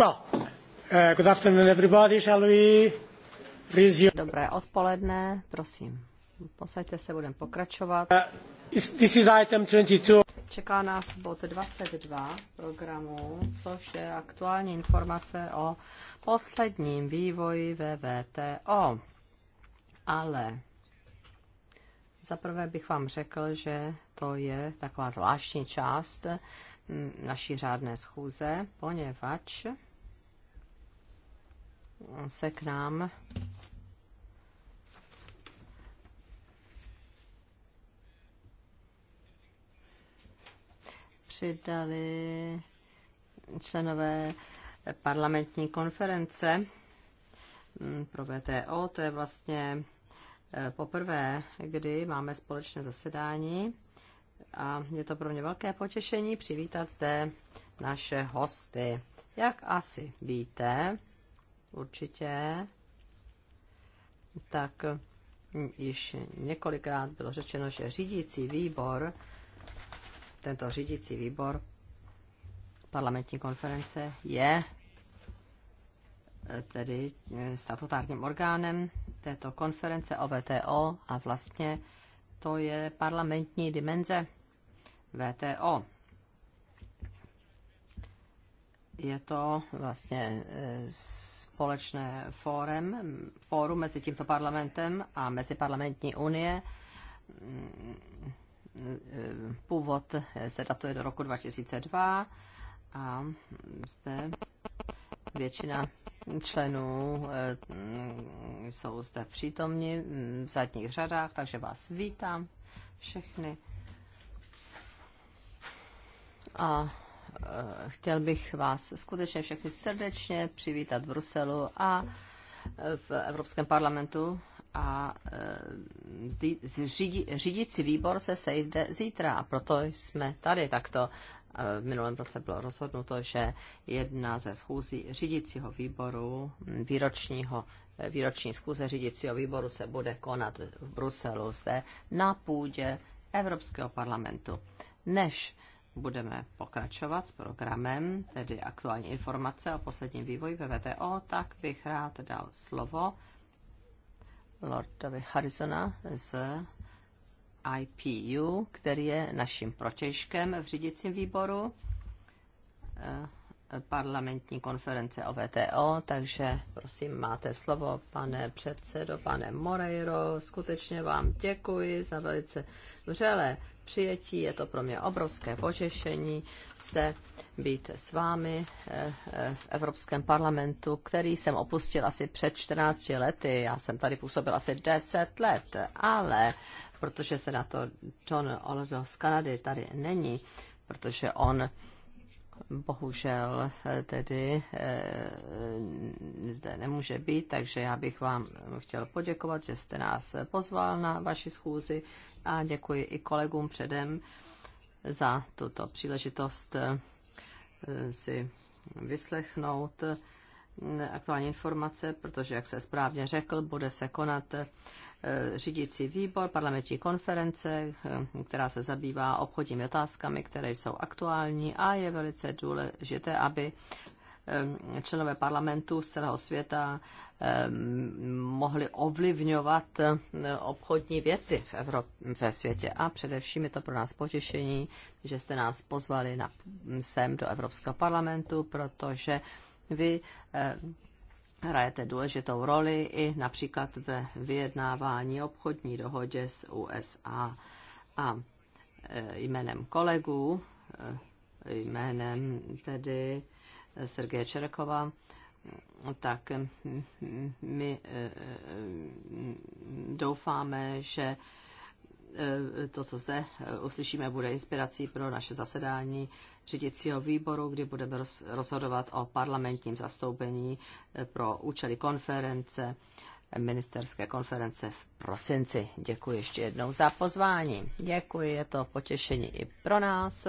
Well, uh, good afternoon everybody. Shall we resume? Dobré odpoledne, prosím. Posaďte se, budeme pokračovat. Uh, this is item 22. Čeká nás bod 22 programu, což je aktuální informace o posledním vývoji VTO. Ale zaprvé bych vám řekl, že to je taková zvláštní část naší řádné schůze, poněvadž se k nám přidali členové parlamentní konference pro VTO. To je vlastně eh, poprvé, kdy máme společné zasedání a je to pro mě velké potěšení přivítat zde naše hosty. Jak asi víte, určitě, tak již několikrát bylo řečeno, že řídící výbor, tento řídící výbor parlamentní konference je eh, tedy eh, statutárním orgánem této konference OVTO a vlastně to je parlamentní dimenze VTO je to vlastně e, společné fórum, fórum mezi tímto parlamentem a mezi parlamentní unie. Mm, e, původ se datuje do roku 2002 a zde většina členů e, mm, jsou zde přítomni v zadních řadách, takže vás vítám všechny. A Eh, chtěl bych vás skutečně všechny srdečně přivítat v Bruselu a eh, v Evropském parlamentu a eh, řídící výbor se sejde zítra a proto jsme tady takto. V minulém roce bylo rozhodnuto, že jedna ze schůzí řídícího výboru, hm, výročního, výroční schůze řídícího výboru se bude konat v Bruselu zde na půdě Evropského parlamentu. Než budeme pokračovat s programem, tedy aktuální informace o posledním vývoji ve VTO, tak bych rád dal slovo Lordovi Harrisona z IPU, který je naším protěžkem v řídicím výboru eh, parlamentní konference o VTO, takže prosím, máte slovo, pane předsedo, pane Moreiro, skutečně vám děkuji za velice vřele přijetí. Je to pro mě obrovské potěšení zde být s vámi eh, eh, v Evropském parlamentu, který jsem opustil asi před 14 lety. Já jsem tady působil asi 10 let, ale protože se na to John Oldo z Kanady tady není, protože on bohužel eh, tedy zde nemůže být, takže já bych vám chtěl poděkovat, že jste nás pozval na vaši schůzi a děkuji i kolegům předem za tuto příležitost eh, si vyslechnout eh, aktuální informace, protože, jak se správně řekl, bude se konat eh, řídící výbor parlamentní konference, která se zabývá obchodními otázkami, které jsou aktuální a je velice důležité, aby Eh, členové parlamentu z celého světa eh, mohli ovlivňovat eh, obchodní věci v Evropě, ve světě. A především je to pro nás potěšení, že jste nás pozvali na, sem do Evropského parlamentu, protože vy hrajete důležitou roli i například ve vyjednávání obchodní dohodě s USA. A jménem kolegů, jménem tedy Sergeje Čerekova, tak my eh, doufáme, že eh, to, co zde eh, uslyšíme, bude inspirací pro naše zasedání řídicího výboru, kdy budeme rozhodovat o parlamentním zastoupení pro účely konference, ministerské konference v prosinci. Děkuji ještě jednou za pozvání. Děkuji, je to potěšení i pro nás,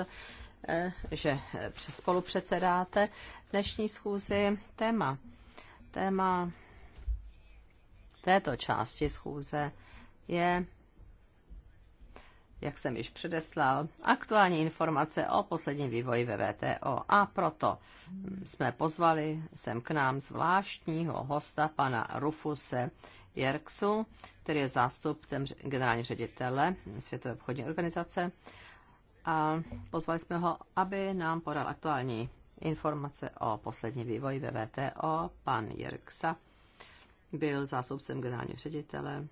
Eh, že spolupředsedáte dnešní schůzi téma. Téma této části schůze je, jak jsem již předeslal, aktuální informace o posledním vývoji ve VTO a proto jsme pozvali sem k nám zvláštního hosta pana Rufuse Jerksu, který je zástupcem generální ředitele Světové obchodní organizace a pozvali jsme ho, aby nám podal aktuální informace o poslední vývoji ve VTO. Pan Jirksa byl zástupcem generálního ředitele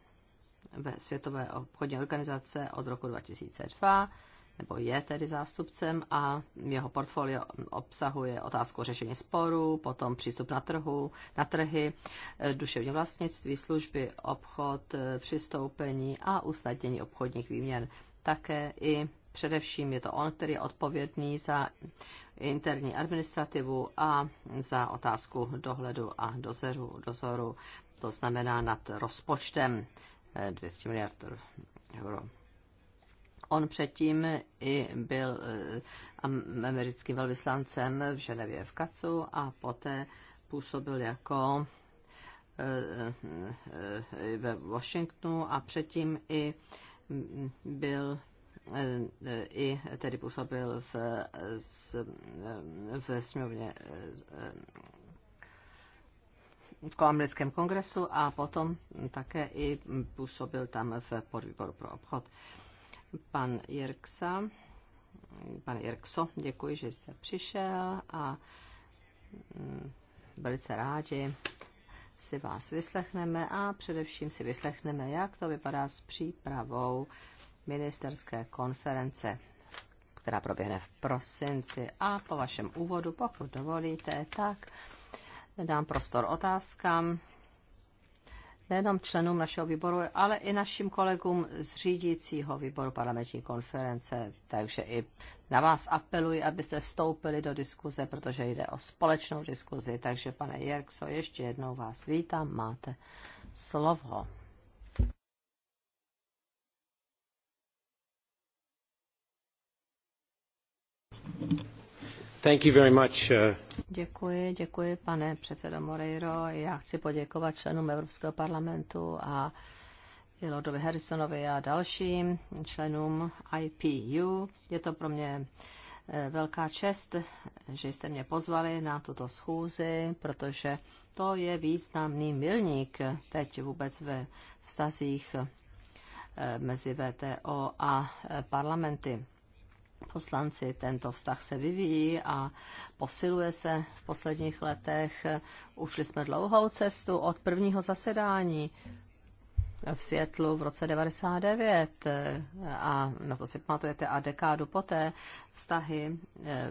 ve Světové obchodní organizace od roku 2002, nebo je tedy zástupcem a jeho portfolio obsahuje otázku řešení sporů, potom přístup na, trhu, na trhy, duševní vlastnictví, služby, obchod, přistoupení a usnadnění obchodních výměn. Také i Především je to on, který je odpovědný za interní administrativu a za otázku dohledu a dozoru. dozoru to znamená nad rozpočtem 200 eh, miliard euro. On předtím i byl eh, americkým velvyslancem v Ženevě v Kacu a poté působil jako eh, ve Washingtonu a předtím i mm, byl i tedy působil v, v sněmovně v americkém kongresu a potom také i působil tam v podvýboru pro obchod. Pan Jirksa, pan Jirkso, děkuji, že jste přišel a mm, velice rádi si vás vyslechneme a především si vyslechneme, jak to vypadá s přípravou ministerské konference, která proběhne v prosinci. A po vašem úvodu, pokud dovolíte, tak dám prostor otázkám nejenom členům našeho výboru, ale i našim kolegům z řídícího výboru parlamentní konference. Takže i na vás apeluji, abyste vstoupili do diskuze, protože jde o společnou diskuzi. Takže pane Jerkso, ještě jednou vás vítám, máte slovo. Uh, děkuji, děkuji, pane předsedo Moreiro. Já chci poděkovat členům Evropského parlamentu a Lordovi Harrisonovi a dalším členům IPU. Je to pro mě eh, velká čest, že jste mě pozvali na tuto schůzi, protože to je významný milník teď vůbec ve vztazích eh, mezi VTO a eh, parlamenty poslanci. Tento vztah se vyvíjí a posiluje se v posledních letech. Ušli jsme dlouhou cestu od prvního zasedání v Světlu v roce 99 a na to si pamatujete a dekádu poté vztahy eh,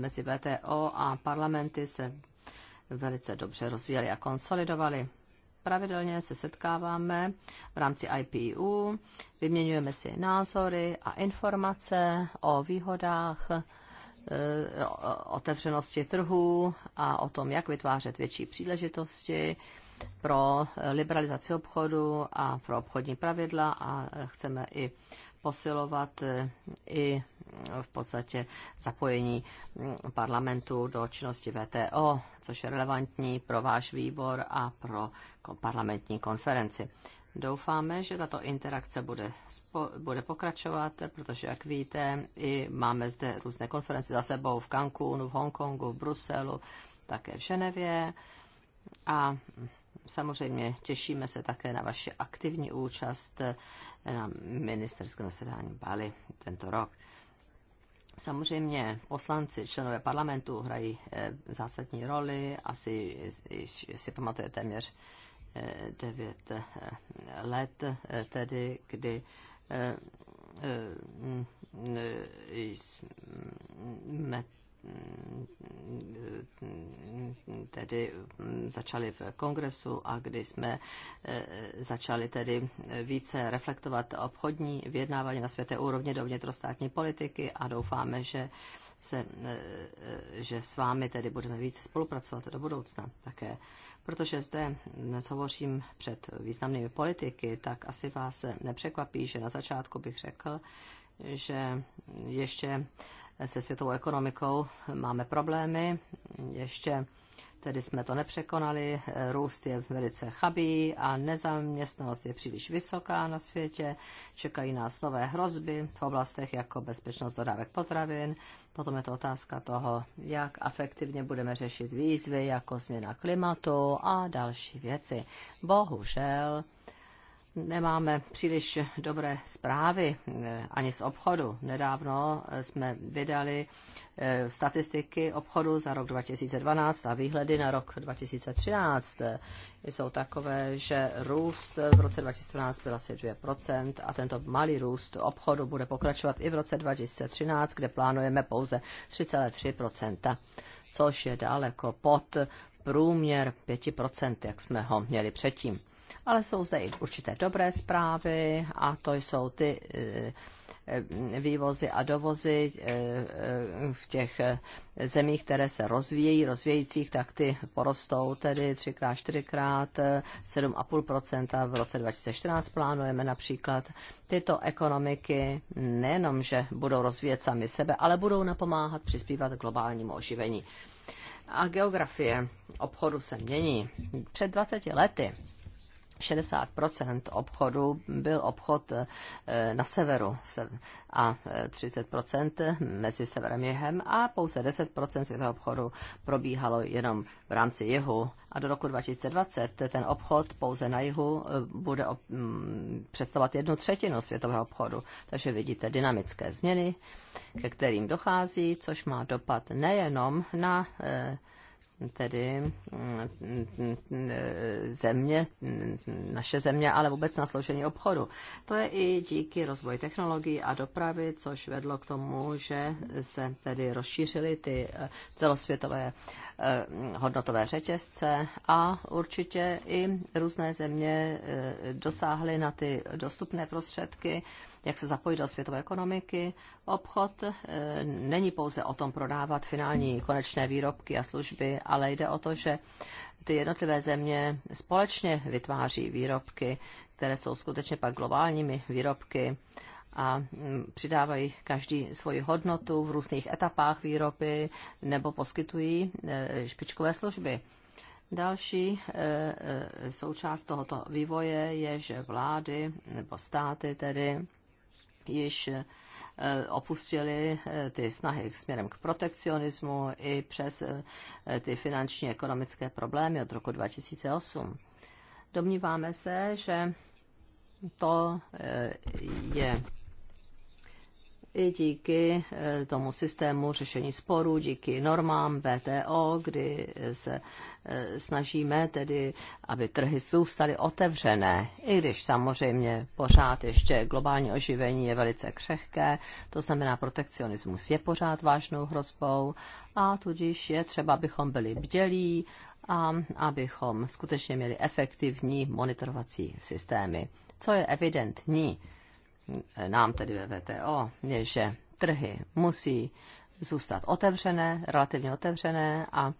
mezi VTO a parlamenty se velice dobře rozvíjely a konsolidovaly pravidelně se setkáváme v rámci IPU, vyměňujeme si názory a informace o výhodách e, otevřenosti trhu a o tom, jak vytvářet větší příležitosti pro liberalizaci obchodu a pro obchodní pravidla a chceme i posilovat e, i v podstatě zapojení mm, parlamentu do činnosti VTO, což je relevantní pro váš výbor a pro parlamentní konferenci. Doufáme, že tato interakce bude, spo, bude pokračovat, protože, jak víte, i máme zde různé konference za sebou v Cancúnu, v Hongkongu, v Bruselu, také v Ženevě. A samozřejmě těšíme se také na vaši aktivní účast na ministerském zasedání Bali tento rok. Samozřejmě poslanci, členové parlamentu hrají eh, zásadní roli, asi si pamatuje téměř 9 eh, eh, let, tedy kdy mm, jsme tedy začali v kongresu a kdy jsme eh, začali tedy více reflektovat obchodní vyjednávání na světé úrovně do vnitrostátní politiky a doufáme, že se, eh, že s vámi tedy budeme více spolupracovat do budoucna také. Protože zde dnes hovořím před významnými politiky, tak asi vás nepřekvapí, že na začátku bych řekl, že ještě se světovou ekonomikou máme problémy, ještě tedy jsme to nepřekonali, růst je velice chabý a nezaměstnanost je příliš vysoká na světě, čekají nás nové hrozby v oblastech jako bezpečnost dodávek potravin, potom je to otázka toho, jak efektivně budeme řešit výzvy jako změna klimatu a další věci. Bohužel, nemáme příliš dobré zprávy eh, ani z obchodu. Nedávno eh, jsme vydali eh, statistiky obchodu za rok 2012 a výhledy na rok 2013 jsou takové, že růst v roce 2012 byl asi 2% a tento malý růst obchodu bude pokračovat i v roce 2013, kde plánujeme pouze 3,3%, což je daleko pod průměr 5%, jak jsme ho měli předtím ale jsou zde i určité dobré zprávy a to jsou ty eh, vývozy a dovozy eh, eh, v těch zemích, které se rozvíjejí, rozvějících, tak ty porostou tedy 3x, 4x, 7,5% v roce 2014 plánujeme například. Tyto ekonomiky nejenom, že budou rozvíjet sami sebe, ale budou napomáhat přispívat globálnímu oživení. A geografie obchodu se mění. Před 20 lety 60 obchodu byl obchod eh, na severu a 30 eh, mezi severem a jihem a pouze 10 světového obchodu probíhalo jenom v rámci jihu. A do roku 2020 ten obchod pouze na jihu eh, bude mm, představovat jednu třetinu světového obchodu. Takže vidíte dynamické změny, ke kterým dochází, což má dopad nejenom na tedy mm, mm, mm, země, naše země, ale vůbec na složení obchodu. To je i díky rozvoji technologií a dopravy, což vedlo k tomu, že se tedy rozšířily ty eh, celosvětové eh, hodnotové řetězce a určitě i různé země eh, dosáhly na ty dostupné prostředky jak se zapojit do světové ekonomiky. Obchod eh, není pouze o tom prodávat finální konečné výrobky a služby, ale jde o to, že ty jednotlivé země společně vytváří výrobky, které jsou skutečně pak globálními výrobky a mm, přidávají každý svoji hodnotu v různých etapách výroby nebo poskytují eh, špičkové služby. Další eh, součást tohoto vývoje je, že vlády nebo státy tedy již eh, opustili eh, ty snahy směrem k protekcionismu i přes eh, ty finanční ekonomické problémy od roku 2008. Domníváme se, že to je i díky eh, tomu systému řešení sporů, díky normám VTO, kdy se eh, snažíme tedy, aby trhy zůstaly otevřené, i když samozřejmě pořád ještě globální oživení je velice křehké, to znamená protekcionismus je pořád vážnou hrozbou a tudíž je třeba, abychom byli bdělí a abychom skutečně měli efektivní monitorovací systémy. Co je evidentní, nám tedy ve VTO, je, že trhy musí zůstat otevřené, relativně otevřené a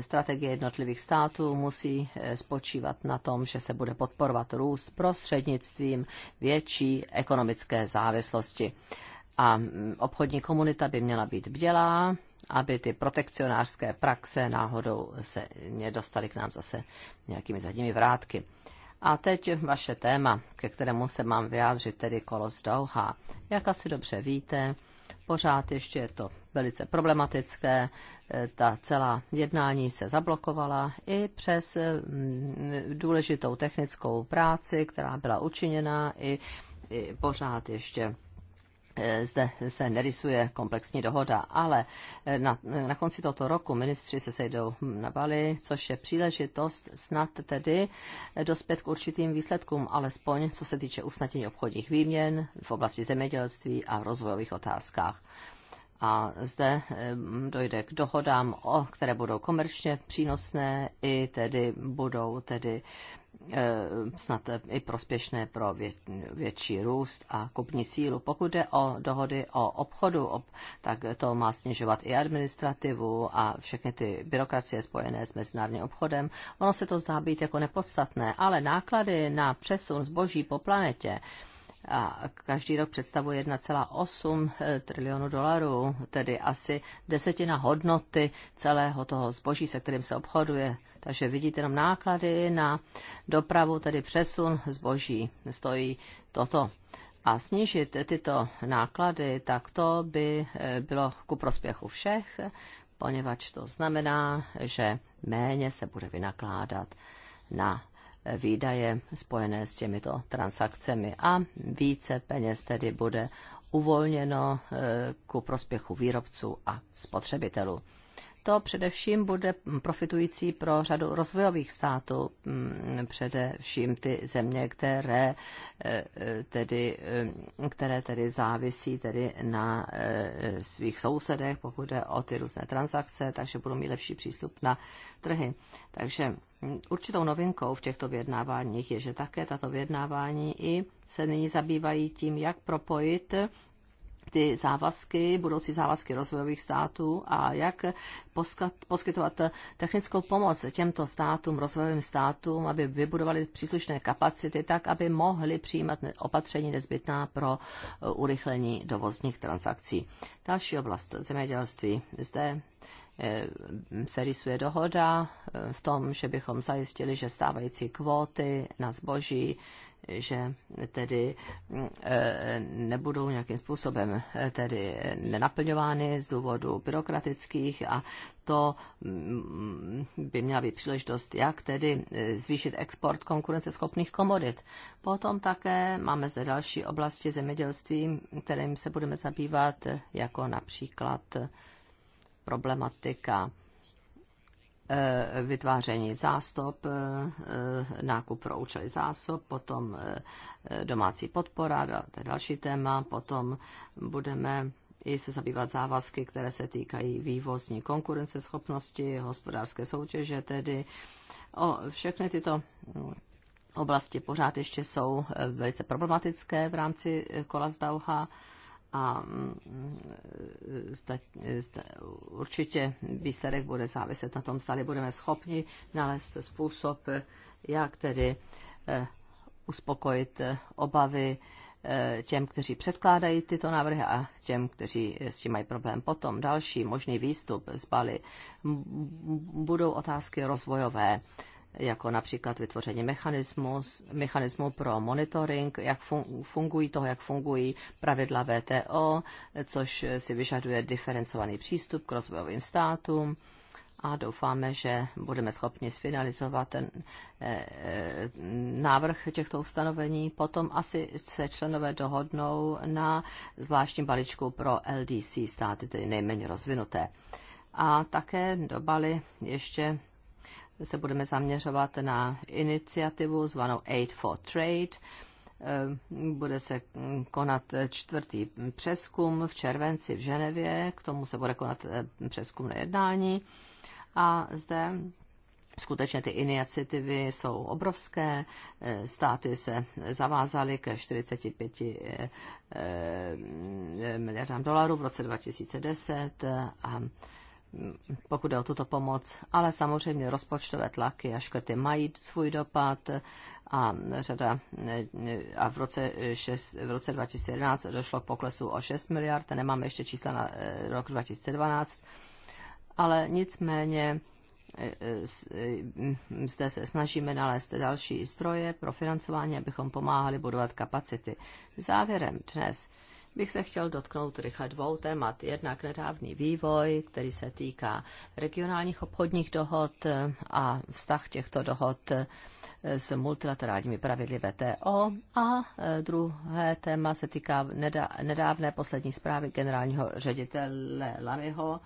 strategie jednotlivých států musí eh, spočívat na tom, že se bude podporovat růst prostřednictvím větší ekonomické závislosti. A mm, obchodní komunita by měla být bdělá, aby ty protekcionářské praxe náhodou se nedostaly k nám zase nějakými zadními vrátky. A teď vaše téma, ke kterému se mám vyjádřit, tedy kolo z Doha. Jak asi dobře víte, pořád ještě je to velice problematické. E, ta celá jednání se zablokovala i přes mm, důležitou technickou práci, která byla učiněna, i, i pořád ještě Eh, zde se nerysuje komplexní dohoda, ale eh, na, eh, na konci tohoto roku ministři se sejdou na Bali, což je příležitost snad tedy dospět k určitým výsledkům, alespoň co se týče usnadnění obchodních výměn v oblasti zemědělství a v rozvojových otázkách. A zde dojde k dohodám, o, které budou komerčně přínosné i tedy budou tedy Eh, snad i prospěšné pro větší růst a kupní sílu. Pokud jde o dohody o obchodu, tak to má snižovat i administrativu a všechny ty byrokracie spojené s mezinárodním obchodem. Ono se to zdá být jako nepodstatné, ale náklady na přesun zboží po planetě a každý rok představuje 1,8 eh, trilionu dolarů, tedy asi desetina hodnoty celého toho zboží, se kterým se obchoduje takže vidíte tam náklady na dopravu, tedy přesun zboží stojí toto. A snížit tyto náklady, tak to by e, bylo ku prospěchu všech, poněvadž to znamená, že méně se bude vynakládat na výdaje spojené s těmito transakcemi a více peněz tedy bude uvolněno e, ku prospěchu výrobců a spotřebitelů to především bude profitující pro řadu rozvojových států, mm, především ty země, které eh, tedy, eh, které tedy závisí tedy na eh, svých sousedech, pokud jde o ty různé transakce, takže budou mít lepší přístup na trhy. Takže určitou novinkou v těchto vyjednáváních je, že také tato vyjednávání i se nyní zabývají tím, jak propojit ty závazky, budoucí závazky rozvojových států a jak poskytovat technickou pomoc těmto státům, rozvojovým státům, aby vybudovali příslušné kapacity tak, aby mohli přijímat opatření nezbytná pro uh, urychlení dovozních transakcí. Další oblast zemědělství. Zde eh, se rysuje dohoda eh, v tom, že bychom zajistili, že stávající kvóty na zboží že tedy mm, eh, nebudou nějakým způsobem eh, tedy nenaplňovány z důvodu byrokratických a to mm, by měla být příležitost, jak tedy eh, zvýšit export konkurenceschopných komodit. Potom také máme zde další oblasti zemědělství, kterým se budeme zabývat, jako například problematika Eh, vytváření zástop, eh, eh, nákup pro účely zásob, potom domácí podpora, to je další téma, potom budeme i se zabývat závazky, které se týkají vývozní konkurenceschopnosti, hospodářské soutěže, tedy o všechny tyto mm, oblasti pořád ještě jsou velice problematické v rámci kola z Dauha a zda, zda, určitě výsledek bude záviset na tom, zda budeme schopni nalézt způsob, jak tedy eh, uspokojit eh, obavy eh, těm, kteří předkládají tyto návrhy a těm, kteří s tím mají problém. Potom další možný výstup z Bali budou otázky rozvojové jako například vytvoření mechanismu pro monitoring, jak fungují toho, jak fungují pravidla VTO, což si vyžaduje diferencovaný přístup k rozvojovým státům a doufáme, že budeme schopni sfinalizovat ten eh, eh, návrh těchto ustanovení. Potom asi se členové dohodnou na zvláštním balíčku pro LDC státy, tedy nejméně rozvinuté. A také do Bali ještě se budeme zaměřovat na iniciativu zvanou Aid for Trade. Eh, bude se konat čtvrtý přeskum v červenci v Ženevě, k tomu se bude konat eh, přeskum na jednání. A zde Skutečně ty iniciativy jsou obrovské. Eh, státy se zavázaly ke 45 miliardám dolarů v roce 2010 a pokud jde o tuto pomoc. Ale samozřejmě rozpočtové tlaky a škrty mají svůj dopad a řada a v roce, 6, v roce 2011 došlo k poklesu o 6 miliard, nemáme ještě čísla na eh, rok 2012, ale nicméně eh, eh, zde se snažíme nalézt další stroje pro financování, abychom pomáhali budovat kapacity. Závěrem dnes bych se chtěl dotknout rychle dvou témat. Jednak nedávný vývoj, který se týká regionálních obchodních dohod a vztah těchto dohod s multilaterálními pravidly VTO. A e, druhé téma se týká nedávné poslední zprávy generálního ředitele Lamyho.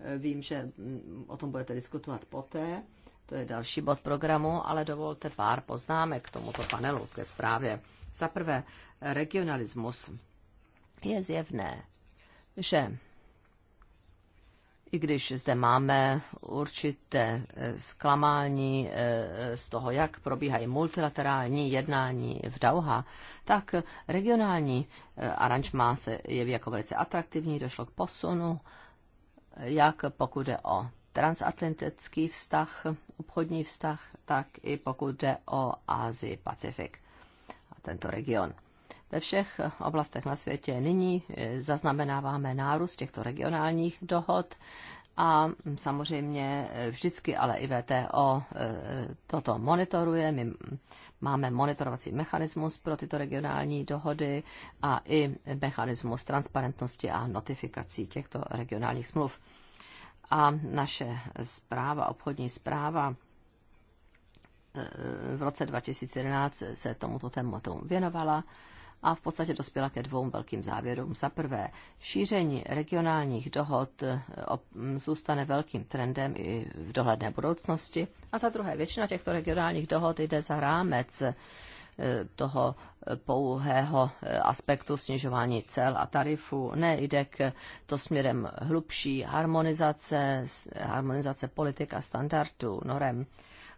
E, vím, že mm, o tom budete diskutovat poté. To je další bod programu, ale dovolte pár poznámek k tomuto panelu, ke zprávě. Za prvé, regionalismus je zjevné, že i když zde máme určité eh, zklamání eh, z toho, jak probíhají multilaterální jednání v Dauha, tak regionální eh, aranžma se jeví jako velice atraktivní, došlo k posunu, jak pokud jde o transatlantický vztah, obchodní vztah, tak i pokud jde o Asii Pacifik a tento region ve všech oblastech na světě. Nyní eh, zaznamenáváme nárůst těchto regionálních dohod a mm, samozřejmě eh, vždycky, ale i VTO eh, toto monitoruje. My mm, máme monitorovací mechanismus pro tyto regionální dohody a i mechanismus transparentnosti a notifikací těchto regionálních smluv. A naše zpráva, obchodní zpráva, v roce 2011 se tomuto tématu věnovala a v podstatě dospěla ke dvou velkým závěrům. Za prvé, šíření regionálních dohod eh, zůstane velkým trendem i v dohledné budoucnosti a za druhé, většina těchto regionálních dohod jde za rámec eh, toho eh, pouhého aspektu snižování cel a tarifů. Ne, jde k to směrem hlubší harmonizace, harmonizace politik a standardů, norem.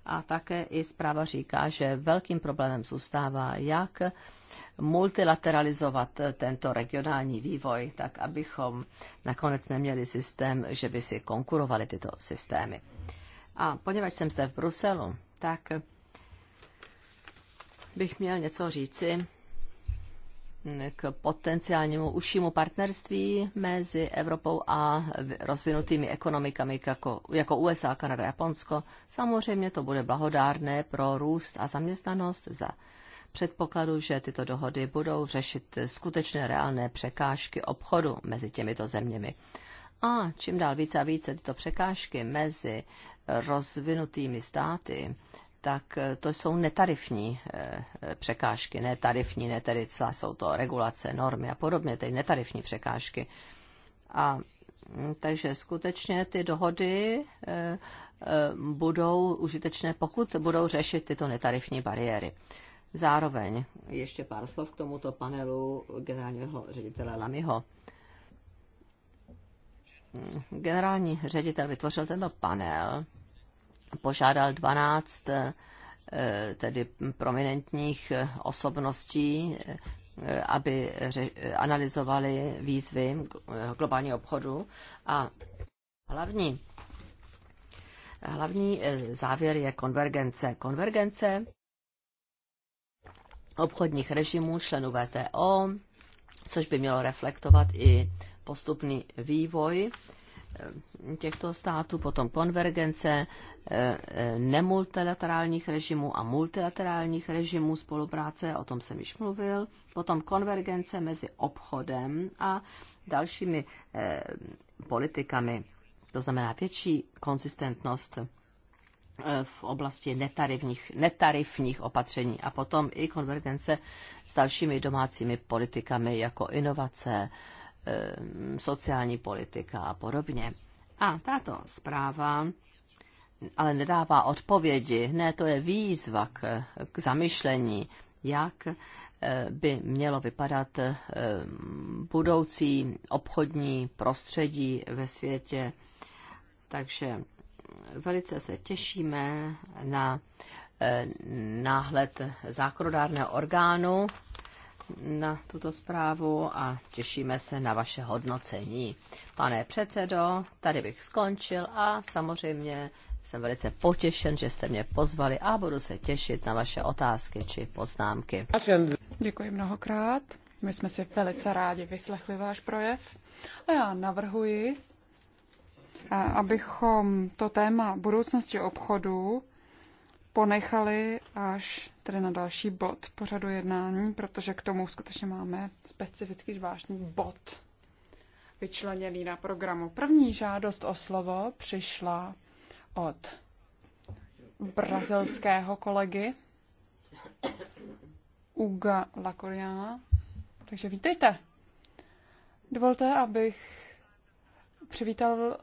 A také i zpráva říká, že velkým problémem zůstává, jak multilateralizovat tento regionální vývoj, tak abychom nakonec neměli systém, že by si konkurovali tyto systémy. A poněvadž jsem zde v Bruselu, tak bych měl něco říci k potenciálnímu užšímu partnerství mezi Evropou a rozvinutými ekonomikami jako, jako USA, Kanada, Japonsko. Samozřejmě to bude blahodárné pro růst a zaměstnanost za předpokladu, že tyto dohody budou řešit skutečné reálné překážky obchodu mezi těmito zeměmi. A čím dál více a více tyto překážky mezi rozvinutými státy, tak to jsou netarifní eh, překážky, netarifní, tarifní, ne tedy jsou to regulace, normy a podobně, tedy netarifní překážky. A mm, takže skutečně ty dohody eh, eh, budou užitečné, pokud budou řešit tyto netarifní bariéry. Zároveň ještě pár slov k tomuto panelu generálního ředitele Lamiho. Generální ředitel vytvořil tento panel, požádal 12 eh, tedy prominentních osobností, eh, aby analyzovali výzvy globálního obchodu a hlavní Hlavní eh, závěr je konvergence. Konvergence obchodních režimů členů VTO, což by mělo reflektovat i postupný vývoj eh, těchto států, potom konvergence eh, eh, nemultilaterálních režimů a multilaterálních režimů spolupráce, o tom jsem již mluvil, potom konvergence mezi obchodem a dalšími politikami, to znamená větší konsistentnost Eh, v oblasti netarifních, netarifních opatření a potom i konvergence s dalšími domácími politikami jako inovace, eh, sociální politika a podobně. A tato zpráva ale nedává odpovědi. Ne, to je výzva k, k zamyšlení, jak eh, by mělo vypadat budoucí obchodní prostředí ve světě. Takže velice se těšíme na eh, náhled zákonodárného orgánu na tuto zprávu a těšíme se na vaše hodnocení. Pane předsedo, tady bych skončil a samozřejmě jsem velice potěšen, že jste mě pozvali a budu se těšit na vaše otázky či poznámky. Děkuji mnohokrát. My jsme si velice rádi vyslechli váš projev a já navrhuji, abychom to téma budoucnosti obchodu ponechali až tedy na další bod pořadu jednání, protože k tomu skutečně máme specifický zvláštní bod vyčleněný na programu. První žádost o slovo přišla od brazilského kolegy Uga Lacoriana. Takže vítejte. Dovolte, abych přivítal uh,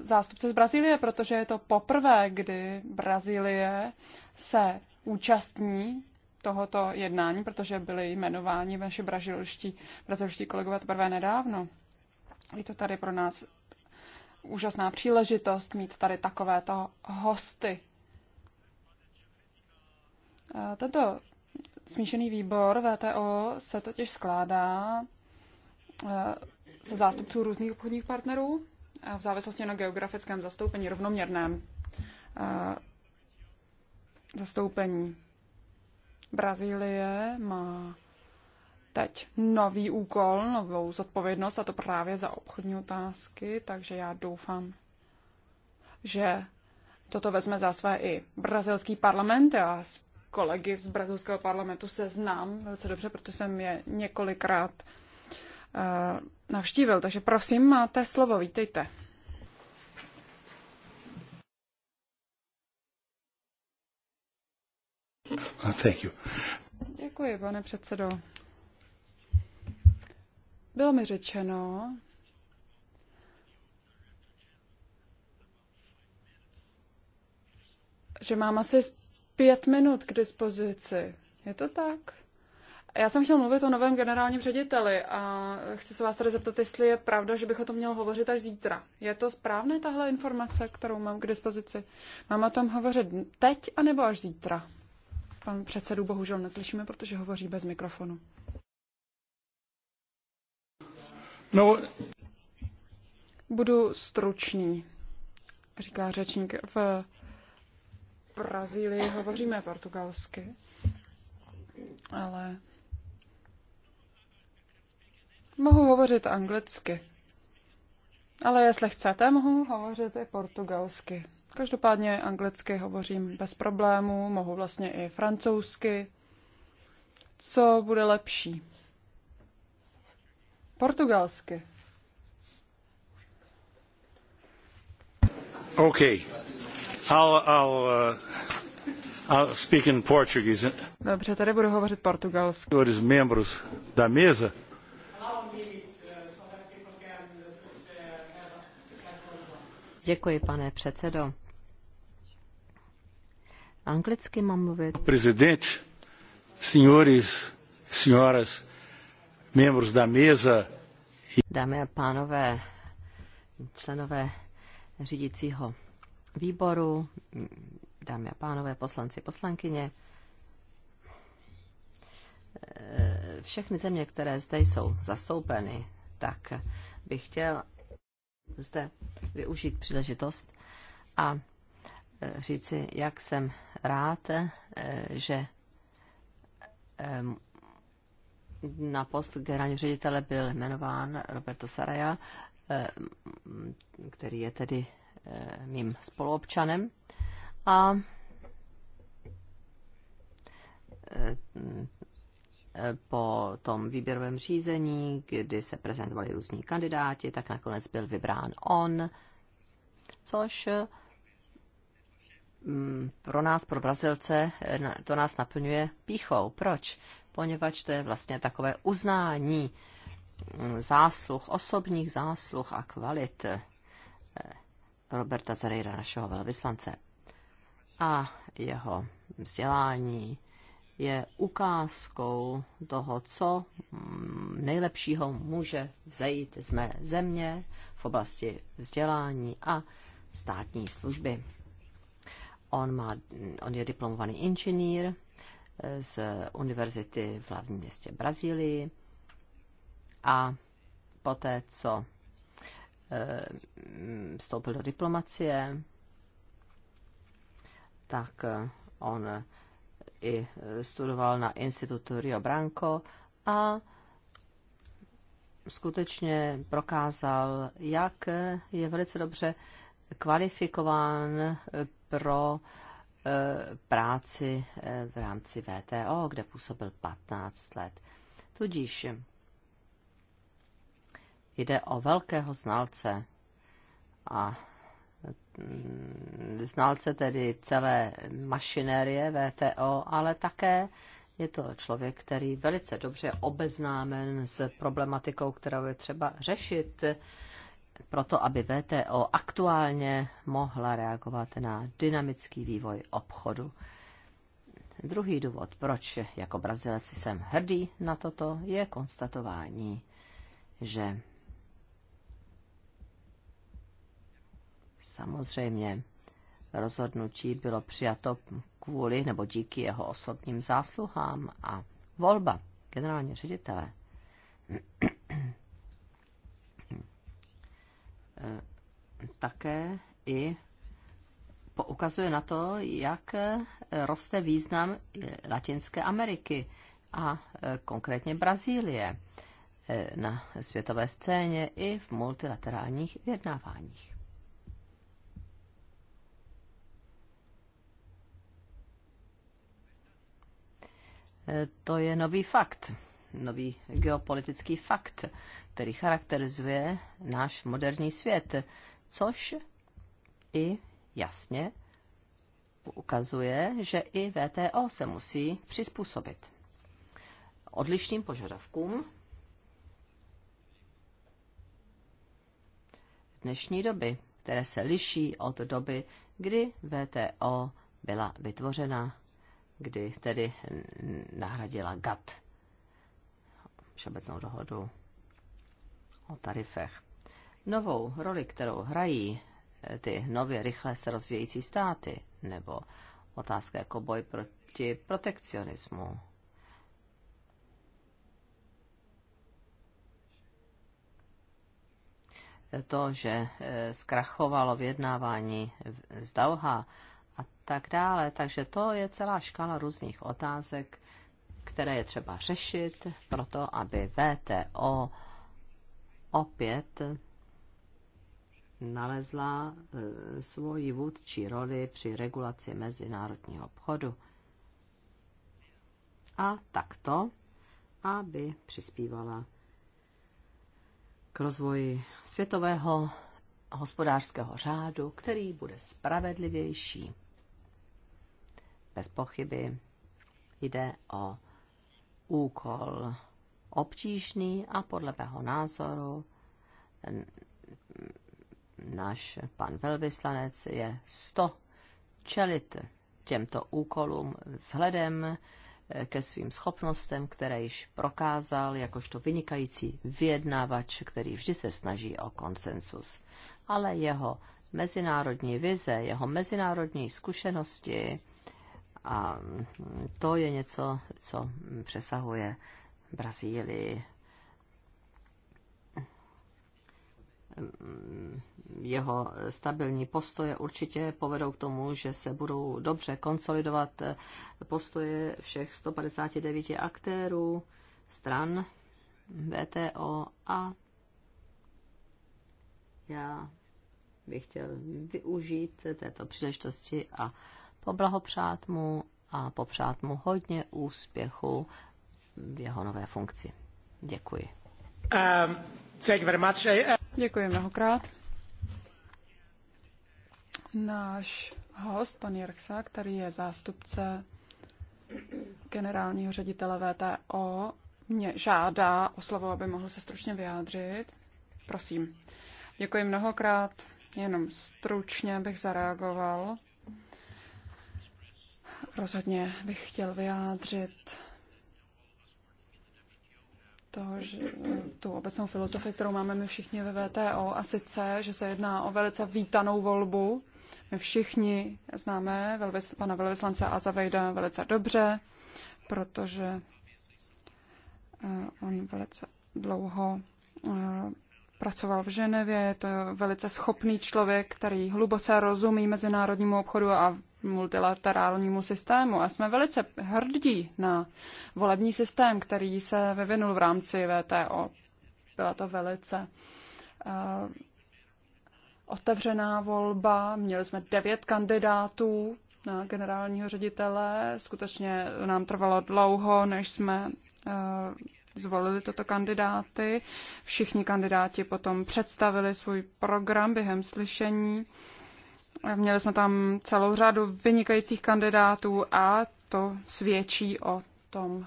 zástupce z Brazílie, protože je to poprvé, kdy Brazílie se účastní tohoto jednání, protože byli jmenováni naši brazilští, brazilští kolegové teprve nedávno. Je to tady pro nás úžasná příležitost mít tady takovéto hosty. Eh, tento smíšený výbor VTO se totiž skládá eh, se zástupců různých obchodních partnerů v závislosti na geografickém zastoupení, rovnoměrném zastoupení. Brazílie má teď nový úkol, novou zodpovědnost, a to právě za obchodní otázky, takže já doufám, že toto vezme za své i brazilský parlament. Já s kolegy z brazilského parlamentu se znám velice dobře, protože jsem je několikrát uh, Eh, navštívil. Takže prosím, máte slovo, vítejte. Ah, thank you. Děkuji, pane předsedo. Bylo mi řečeno, že mám asi pět minut k dispozici. Je to tak? Já jsem chtěl mluvit o novém generálním řediteli a chci se vás tady zeptat, jestli je pravda, že bych o tom měl hovořit až zítra. Je to správné tahle informace, kterou mám k dispozici? Mám o tom hovořit teď anebo až zítra? Pan předsedu bohužel neslyšíme, protože hovoří bez mikrofonu. No. Budu stručný, říká řečník. V Brazílii hovoříme portugalsky, ale Mohu hovořit anglicky. Ale jestli chcete, mohu hovořit i portugalsky. Každopádně anglicky hovořím bez problémů, mohu vlastně i francouzsky. Co bude lepší? Portugalsky. Okay. I'll, I'll, uh, I'll speak in Portuguese. Dobře, tady budu hovořit portugalsky. membros da mesa Děkuji, pane předsedo. Anglicky mám mluvit. Prezident, senhores, senhoras, membros da mesa. E- dámy a pánové, členové řídícího výboru, dámy a pánové, poslanci, poslankyně, eh, všechny země, které zde jsou zastoupeny, tak bych chtěl, zde využít příležitost a e, říci, jak jsem rád, e, že e, na post generálního ředitele byl jmenován Roberto Saraja, který je tedy mým spoluobčanem. A po tom výběrovém řízení, kdy se prezentovali různí kandidáti, tak nakonec byl vybrán on, což mm, pro nás, pro Brazilce, to nás naplňuje píchou. Proč? Poněvadž to je vlastně takové uznání mm, zásluh, osobních zásluh a kvalit eh, Roberta Zareira, našeho velvyslance, a jeho vzdělání, je ukázkou toho, co mm, nejlepšího může vzejít z mé země v oblasti vzdělání a státní služby. On, má, on je diplomovaný inženýr eh, z univerzity v hlavním městě Brazílii a poté, co eh, vstoupil do diplomacie, tak eh, on i studoval na institutu Rio Branco a skutečně prokázal, jak je velice dobře kvalifikován pro eh, práci eh, v rámci VTO, kde působil 15 let. Tudíž jde o velkého znalce a znalce tedy celé mašinérie VTO, ale také je to člověk, který velice dobře obeznámen s problematikou, kterou je třeba řešit, proto aby VTO aktuálně mohla reagovat na dynamický vývoj obchodu. Druhý důvod, proč jako Brazilec jsem hrdý na toto, je konstatování, že Samozřejmě rozhodnutí bylo přijato kvůli nebo díky jeho osobním zásluhám a volba generálního ředitele eh, také i poukazuje na to, jak eh, roste význam eh, Latinské Ameriky a konkrétně Brazílie na světové scéně i v multilaterálních vyjednáváních. Eh, to je nový fakt, nový geopolitický fakt, který charakterizuje náš moderní svět, což i jasně ukazuje, že i VTO se musí přizpůsobit odlišným požadavkům dnešní doby, které se liší od doby, kdy VTO byla vytvořena kdy tedy nahradila GATT, všeobecnou dohodu o tarifech. Novou roli, kterou hrají eh, ty nově rychle se rozvíjející státy, nebo otázka jako boj proti protekcionismu. To, že eh, zkrachovalo vyjednávání z Dauha, tak dále. Takže to je celá škala různých otázek, které je třeba řešit pro to, aby VTO opět nalezla eh, svoji vůdčí roli při regulaci mezinárodního obchodu. A takto, aby přispívala k rozvoji světového hospodářského řádu, který bude spravedlivější bez pochyby jde o úkol obtížný a podle mého názoru náš pan velvyslanec je sto čelit těmto úkolům vzhledem ke svým schopnostem, které již prokázal jakožto vynikající vyjednávač, který vždy se snaží o konsensus. Ale jeho mezinárodní vize, jeho mezinárodní zkušenosti a to je něco, co přesahuje Brazílii. Jeho stabilní postoje určitě povedou k tomu, že se budou dobře konsolidovat postoje všech 159 aktérů, stran VTO a já bych chtěl využít této příležitosti a poblahopřát mu a popřát mu hodně úspěchu v jeho nové funkci. Děkuji. Um, thank you very much. Uh, Děkuji mnohokrát. Náš host, pan Jirksa, který je zástupce generálního ředitele VTO, mě žádá o slovo, aby mohl se stručně vyjádřit. Prosím. Děkuji mnohokrát. Jenom stručně bych zareagoval rozhodně bych chtěl vyjádřit to, že, tu obecnou filozofii, kterou máme my všichni ve VTO, a sice, že se jedná o velice vítanou volbu. My všichni známe velvys, pana velvyslance Azavejda velice dobře, protože eh, on velice dlouho eh, pracoval v Ženevě, je to velice schopný člověk, který hluboce rozumí mezinárodnímu obchodu a multilaterálnímu systému. A jsme velice hrdí na volební systém, který se vyvinul v rámci VTO. Byla to velice uh, otevřená volba. Měli jsme devět kandidátů na generálního ředitele. Skutečně nám trvalo dlouho, než jsme uh, zvolili toto kandidáty. Všichni kandidáti potom představili svůj program během slyšení. Uh, Měli jsme tam celou řadu vynikajících kandidátů a to svědčí o tom,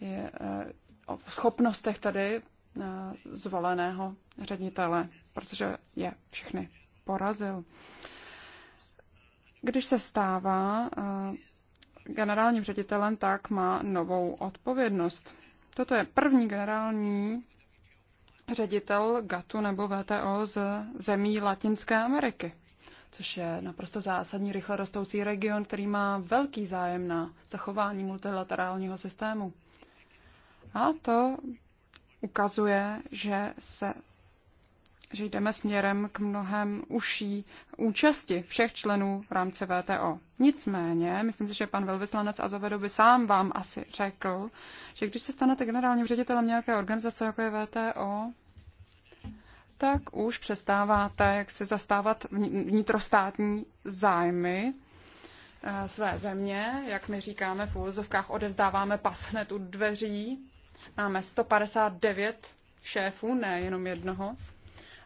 je, eh, o schopnostech tady eh, zvoleného ředitele, protože je všechny porazil. Když se stává eh, generálním ředitelem, tak má novou odpovědnost. Toto je první generální ředitel GATU nebo VTO z zemí Latinské Ameriky což je naprosto zásadní rychle rostoucí region, který má velký zájem na zachování multilaterálního systému. A to ukazuje, že se že jdeme směrem k mnohem užší účasti všech členů v rámci VTO. Nicméně, myslím si, že pan velvyslanec Azavedo by sám vám asi řekl, že když se stanete generálním ředitelem nějaké organizace, jako je VTO, tak už přestáváte jak se zastávat vnitrostátní zájmy eh, své země. Jak my říkáme v úvozovkách, odevzdáváme pas hned u dveří. Máme 159 šéfů, ne jenom jednoho.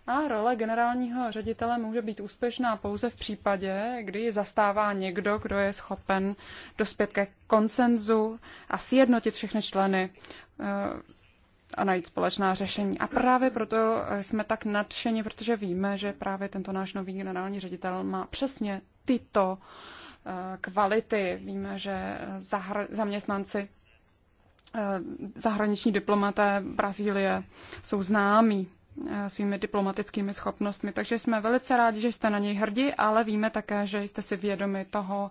A role generálního ředitele může být úspěšná pouze v případě, kdy ji zastává někdo, kdo je schopen dospět ke konsenzu a sjednotit všechny členy eh, a najít společná řešení. A právě proto jsme tak nadšeni, protože víme, že právě tento náš nový generální ředitel má přesně tyto eh, kvality. Víme, že zahr zaměstnanci eh, zahraniční diplomaté Brazílie jsou známí eh, svými diplomatickými schopnostmi. Takže jsme velice rádi, že jste na něj hrdí, ale víme také, že jste si vědomi toho,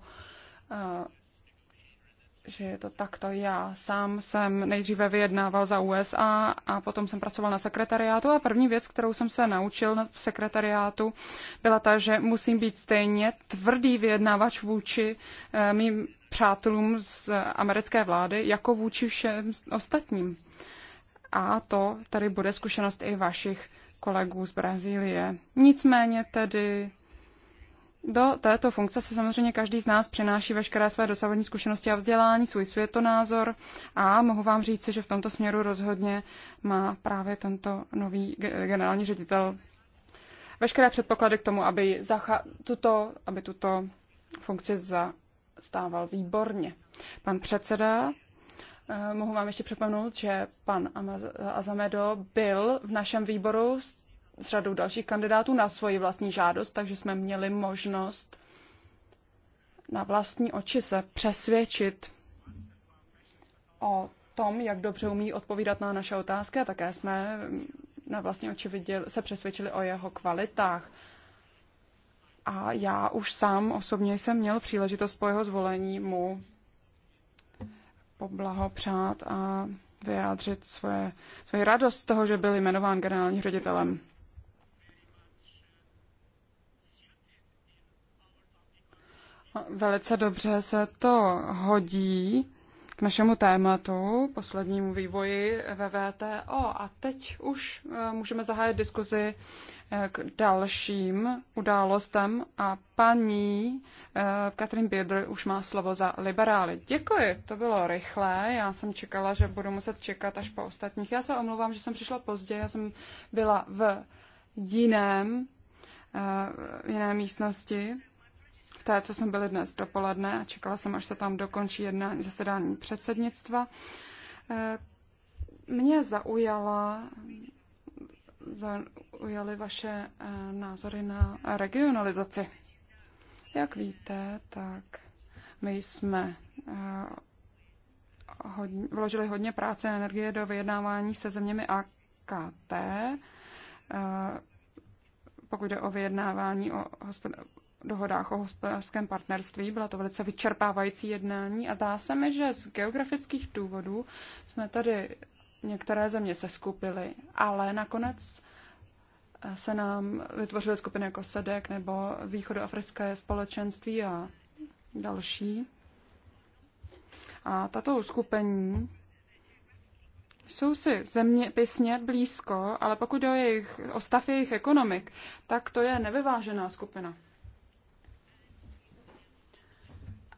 že je to takto. Já sám jsem nejdříve vyjednával za USA a potom jsem pracoval na sekretariátu a první věc, kterou jsem se naučil v sekretariátu, byla ta, že musím být stejně tvrdý vyjednávač vůči eh, mým přátelům z americké vlády jako vůči všem ostatním. A to tady bude zkušenost i vašich kolegů z Brazílie. Nicméně tedy do této funkce se samozřejmě každý z nás přináší veškeré své dosavadní zkušenosti a vzdělání, svůj světonázor a mohu vám říci, že v tomto směru rozhodně má právě tento nový generální ředitel veškeré předpoklady k tomu, aby, zacha- tuto, aby tuto funkci zastával výborně. Pan předseda eh, Mohu vám ještě připomenout, že pan Azamedo byl v našem výboru s řadou dalších kandidátů na svoji vlastní žádost, takže jsme měli možnost na vlastní oči se přesvědčit o tom, jak dobře umí odpovídat na naše otázky a také jsme na vlastní oči viděli, se přesvědčili o jeho kvalitách. A já už sám osobně jsem měl příležitost po jeho zvolení mu poblahopřát a vyjádřit svoje, svoji radost z toho, že byl jmenován generálním ředitelem Velice dobře se to hodí k našemu tématu, poslednímu vývoji ve VTO. A teď už eh, můžeme zahájit diskuzi eh, k dalším událostem a paní Katrin eh, Biedr už má slovo za liberály. Děkuji, to bylo rychlé, já jsem čekala, že budu muset čekat až po ostatních. Já se omlouvám, že jsem přišla pozdě, já jsem byla v jiném, jiné místnosti té, co jsme byli dnes dopoledne a čekala jsem, až se tam dokončí jedna zasedání předsednictva. Eh, mě zaujala zaujaly vaše eh, názory na regionalizaci. Jak víte, tak my jsme eh, hodně, vložili hodně práce a energie do vyjednávání se zeměmi AKT, pokud jde o vyjednávání o dohodách o hospodářském partnerství. Byla to velice vyčerpávající jednání a zdá se mi, že z geografických důvodů jsme tady některé země se skupily, ale nakonec eh, se nám vytvořily skupiny jako SEDEK nebo Východoafrické společenství a další. A tato uskupení jsou si zeměpisně blízko, ale pokud jde o, jejich, o stav jejich ekonomik, tak to je nevyvážená skupina.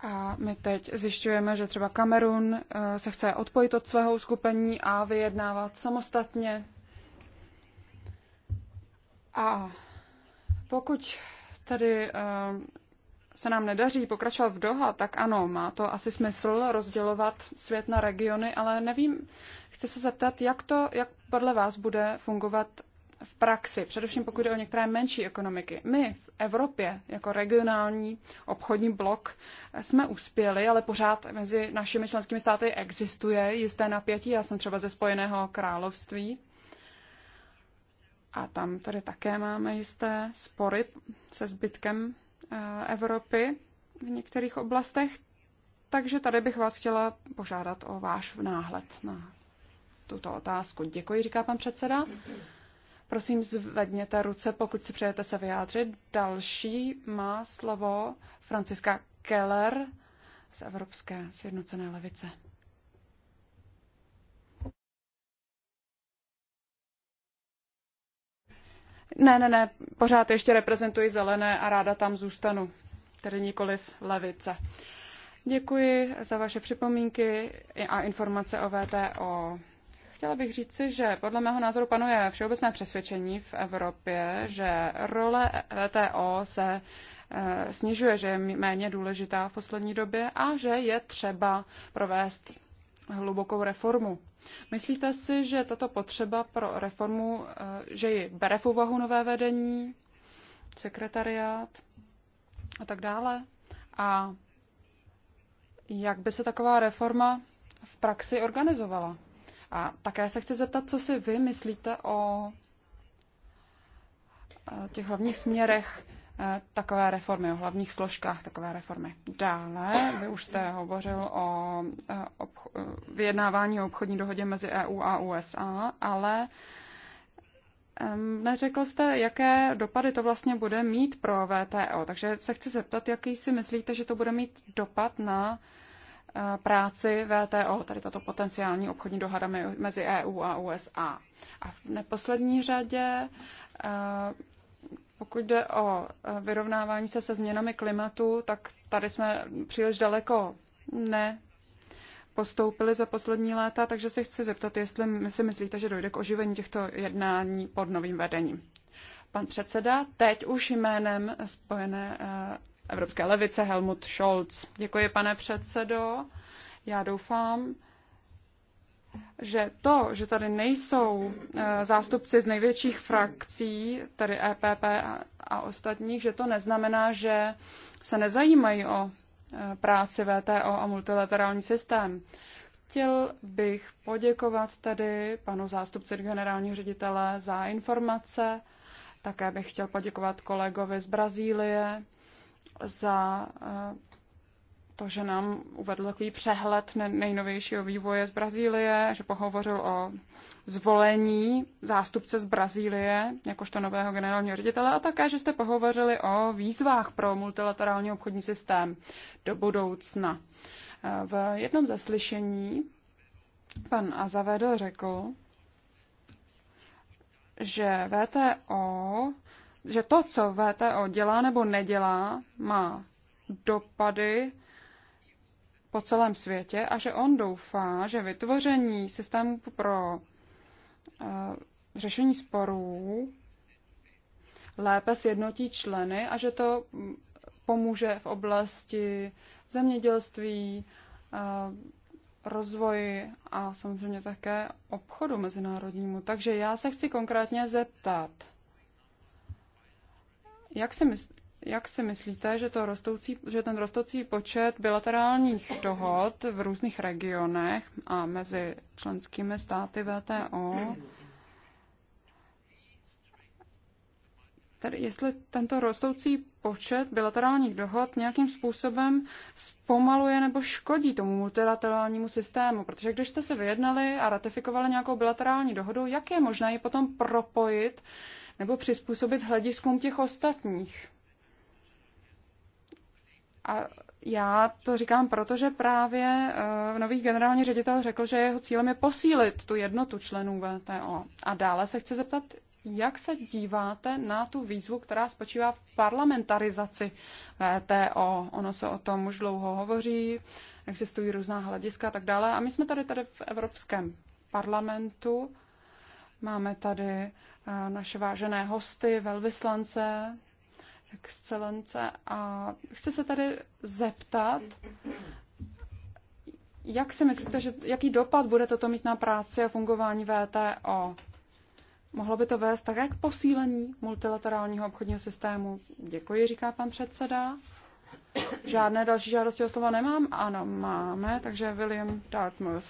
A my teď zjišťujeme, že třeba Kamerun eh, se chce odpojit od svého uskupení a vyjednávat samostatně. A pokud tady eh, se nám nedaří pokračovat v Doha, tak ano, má to asi smysl rozdělovat svět na regiony, ale nevím, chci se zeptat, jak to, jak podle vás bude fungovat v praxi, především pokud jde o některé menší ekonomiky. My v Evropě jako regionální obchodní blok jsme uspěli, ale pořád mezi našimi členskými státy existuje jisté napětí. Já jsem třeba ze Spojeného království a tam tady také máme jisté spory se zbytkem eh, Evropy v některých oblastech. Takže tady bych vás chtěla požádat o váš náhled na tuto otázku. Děkuji, říká pan předseda. Prosím, zvedněte ruce, pokud si přejete se vyjádřit. Další má slovo Franciska Keller z Evropské sjednocené levice. Ne, ne, ne, pořád ještě reprezentuji zelené a ráda tam zůstanu, tedy nikoliv levice. Děkuji za vaše připomínky a informace o VTO. Chtěla bych říci, že podle mého názoru panuje všeobecné přesvědčení v Evropě, že role VTO e se eh, snižuje, že je méně důležitá v poslední době a že je třeba provést hlubokou reformu. Myslíte si, že tato potřeba pro reformu, eh, že ji bere v úvahu nové vedení, sekretariát a tak dále? A jak by se taková reforma v praxi organizovala? A také se chci zeptat, co si vy myslíte o eh, těch hlavních směrech eh, takové reformy, o hlavních složkách takové reformy. Dále, vy už jste hovořil o eh, vyjednávání o obchodní dohodě mezi EU a USA, ale neřekl jste, jaké dopady to vlastně bude mít pro VTO. Takže se chci zeptat, jaký si myslíte, že to bude mít dopad na Eh, práci VTO, tady tato potenciální obchodní dohoda mezi EU a USA. A v neposlední řadě, eh, pokud jde o eh, vyrovnávání se se změnami klimatu, tak tady jsme příliš daleko ne postoupili za poslední léta, takže se chci zeptat, jestli si myslíte, že dojde k oživení těchto jednání pod novým vedením. Pan předseda, teď už jménem Spojené Evropské levice Helmut Scholz. Děkuji, pane předsedo. Já doufám, že to, že tady nejsou eh, zástupci z největších frakcí, tedy EPP a ostatních, že to neznamená, že se nezajímají o eh, práci VTO a multilaterální systém. Chtěl bych poděkovat tedy panu zástupci generálního ředitele za informace. Také bych chtěl poděkovat kolegovi z Brazílie za eh, to, že nám uvedl takový přehled nejnovějšího vývoje z Brazílie, že pohovořil o zvolení zástupce z Brazílie jakožto nového generálního ředitele a také, že jste pohovořili o výzvách pro multilaterální obchodní systém do budoucna. Eh, v jednom zaslyšení pan Azavedo řekl, že VTO že to, co VTO dělá nebo nedělá, má dopady po celém světě a že on doufá, že vytvoření systému pro uh, řešení sporů lépe sjednotí členy a že to mm, pomůže v oblasti zemědělství, eh, rozvoji a samozřejmě také obchodu mezinárodnímu. Takže já se chci konkrétně zeptat, jak si, mysl, jak si myslíte, že, to rostoucí, že ten rostoucí počet bilaterálních dohod v různých regionech a mezi členskými státy VTO, tedy jestli tento rostoucí počet bilaterálních dohod nějakým způsobem zpomaluje nebo škodí tomu multilaterálnímu systému, protože když jste se vyjednali a ratifikovali nějakou bilaterální dohodu, jak je možné ji potom propojit uh, nebo přizpůsobit hlediskům těch ostatních. A já to říkám proto, že právě uh, nový generální ředitel řekl, že jeho cílem je posílit tu jednotu členů VTO. A dále se chci zeptat, jak se díváte na tu výzvu, která spočívá v parlamentarizaci VTO? Ono se o tom už dlouho hovoří, existují různá hlediska a tak dále. A my jsme tady tady v Evropském parlamentu, máme tady naše vážené hosty, velvyslance, excelence. A chci se tady zeptat, jak si myslíte, že, jaký dopad bude toto mít na práci a fungování VTO? Mohlo by to vést také k posílení multilaterálního obchodního systému? Děkuji, říká pan předseda. Žádné další žádosti o slovo nemám? Ano, máme, takže William Dartmouth,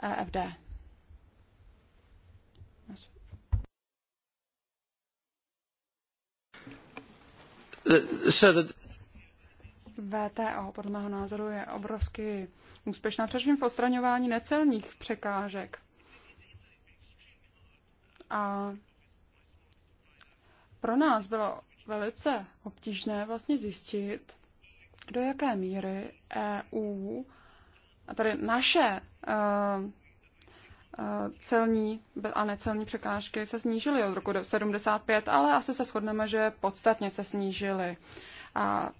EFD. VTO podle mého názoru je obrovsky úspěšná, především v odstraňování necelních překážek. A pro nás bylo velice obtížné vlastně zjistit, do jaké míry EU, a tady naše uh, Eh, celní a necelní překážky se snížily od roku 75, ale asi se shodneme, že podstatně se snížily. A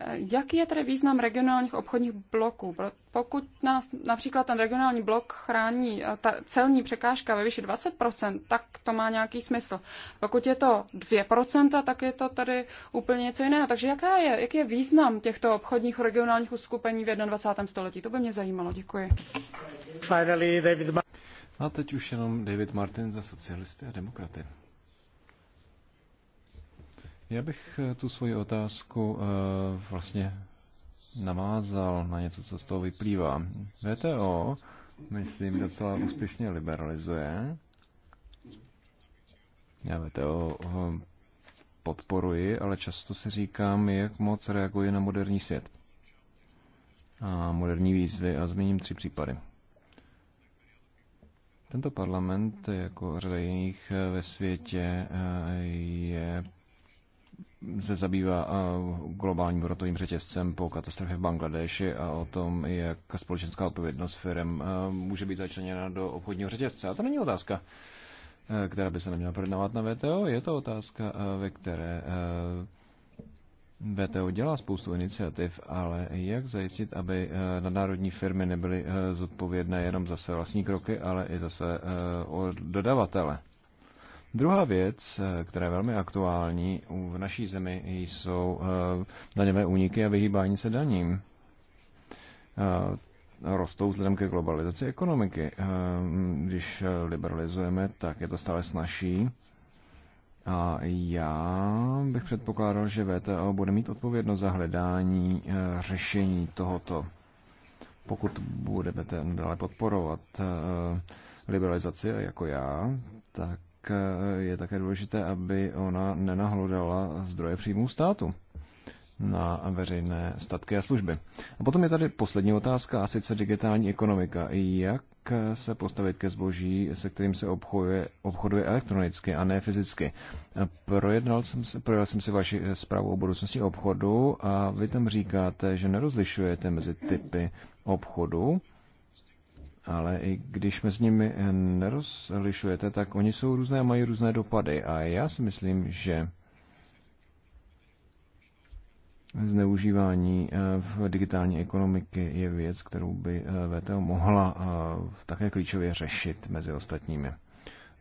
eh, jaký je tedy význam regionálních obchodních bloků? Pokud nás například ten regionální blok chrání eh, ta celní překážka ve výši 20%, tak to má nějaký smysl. Pokud je to 2%, tak je to tady úplně něco jiného. Takže jaká je, jaký je význam těchto obchodních regionálních uskupení v 21. století? To by mě zajímalo. Děkuji. Finally, David Ma- a teď už jenom David Martin za socialisty a demokraty. Já bych eh, tu svoji otázku eh, vlastně navázal na něco, co z toho vyplývá. VTO, myslím, docela úspěšně liberalizuje. Já VTO eh, podporuji, ale často si říkám, jak moc reaguje na moderní svět a moderní výzvy a zmíním tři případy. Tento parlament, jako řada jiných eh, ve světě, eh, je se zabývá eh, globálním rotovým řetězcem po katastrofě v Bangladeši a o tom, jak společenská odpovědnost firm může být začleněna do obchodního řetězce. A to není otázka, která by se neměla projednávat na VTO, je to otázka, ve které VTO dělá spoustu iniciativ, ale jak zajistit, aby eh, nadnárodní firmy nebyly eh, zodpovědné jenom za své vlastní kroky, ale i za své eh, dodavatele? Druhá věc, která je velmi aktuální v naší zemi, jsou daňové úniky a vyhýbání se daním. Rostou vzhledem ke globalizaci ekonomiky. Když liberalizujeme, tak je to stále snažší a já bych předpokládal, že VTO bude mít odpovědnost za hledání eh, řešení tohoto, pokud budeme ten dále podporovat eh, liberalizaci jako já, tak eh, je také důležité, aby ona nenahlodala zdroje příjmů státu na veřejné statky a služby. A potom je tady poslední otázka, a sice digitální ekonomika. Jak se postavit ke zboží, se kterým se obchoduje, obchoduje elektronicky a ne fyzicky. Projednal jsem, se, projel jsem si vaši zprávu o budoucnosti obchodu a vy tam říkáte, že nerozlišujete mezi typy obchodu, ale i když mezi nimi nerozlišujete, tak oni jsou různé a mají různé dopady. A já si myslím, že zneužívání eh, v digitální ekonomiky je věc, kterou by eh, VTO mohla eh, také klíčově řešit mezi ostatními.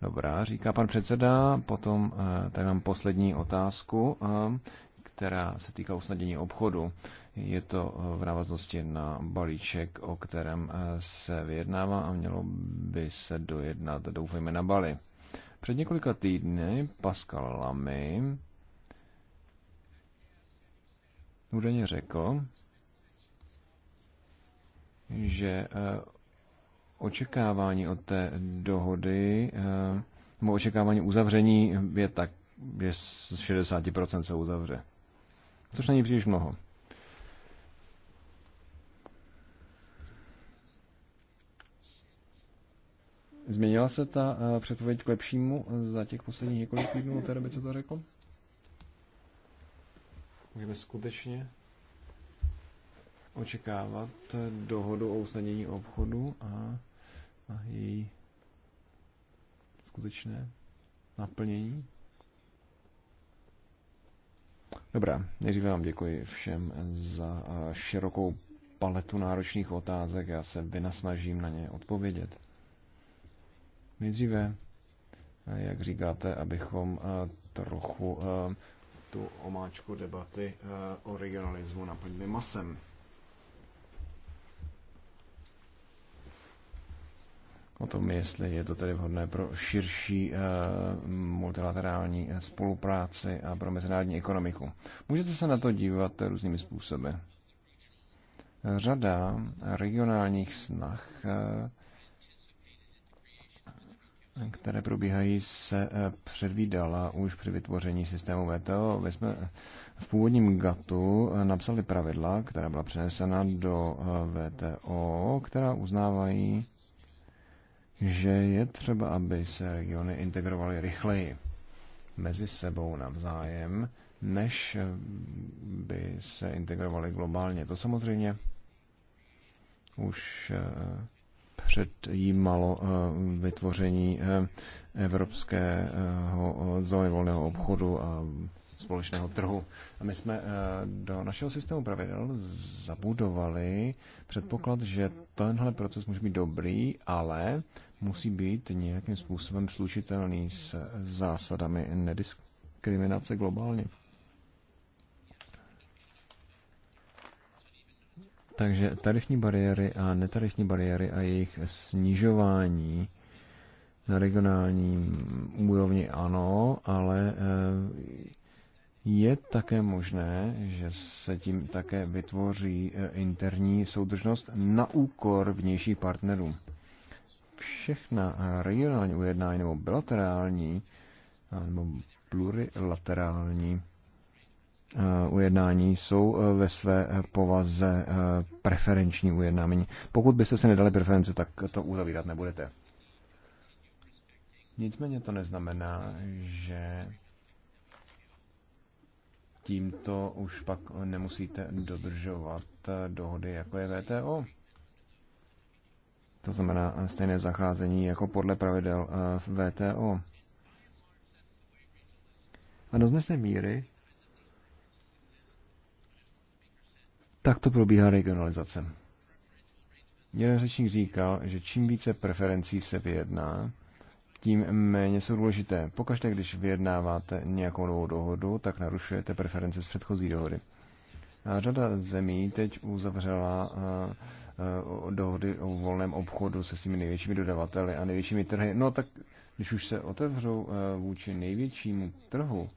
Dobrá, říká pan předseda. Potom tady mám poslední otázku, která se týká usnadnění obchodu. Je to v návaznosti na balíček, o kterém se vyjednává a mělo by se dojednat, doufejme, na Bali. Před několika týdny Pascal Lamy údajně řekl, že eh, očekávání od té dohody, eh, nebo očekávání uzavření je tak, že z 60% se uzavře. Což není příliš mnoho. Změnila se ta eh, předpověď k lepšímu za těch posledních několik týdnů které by co to řekl? Můžeme skutečně očekávat dohodu o usnadnění obchodu a, a její skutečné naplnění. Dobrá, nejdříve vám děkuji všem za širokou paletu náročných otázek. Já se vynasnažím na ně odpovědět. Nejdříve, jak říkáte, abychom trochu tu omáčku debaty eh, o regionalismu naplňme masem. o tom, jestli je to tedy vhodné pro širší eh, multilaterální eh, spolupráci a pro mezinárodní ekonomiku. Můžete se na to dívat různými způsoby. Řada regionálních snah které probíhají, se eh, předvídala už při vytvoření systému VTO. My jsme eh, v původním GATu eh, napsali pravidla, která byla přenesena do VTO, která uznávají, že je třeba, aby se regiony integrovaly rychleji mezi sebou navzájem, než by se integrovaly globálně. To samozřejmě už předjímalo eh, vytvoření eh, evropského eh, zóny volného obchodu a společného trhu. A my jsme do našeho systému pravidel zabudovali předpoklad, že tenhle proces může být dobrý, ale musí být nějakým způsobem slučitelný s zásadami nediskriminace globálně. Takže tarifní bariéry a netarifní bariéry a jejich snižování na regionální úrovni ano, ale eh, je také možné, že se tím také vytvoří eh, interní soudržnost na úkor vnějších partnerů. Všechna eh, regionální ujednání nebo bilaterální nebo plurilaterální Eh, ujednání jsou eh, ve své eh, povaze preferenční ujednání. Pokud byste se nedali preference, tak to uzavírat nebudete. Nicméně to neznamená, že tímto už pak nemusíte dodržovat dohody, jako je VTO. To znamená stejné zacházení jako podle pravidel v VTO. A do značné míry Tak to probíhá regionalizace. Jeden řečník říkal, že čím více preferencí se vyjedná, tím méně jsou důležité. Pokaždé, když vyjednáváte nějakou novou dohodu, tak narušujete preference z předchozí dohody. A řada zemí teď uzavřela eh, eh, dohody o volném obchodu se svými největšími dodavateli a největšími trhy. No tak když už se otevřou eh, vůči největšímu trhu,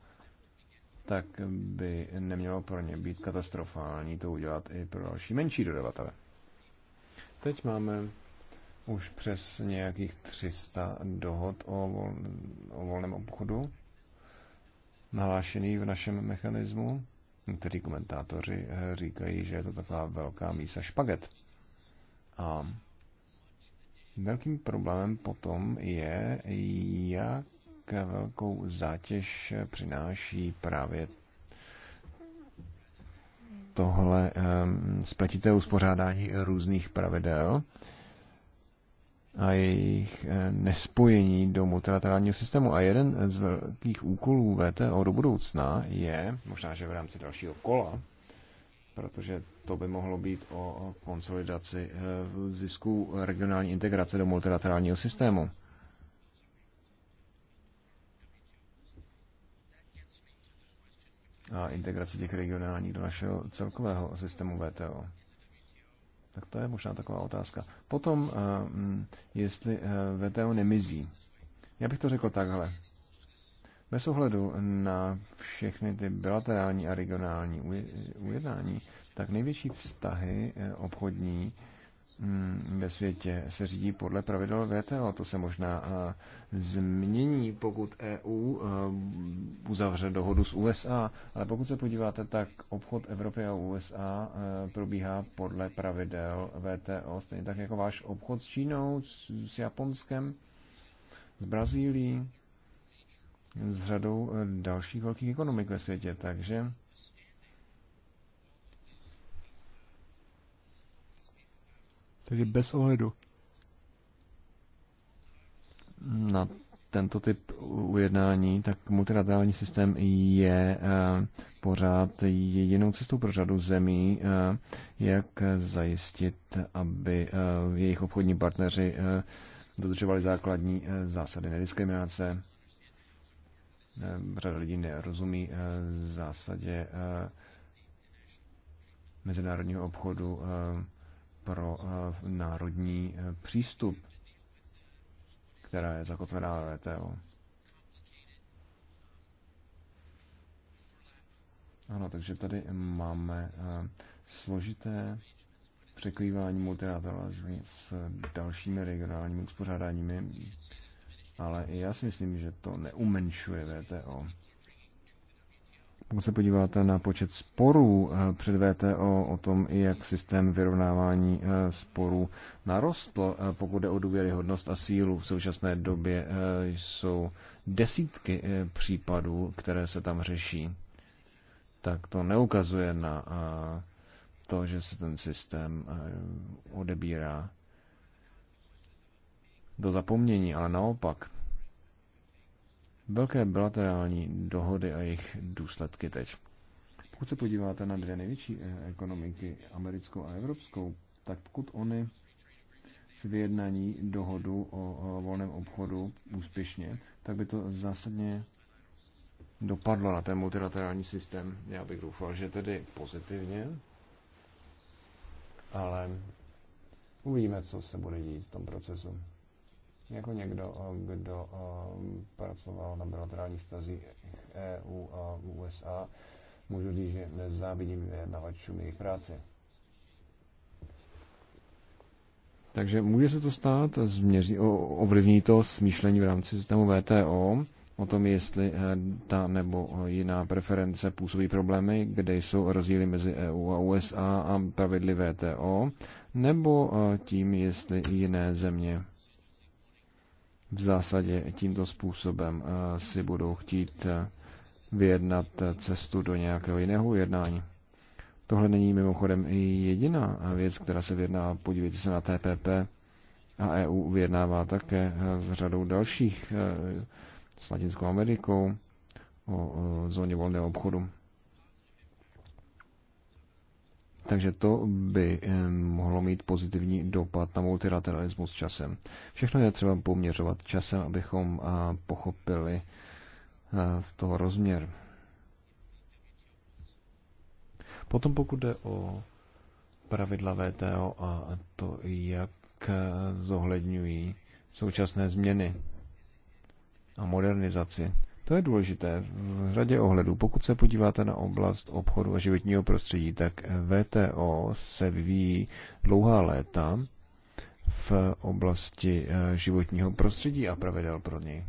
tak by nemělo pro ně být katastrofální to udělat i pro další menší dodavatele. Teď máme už přes nějakých 300 dohod o, vol, o volném obchodu nahlášených v našem mechanismu. Někteří komentátoři eh, říkají, že je to taková velká mísa špaget. A velkým problémem potom je, jak velkou zátěž přináší právě tohle spletité uspořádání různých pravidel a jejich eh, nespojení do multilaterálního systému. A jeden z velkých úkolů VTO do budoucna je, možná, že v rámci dalšího kola, protože to by mohlo být o konsolidaci eh, zisku regionální integrace do multilaterálního systému. a integraci těch regionálních do našeho celkového systému VTO? Tak to je možná taková otázka. Potom, eh, hm, jestli eh, VTO nemizí. Já bych to řekl takhle. Bez ohledu na všechny ty bilaterální a regionální ujednání, tak největší vztahy eh, obchodní Mm, ve světě se řídí podle pravidel VTO. To se možná změní, pokud EU uzavře dohodu s USA, ale pokud se podíváte, tak obchod Evropy a USA probíhá podle pravidel VTO, stejně tak jako váš obchod s Čínou, s Japonskem, s Brazílií, s řadou e, dalších velkých ekonomik ve světě. Takže Tedy bez ohledu na tento typ ujednání, tak multilaterální systém je eh, pořád jedinou cestou pro řadu zemí, eh, jak zajistit, aby eh, jejich obchodní partneři dodržovali základní zásady nediskriminace. Řada lidí nerozumí zásadě mezinárodního obchodu pro eh, národní eh, přístup, která je zakotvená ve VTO. Ano, takže tady máme eh, složité překlívání multilateralismu s dalšími regionálními uspořádáními, ale já si myslím, že to neumenšuje VTO. Pokud se podíváte na počet sporů eh, před VTO o tom, jak systém vyrovnávání eh, sporů narostl, eh, pokud jde o důvěryhodnost a sílu, v současné době jsou desítky případů, které se tam řeší, tak to neukazuje na to, že se ten systém odebírá do zapomnění, ale naopak velké bilaterální dohody a jejich důsledky teď. Pokud se podíváte na dvě největší eh, ekonomiky, americkou a evropskou, tak pokud oni si vyjednaní dohodu o volném obchodu úspěšně, tak by to zásadně dopadlo na ten multilaterální systém. Já bych doufal, že tedy pozitivně, ale uvidíme, co se bude dít v tom procesu jako někdo, eh, kdo eh, pracoval na bilaterální stazích EU a USA, můžu říct, že nezávidím vyjednavačům jejich práci. Takže může se to stát, změří, ovlivní to smýšlení v rámci systému VTO o tom, jestli eh, ta nebo jiná preference působí problémy, kde jsou rozdíly mezi EU a USA a pravidly VTO, nebo tím, jestli jiné země v zásadě tímto způsobem eh, si budou chtít eh, vyjednat eh, cestu do nějakého jiného jednání. Tohle není mimochodem i jediná věc, která se vyjedná. Podívejte se na TPP a EU vyjednává také s řadou dalších s Latinskou Amerikou o zóně volného obchodu. Takže to by mohlo mít pozitivní dopad na multilateralismus časem. Všechno je třeba poměřovat časem, abychom pochopili v toho rozměr. Potom pokud jde o pravidla VTO a to, jak zohledňují současné změny a modernizaci, to je důležité v řadě ohledů. Pokud se podíváte na oblast obchodu a životního prostředí, tak VTO se vyvíjí dlouhá léta v oblasti eh, životního prostředí a pravidel pro něj.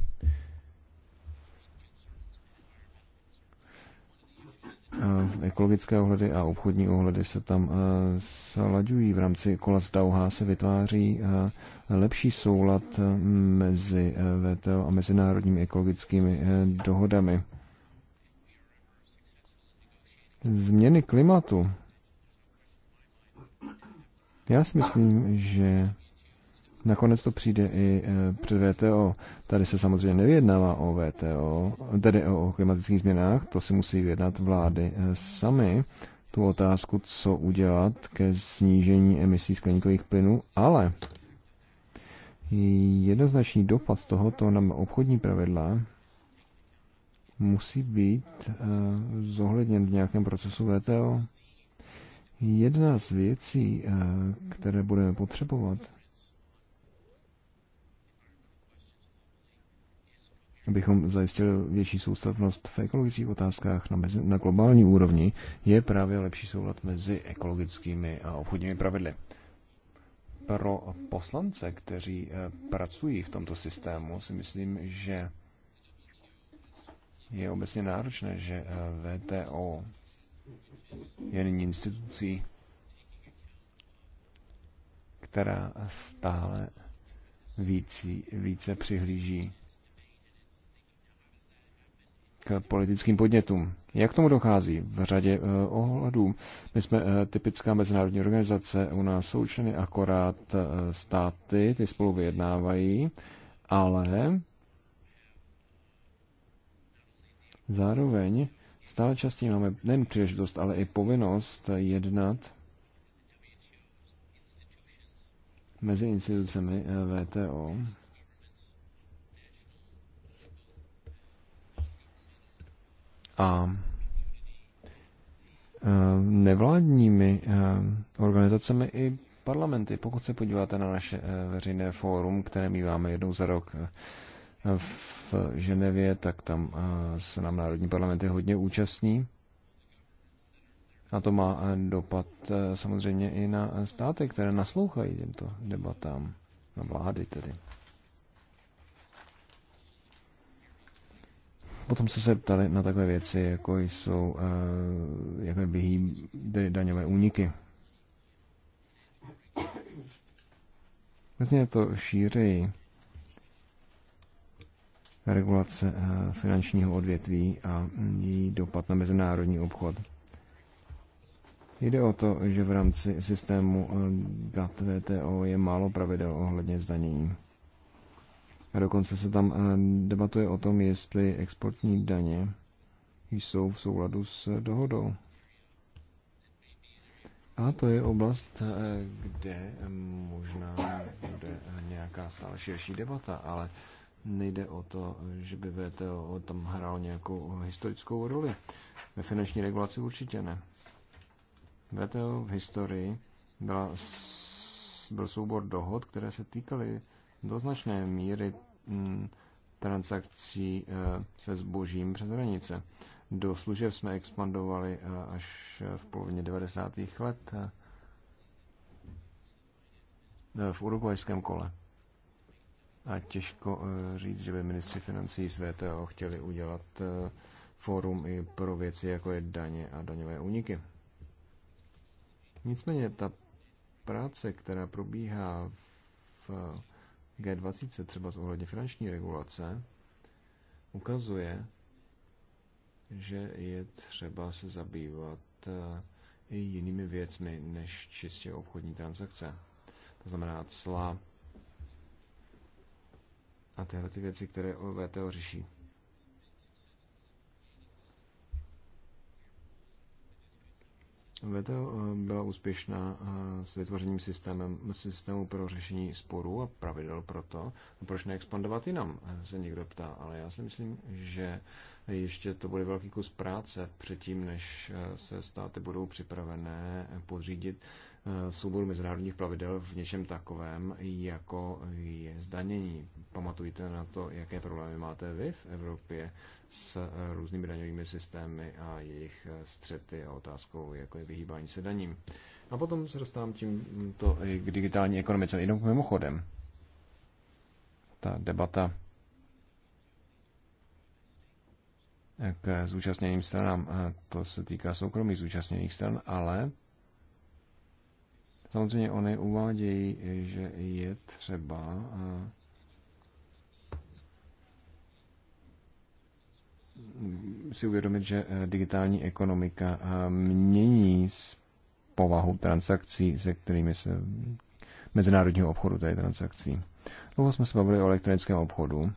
Eh, ekologické ohledy a obchodní ohledy se tam eh, slaďují. V rámci kola z Dauha se vytváří eh, lepší soulad mezi VTO a mezinárodními ekologickými dohodami. Změny klimatu. Já si myslím, že Nakonec to přijde i eh, před VTO. Tady se samozřejmě nevyjednává o VTO, tedy o klimatických změnách, to si musí vyjednat vlády eh, sami tu otázku, co udělat ke snížení emisí skleníkových plynů, ale jednoznačný dopad tohoto na obchodní pravidla musí být eh, zohledněn v nějakém procesu VTO. Jedna z věcí, které budeme potřebovat, abychom zajistili větší soustavnost v ekologických otázkách na, mezi, na globální úrovni, je právě lepší soulad mezi ekologickými a obchodními pravidly. Pro poslance, kteří eh, pracují v tomto systému, si myslím, že je obecně náročné, že eh, VTO je nyní institucí, která stále více, více přihlíží k politickým podnětům. Jak tomu dochází? V řadě eh, ohledů. My jsme eh, typická mezinárodní organizace, u nás jsou členy akorát eh, státy, ty spolu vyjednávají, ale zároveň stále častěji máme nejen příležitost, ale i povinnost jednat mezi institucemi VTO. a eh, nevládními eh, organizacemi i parlamenty. Pokud se podíváte na naše eh, veřejné fórum, které míváme jednou za rok v Ženevě, tak tam se nám národní parlamenty hodně účastní. A to má dopad samozřejmě i na státy, které naslouchají těmto debatám, na vlády tedy. Potom se se ptali na takové věci, jako jsou eh, jako vyhý, daňové úniky. Vlastně to šířeji regulace eh, finančního odvětví a její dopad na mezinárodní obchod. Jde o to, že v rámci systému eh, GATT VTO je málo pravidel ohledně zdanění. A dokonce se tam eh, debatuje o tom, jestli exportní daně jsou v souladu s dohodou. A to je oblast, eh, kde možná bude nějaká stále širší debata, ale nejde o to, že by VTO tam hrál nějakou historickou roli. Ve finanční regulaci určitě ne. VTO v historii byla, byl soubor dohod, které se týkaly do značné míry mm, transakcí eh, se zbožím přes hranice. Do služeb jsme expandovali eh, až v polovině 90. let eh, v urugvajském kole. A těžko říct, že by ministři financí světého chtěli udělat fórum i pro věci, jako je daně a daňové úniky. Nicméně ta práce, která probíhá v G20 třeba z ohledně finanční regulace ukazuje, že je třeba se zabývat eh, i jinými věcmi než čistě obchodní transakce. To znamená cla a tyhle ty věci, které VTO řeší. VTO eh, byla úspěšná eh, s vytvořením systémem, systému pro řešení sporů a pravidel pro to. No proč neexpandovat jinam, eh, se někdo ptá, ale já si myslím, že ještě to bude velký kus práce předtím, než se státy budou připravené podřídit Eh, souboru mezinárodních plavidel v něčem takovém, jako je zdanění. Pamatujte na to, jaké problémy máte vy v Evropě s eh, různými daňovými systémy a jejich eh, střety a otázkou, jako je vyhýbání se daním. A potom se dostávám tímto i k digitální ekonomice. Jenom mimochodem, ta debata k zúčastněným stranám. To se týká soukromých zúčastněných stran, ale Samozřejmě oni uvádějí, že je třeba si uvědomit, že e, digitální ekonomika mění povahu transakcí, se kterými se mezinárodního obchodu, tedy transakcí. Dlouho jsme se bavili o elektronickém obchodu,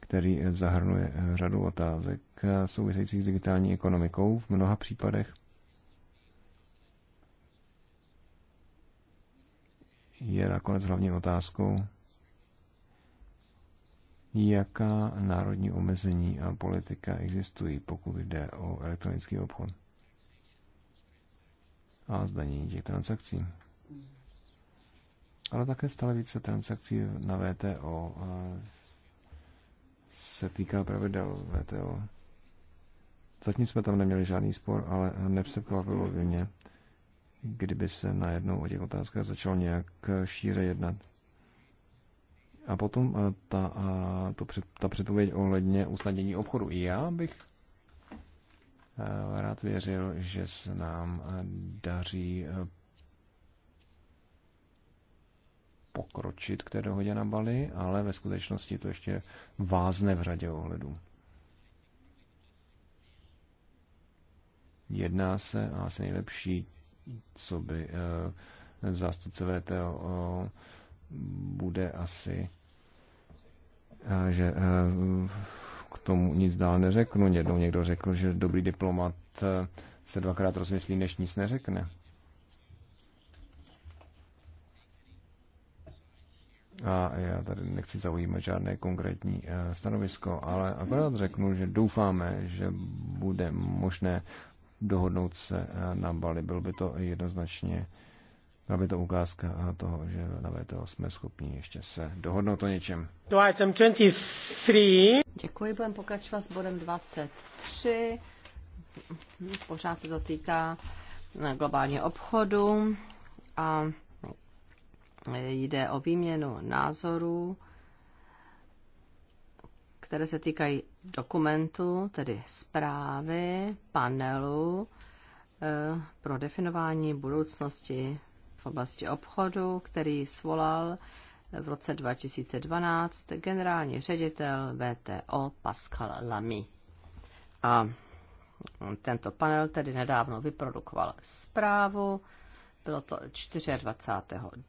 který zahrnuje e, řadu otázek souvisejících s digitální ekonomikou v mnoha případech. je nakonec hlavní otázkou, jaká národní omezení a politika existují, pokud jde o elektronický obchod a zdanění těch transakcí. Ale také stále více transakcí na VTO se týká pravidel VTO. Zatím jsme tam neměli žádný spor, ale nepřekvapilo by mě, kdyby se najednou o těch otázkách začalo nějak eh, šíře jednat. A potom eh, ta, eh, to před, ta předpověď ohledně usnadnění obchodu. Já bych rád věřil, že se nám daří pokročit k té dohodě na Bali, ale ve skutečnosti to ještě vázne v řadě ohledů. Jedná se, a asi nejlepší co by eh, zástupce VTO eh, bude asi, eh, že k tomu nic dál neřeknu. Jednou někdo řekl, že dobrý diplomat se dvakrát rozmyslí, než nic neřekne. A já tady nechci zaujímat žádné konkrétní stanovisko, ale akorát řeknu, že doufáme, že bude možné dohodnout se eh, na Bali. Byl by to jednoznačně byla by to ukázka eh, toho, že na VTO jsme schopni ještě se dohodnout o něčem. Děkuji, budeme pokračovat s bodem 23. Pořád se to týká eh, globálního obchodu a jde o výměnu názorů které se týkají dokumentu, tedy zprávy, panelu eh, pro definování budoucnosti v oblasti obchodu, který svolal v roce 2012 generální ředitel VTO Pascal Lamy. A tento panel tedy nedávno vyprodukoval zprávu, bylo to 24.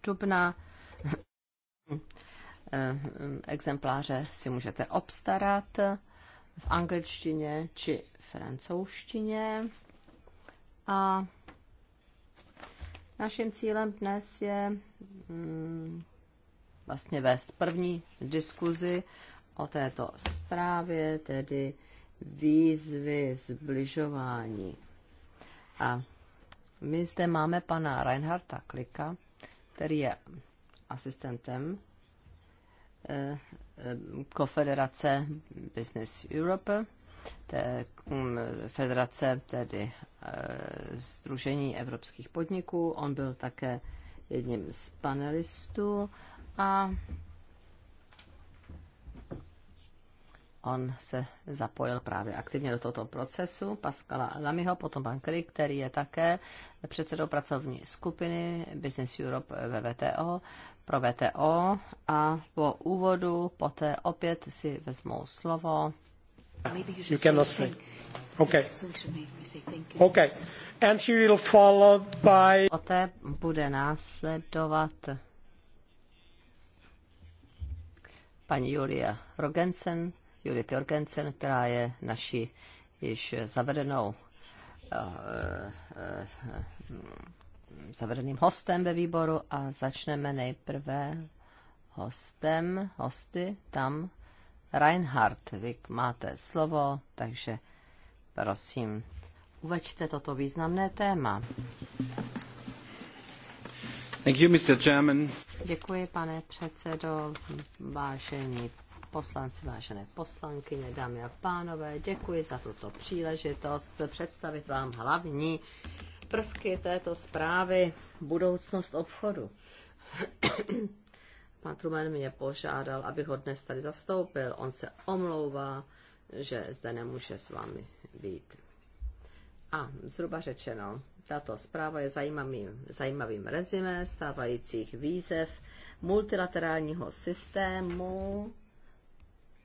dubna. Eh, exempláře si můžete obstarat v angličtině či francouzštině. A naším cílem dnes je mm, vlastně vést první diskuzi o této zprávě, tedy výzvy zbližování. A my zde máme pana Reinharda Klika, který je asistentem Eh, konfederace Business Europe, té mm, federace tedy Združení eh, evropských podniků. On byl také jedním z panelistů a on se zapojil právě aktivně do tohoto procesu. Pascala Lamiho, potom pan Krik, který je také předsedou pracovní skupiny Business Europe VVTO pro VTO a po úvodu poté opět si vezmou slovo. You cannot say. Okay. Okay. And he will follow by... Poté bude následovat paní Julia Rogensen, Judith Jorgensen, která je naší již zavedenou eh, eh, zavedeným hostem ve výboru a začneme nejprve hostem, hosty tam. Reinhard, vy máte slovo, takže prosím, uveďte toto významné téma. Thank you, Mr. Chairman. Děkuji, pane předsedo, vážení poslanci, vážené poslankyně, dámy a pánové, děkuji za tuto příležitost představit vám hlavní prvky této zprávy Budoucnost obchodu. Pan Truman mě požádal, abych ho dnes tady zastoupil. On se omlouvá, že zde nemůže s vámi být. A zhruba řečeno, tato zpráva je zajímavým, zajímavým rezime stávajících výzev multilaterálního systému.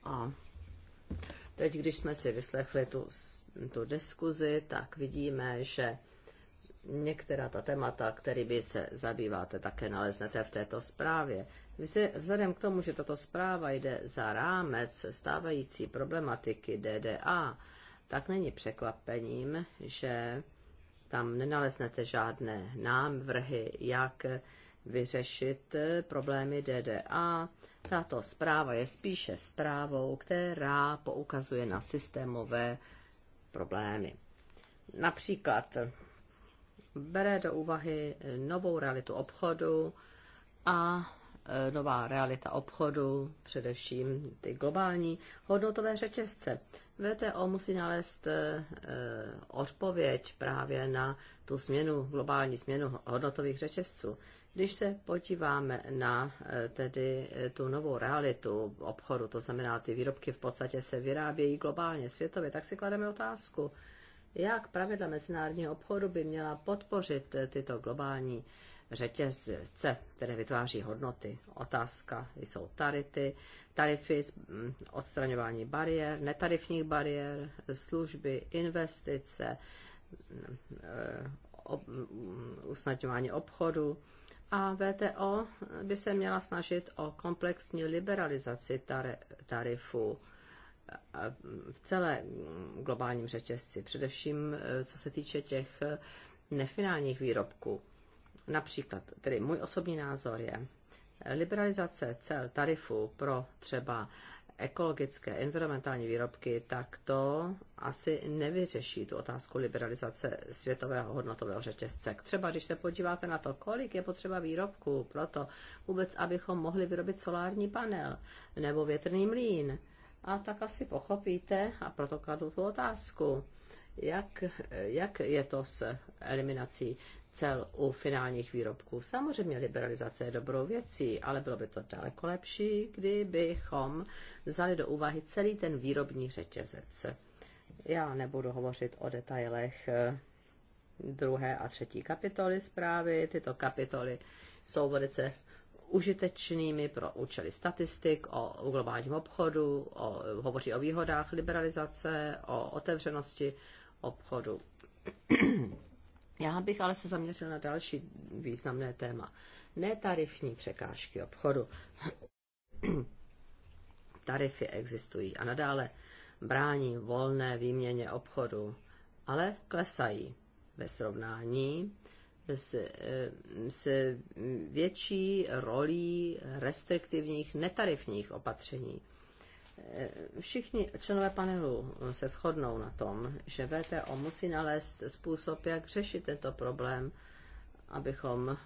A teď, když jsme si vyslechli tu, tu diskuzi, tak vidíme, že některá ta témata, který by se zabýváte, také naleznete v této zprávě. Vzhledem k tomu, že tato zpráva jde za rámec stávající problematiky DDA, tak není překvapením, že tam nenaleznete žádné návrhy, jak vyřešit problémy DDA. Tato zpráva je spíše zprávou, která poukazuje na systémové problémy. Například bere do úvahy eh, novou realitu obchodu a eh, nová realita obchodu, především ty globální hodnotové řetězce. VTO musí nalézt eh, odpověď právě na tu změnu, globální změnu hodnotových řetězců. Když se podíváme na tedy tu novou realitu obchodu, to znamená, ty výrobky v podstatě se vyrábějí globálně, světově, tak si klademe otázku, jak pravidla mezinárodního obchodu by měla podpořit tyto globální řetězce, které vytváří hodnoty. Otázka jsou tarity, tarify, odstraňování bariér, netarifních bariér, služby, investice, e, ob, usnadňování obchodu. A VTO by se měla snažit o komplexní liberalizaci tarifů v celé globálním řetězci, především eh, co se týče těch eh, nefinálních výrobků. Například, tedy můj osobní názor je, eh, liberalizace cel tarifu pro třeba ekologické, environmentální výrobky, tak to asi nevyřeší tu otázku liberalizace světového hodnotového řetězce. Třeba když se podíváte na to, kolik je potřeba výrobků pro to vůbec, abychom mohli vyrobit solární panel nebo větrný mlín, a tak asi pochopíte, a proto kladu tu otázku, jak, jak je to s eliminací cel u finálních výrobků. Samozřejmě liberalizace je dobrou věcí, ale bylo by to daleko lepší, kdybychom vzali do úvahy celý ten výrobní řetězec. Já nebudu hovořit o detailech eh, druhé a třetí kapitoly zprávy. Tyto kapitoly jsou velice užitečnými pro účely statistik, o globálním obchodu, o, hovoří o výhodách liberalizace, o otevřenosti obchodu. Já bych ale se zaměřil na další významné téma. Netarifní překážky obchodu. Tarify existují a nadále brání volné výměně obchodu, ale klesají ve srovnání s, eh, s větší rolí restriktivních netarifních opatření. Eh, všichni členové panelu se shodnou na tom, že VTO musí nalézt způsob, jak řešit tento problém, abychom eh,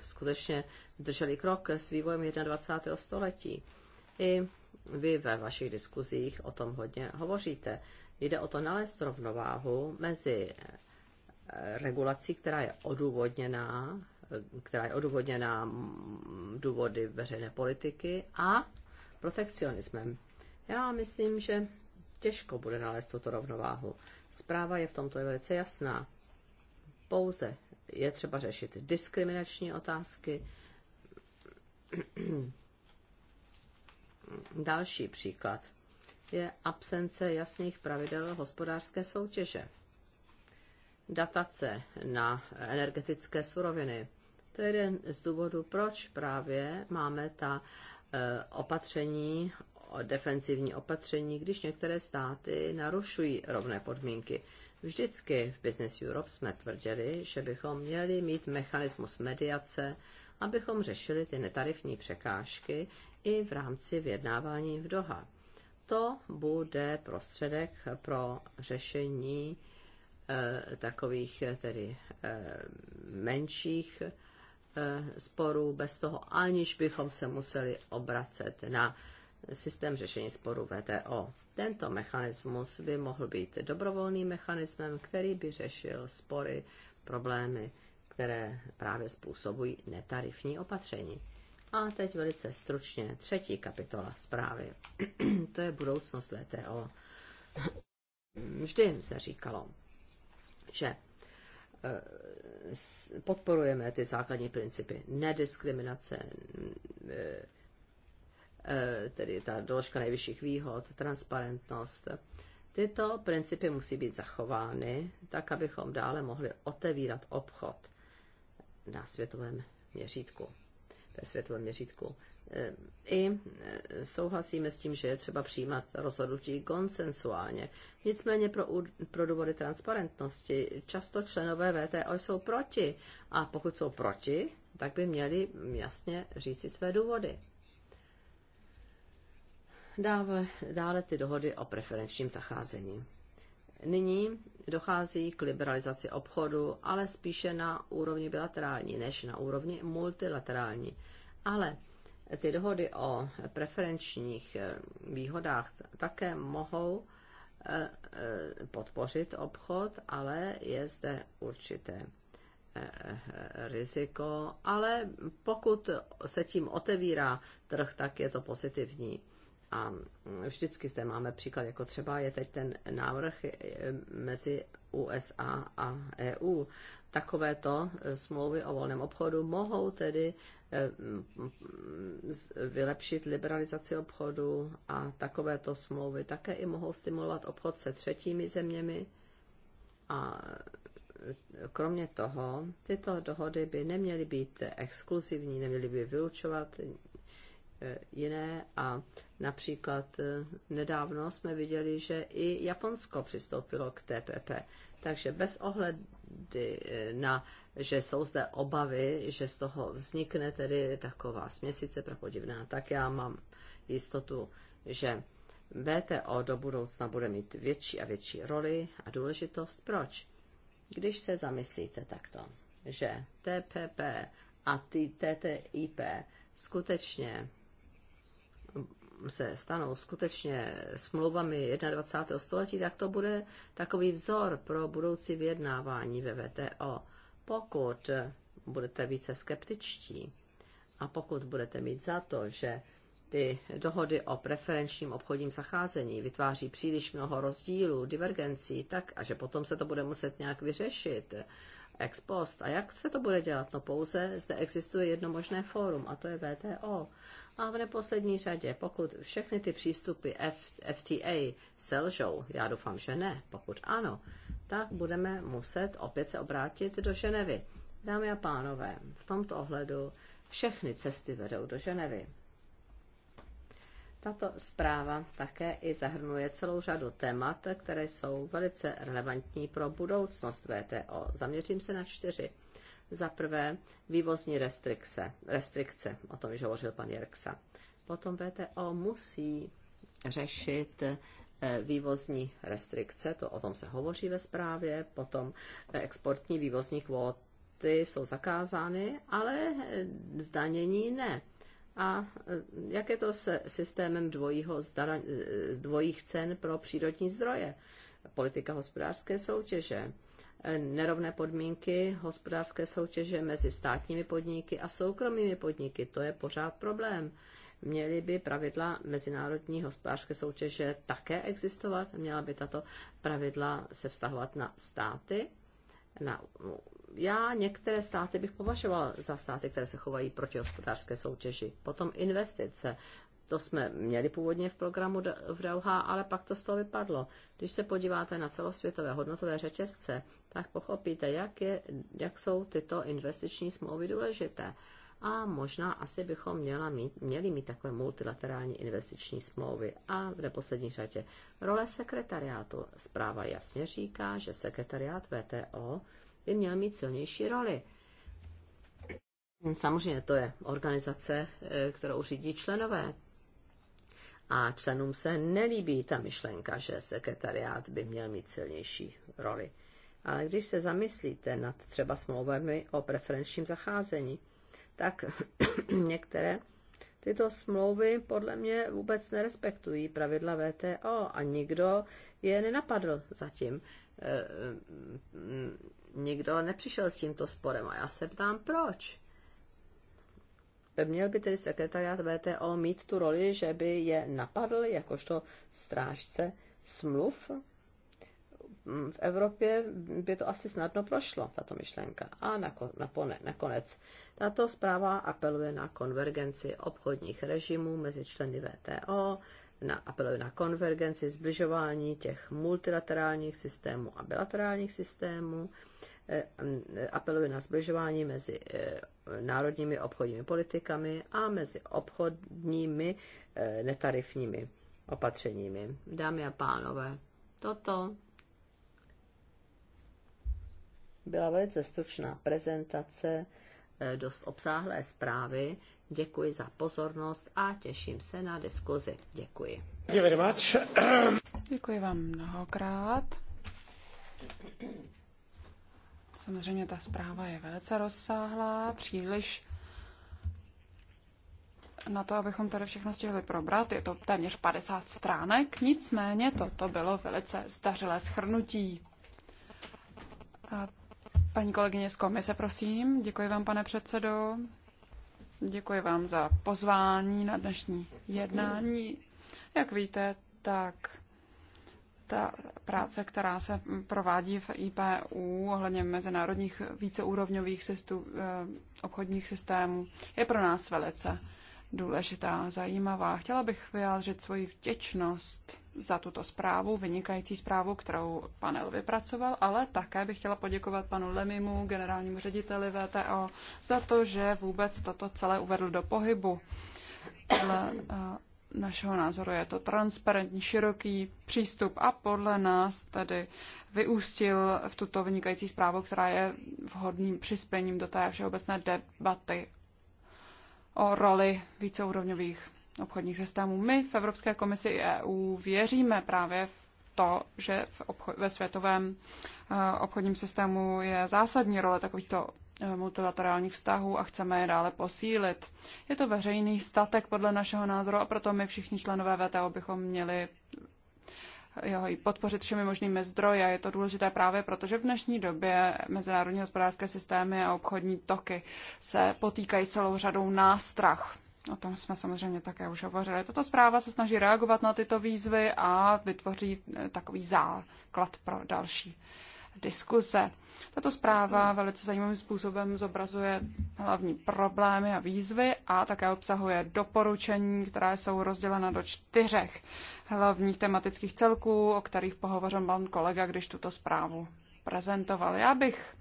skutečně drželi krok s vývojem 21. století. I vy ve vašich diskuzích o tom hodně hovoříte. Jde o to nalézt rovnováhu mezi regulací, která je odůvodněná, která je odůvodněná důvody veřejné politiky a protekcionismem. Já myslím, že těžko bude nalézt tuto rovnováhu. Zpráva je v tomto velice jasná. Pouze je třeba řešit diskriminační otázky. Další příklad je absence jasných pravidel hospodářské soutěže datace na energetické suroviny. To je jeden z důvodů, proč právě máme ta e, opatření, defensivní opatření, když některé státy narušují rovné podmínky. Vždycky v Business Europe jsme tvrdili, že bychom měli mít mechanismus mediace, abychom řešili ty netarifní překážky i v rámci vyjednávání v Doha. To bude prostředek pro řešení Eh, takových eh, tedy eh, menších sporů, bez toho aniž bychom se museli obracet na systém řešení sporů VTO. Tento mechanismus by mohl být dobrovolným mechanismem, který by řešil spory, problémy, které právě způsobují netarifní opatření. A teď velice stručně třetí kapitola zprávy. to je budoucnost VTO. Vždy se říkalo, že eh, podporujeme ty základní principy nediskriminace, mm, eh, eh, tedy ta doložka nejvyšších výhod, transparentnost. Tyto principy musí být zachovány, tak abychom dále mohli otevírat obchod na světovém měřítku, ve světovém měřítku. E, i souhlasíme s tím, že je třeba přijímat rozhodnutí konsensuálně. Nicméně pro, pro důvody transparentnosti často členové VTO jsou proti a pokud jsou proti, tak by měli jasně říci své důvody. Dále, dále ty dohody o preferenčním zacházení. Nyní dochází k liberalizaci obchodu, ale spíše na úrovni bilaterální než na úrovni multilaterální. Ale ty dohody o preferenčních eh, výhodách také mohou eh, eh, podpořit obchod, ale je zde určité riziko, ale pokud se tím otevírá trh, tak je to pozitivní. A vždycky zde máme příklad, jako třeba je teď ten návrh mezi USA a EU. Takovéto smlouvy o volném obchodu mohou tedy Eh, vylepšit liberalizaci obchodu a takovéto smlouvy také i mohou stimulovat obchod se třetími zeměmi. A eh, kromě toho, tyto dohody by neměly být exkluzivní, neměly by vylučovat eh, jiné a například nedávno jsme viděli, že i Japonsko přistoupilo k TPP. Takže bez ohledu Eh, na, že jsou zde obavy, že z toho vznikne tedy taková směsice prapodivná, tak já mám jistotu, že VTO do budoucna bude mít větší a větší roli a důležitost. Proč? Když se zamyslíte takto, že TPP a ty TTIP skutečně se stanou skutečně smlouvami 21. století, tak to bude takový vzor pro budoucí vyjednávání ve VTO. Pokud budete více skeptičtí a pokud budete mít za to, že ty dohody o preferenčním obchodním zacházení vytváří příliš mnoho rozdílů, divergencí, tak a že potom se to bude muset nějak vyřešit ex post. A jak se to bude dělat? No pouze zde existuje jedno možné fórum a to je VTO. A v neposlední řadě, pokud všechny ty přístupy F, FTA selžou, já doufám, že ne, pokud ano, tak budeme muset opět se obrátit do Ženevy. Dámy a pánové, v tomto ohledu všechny cesty vedou do Ženevy. Tato zpráva také i zahrnuje celou řadu témat, které jsou velice relevantní pro budoucnost VTO. Zaměřím se na čtyři. Za prvé vývozní restrikce, restrikce, o tom již hovořil pan Jerksa. Potom VTO musí řešit eh, vývozní restrikce, to o tom se hovoří ve zprávě, potom eh, exportní vývozní kvóty jsou zakázány, ale eh, zdanění ne. A jak je to se systémem dvojího, zdara, dvojích cen pro přírodní zdroje? Politika hospodářské soutěže nerovné podmínky hospodářské soutěže mezi státními podniky a soukromými podniky. To je pořád problém. Měly by pravidla mezinárodní hospodářské soutěže také existovat? Měla by tato pravidla se vztahovat na státy? Na, já některé státy bych považoval za státy, které se chovají proti hospodářské soutěži. Potom investice. To jsme měli původně v programu v Dauha, ale pak to z toho vypadlo. Když se podíváte na celosvětové hodnotové řetězce, tak pochopíte, jak, je, jak jsou tyto investiční smlouvy důležité. A možná asi bychom měla mít, měli mít takové multilaterální investiční smlouvy. A v neposlední řadě role sekretariátu. Zpráva jasně říká, že sekretariát VTO by měl mít silnější roli. Samozřejmě to je organizace, eh, kterou řídí členové a členům se nelíbí ta myšlenka, že sekretariát by měl mít silnější roli. Ale když se zamyslíte nad třeba smlouvami o preferenčním zacházení, tak některé tyto smlouvy podle mě vůbec nerespektují pravidla VTO a nikdo je nenapadl zatím. E, e, nikdo nepřišel s tímto sporem a já se ptám, proč? Měl by tedy sekretariat VTO mít tu roli, že by je napadl jakožto strážce smluv? Mm, v Evropě by to asi snadno prošlo, tato myšlenka. A nakonec. Tato zpráva apeluje na konvergenci obchodních režimů mezi členy VTO, na, apeluje na konvergenci, zbližování těch multilaterálních systémů a bilaterálních systémů, e, apeluje na zbližování mezi e, národními obchodními politikami a mezi obchodními e, netarifními opatřeními. Dámy a pánové, toto byla velice stručná prezentace dost obsáhlé zprávy, Děkuji za pozornost a těším se na diskuzi. Děkuji. Děkuji vám mnohokrát. Samozřejmě ta zpráva je velice rozsáhlá, příliš na to, abychom tady všechno stihli probrat. Je to téměř 50 stránek, nicméně toto bylo velice zdařilé schrnutí. A paní kolegyně z komise, prosím. Děkuji vám, pane předsedo. Děkuji vám za pozvání na dnešní jednání. Jak víte, tak ta práce, která se provádí v IPU ohledně mezinárodních víceúrovňových systů, eh, obchodních systémů, je pro nás velice důležitá, zajímavá. Chtěla bych vyjádřit svoji vděčnost za tuto zprávu, vynikající zprávu, kterou panel vypracoval, ale také bych chtěla poděkovat panu Lemimu, generálnímu řediteli VTO, za to, že vůbec toto celé uvedl do pohybu. Podle eh, našeho názoru je to transparentní, široký přístup a podle nás tedy vyústil v tuto vynikající zprávu, která je vhodným přispěním do té všeobecné debaty o roli víceúrovňových obchodních systémů. My v Evropské komisi i EU věříme právě v to, že v obcho- ve světovém eh, obchodním systému je zásadní role takovýchto eh, multilaterálních vztahů a chceme je dále posílit. Je to veřejný statek podle našeho názoru a proto my všichni členové VTO bychom měli eh, jeho podpořit všemi možnými zdroji a je to důležité právě proto, že v dnešní době mezinárodní hospodářské systémy a obchodní toky se potýkají celou řadou nástrah. O tom jsme samozřejmě také už hovořili. Tato zpráva se snaží reagovat na tyto výzvy a vytvoří eh, takový základ pro další diskuse. Tato zpráva velice zajímavým způsobem zobrazuje hlavní problémy a výzvy a také obsahuje doporučení, která jsou rozdělena do čtyřech hlavních tematických celků, o kterých pohovořil pan kolega, když tuto zprávu prezentoval. Já bych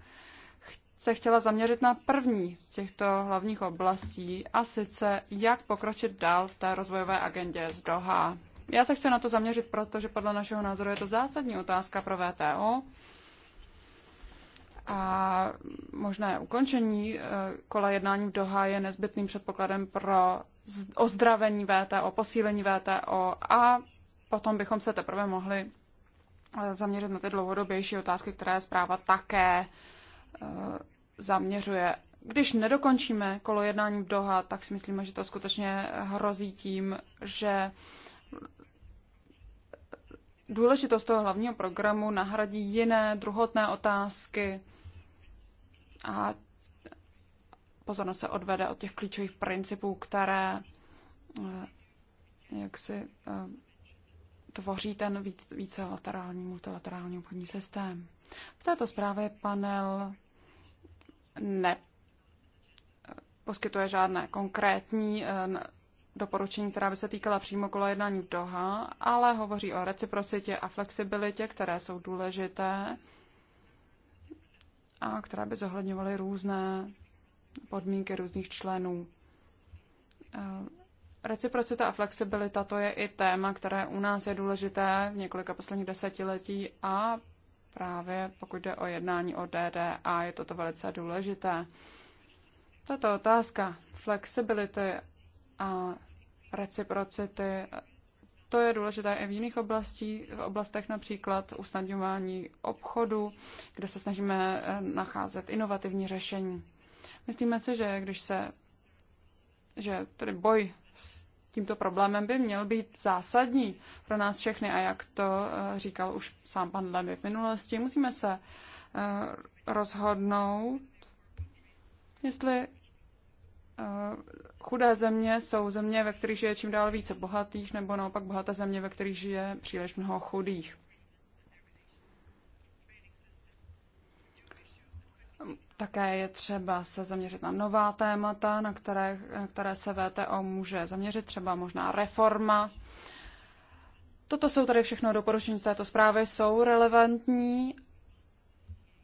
se chtěla zaměřit na první z těchto hlavních oblastí, a sice jak pokročit dál v té rozvojové agendě z Doha. Já se chci na to zaměřit, protože podle našeho názoru je to zásadní otázka pro VTO a možné ukončení eh, kola jednání v Doha je nezbytným předpokladem pro ozdravení VTO, posílení VTO a potom bychom se teprve mohli eh, zaměřit na ty dlouhodobější otázky, které zpráva také eh, zaměřuje. Když nedokončíme kolo jednání v Doha, tak si myslíme, že to skutečně hrozí tím, že důležitost toho hlavního programu nahradí jiné druhotné otázky a pozornost se odvede od těch klíčových principů, které eh, jak si eh, tvoří ten více vícelaterální, multilaterální obchodní systém. V této zprávě panel neposkytuje žádné konkrétní eh, doporučení, která by se týkala přímo kola jednání v Doha, ale hovoří o reciprocitě a flexibilitě, které jsou důležité a které by zohledňovaly různé podmínky různých členů. Eh, reciprocita a flexibilita to je i téma, které u nás je důležité v několika posledních desetiletí a právě pokud jde o jednání o DDA, je toto velice důležité. Tato otázka flexibility a reciprocity, to je důležité i v jiných oblastí, v oblastech například usnadňování obchodu, kde se snažíme eh, nacházet inovativní řešení. Myslíme si, že když se že tedy boj s tímto problémem by měl být zásadní pro nás všechny. A jak to eh, říkal už sám pan Lemy v minulosti, musíme se eh, rozhodnout, jestli eh, chudé země jsou země, ve kterých žije čím dál více bohatých, nebo naopak bohaté země, ve kterých žije příliš mnoho chudých. Také je třeba se zaměřit na nová témata, na které, na které se VTO může zaměřit, třeba možná reforma. Toto jsou tady všechno doporučení z této zprávy, jsou relevantní,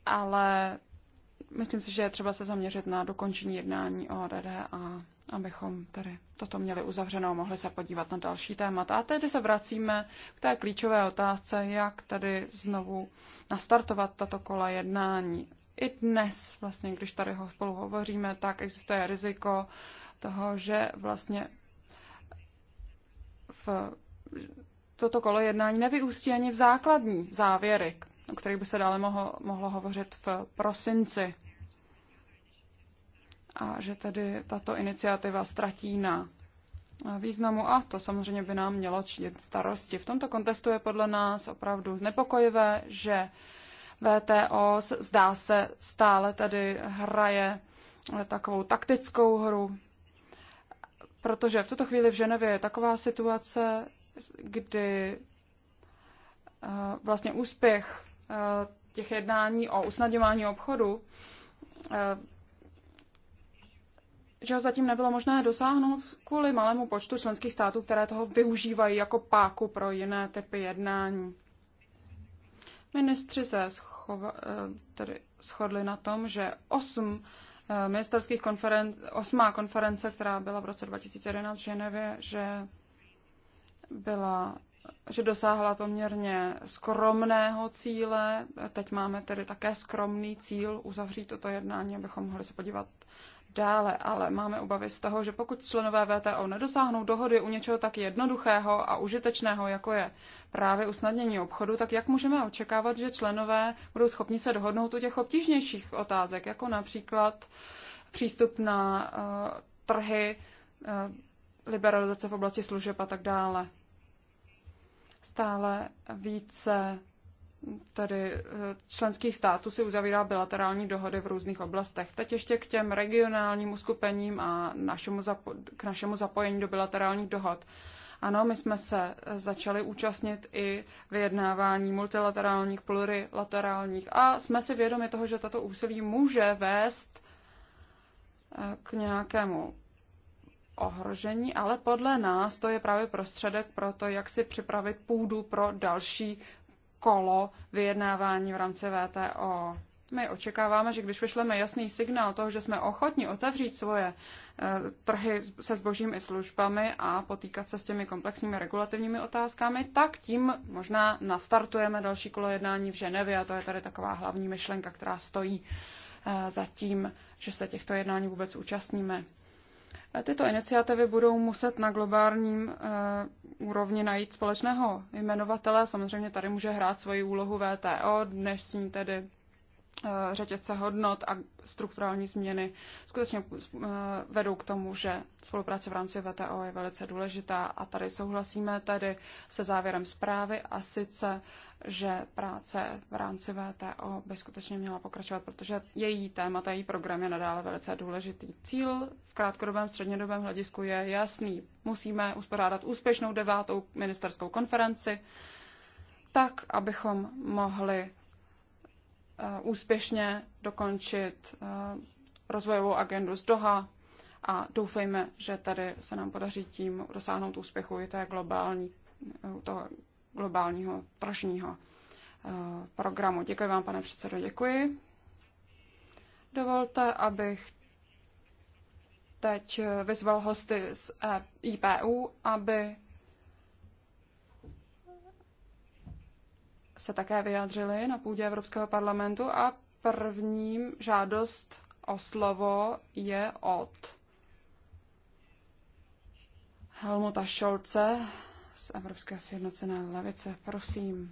ale myslím si, že je třeba se zaměřit na dokončení jednání o ADD a abychom tady toto měli uzavřeno a mohli se podívat na další témata. A tedy se vracíme k té klíčové otázce, jak tady znovu nastartovat tato kola jednání i dnes, vlastně, když tady ho spolu hovoříme, tak existuje riziko toho, že vlastně v toto kolo jednání nevyústí ani v základní závěry, o kterých by se dále mohlo, mohlo hovořit v prosinci. A že tedy tato iniciativa ztratí na významu a to samozřejmě by nám mělo činit starosti. V tomto kontextu je podle nás opravdu znepokojivé, že VTO zdá se stále tady hraje eh, takovou taktickou hru, protože v tuto chvíli v Ženevě je taková situace, kdy eh, vlastně úspěch eh, těch jednání o usnadňování obchodu, že ho zatím nebylo možné dosáhnout kvůli malému počtu členských států, které toho využívají jako páku pro jiné typy jednání. Ministři se schova, eh, tedy shodli na tom, že osm eh, ministerských konferenc, osmá konference, která byla v roce 2011 v Ženevě, že byla že dosáhla poměrně skromného cíle. Teď máme tedy také skromný cíl uzavřít toto jednání, abychom mohli se podívat dále, ale máme obavy z toho, že pokud členové VTO nedosáhnou dohody u něčeho tak jednoduchého a užitečného, jako je právě usnadnění obchodu, tak jak můžeme očekávat, že členové budou schopni se dohodnout u těch obtížnějších otázek, jako například přístup na uh, trhy, uh, liberalizace v oblasti služeb a tak dále. Stále více tady eh, členských států si uzavírá bilaterální dohody v různých oblastech. Teď ještě k těm regionálním uskupením a našemu k našemu zapojení do bilaterálních dohod. Ano, my jsme se eh, začali účastnit i vyjednávání multilaterálních, plurilaterálních a jsme si vědomi toho, že tato úsilí může vést eh, k nějakému ohrožení, ale podle nás to je právě prostředek pro to, jak si připravit půdu pro další kolo vyjednávání v rámci VTO. My očekáváme, že když vyšleme jasný signál toho, že jsme ochotni otevřít svoje eh, trhy se zbožím i službami a potýkat se s těmi komplexními regulativními otázkami, tak tím možná nastartujeme další kolo jednání v Ženevě a to je tady taková hlavní myšlenka, která stojí eh, za tím, že se těchto jednání vůbec účastníme. Tyto iniciativy budou muset na globálním eh, úrovni najít společného jmenovatele. Samozřejmě tady může hrát svoji úlohu VTO, dnešní tedy eh, řetězce hodnot a strukturální změny skutečně eh, vedou k tomu, že spolupráce v rámci VTO je velice důležitá a tady souhlasíme tady se závěrem zprávy a sice že práce v rámci VTO by skutečně měla pokračovat, protože její téma, její program je nadále velice důležitý. Cíl v krátkodobém, střednědobém hledisku je jasný. Musíme uspořádat úspěšnou devátou ministerskou konferenci, tak, abychom mohli eh, úspěšně dokončit eh, rozvojovou agendu z Doha a doufejme, že tady se nám podaří tím dosáhnout úspěchu i té globální, eh, toho globálního tržního eh, programu. Děkuji vám, pane předsedo, děkuji. Dovolte, abych teď vyzval hosty z IPU, aby se také vyjádřili na půdě Evropského parlamentu a prvním žádost o slovo je od Helmuta Šolce, z Evropské sjednocené levice. Prosím.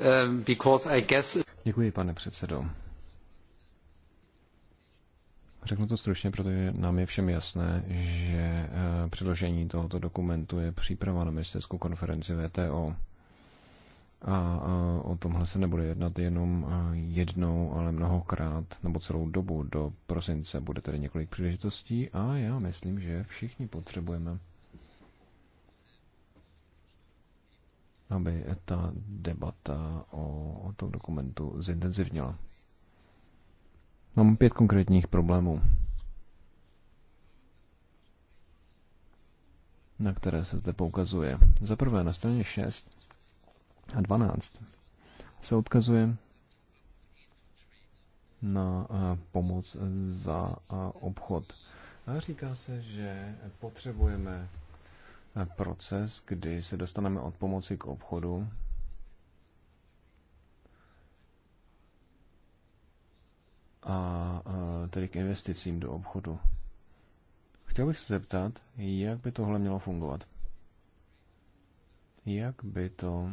Um, Děkuji, pane předsedo. Řeknu to stručně, protože nám je všem jasné, že eh, předložení tohoto dokumentu je příprava na ministerskou konferenci VTO a o tomhle se nebude jednat jenom jednou, ale mnohokrát nebo celou dobu do prosince bude tedy několik příležitostí a já myslím, že všichni potřebujeme, aby ta debata o, o tom dokumentu zintenzivnila. Mám pět konkrétních problémů, na které se zde poukazuje. Za prvé na straně 6 a 12 se odkazuje na eh, pomoc za eh, obchod. A říká se, že potřebujeme eh, proces, kdy se dostaneme od pomoci k obchodu. A tedy k investicím do obchodu. Chtěl bych se zeptat, jak by tohle mělo fungovat? Jak by to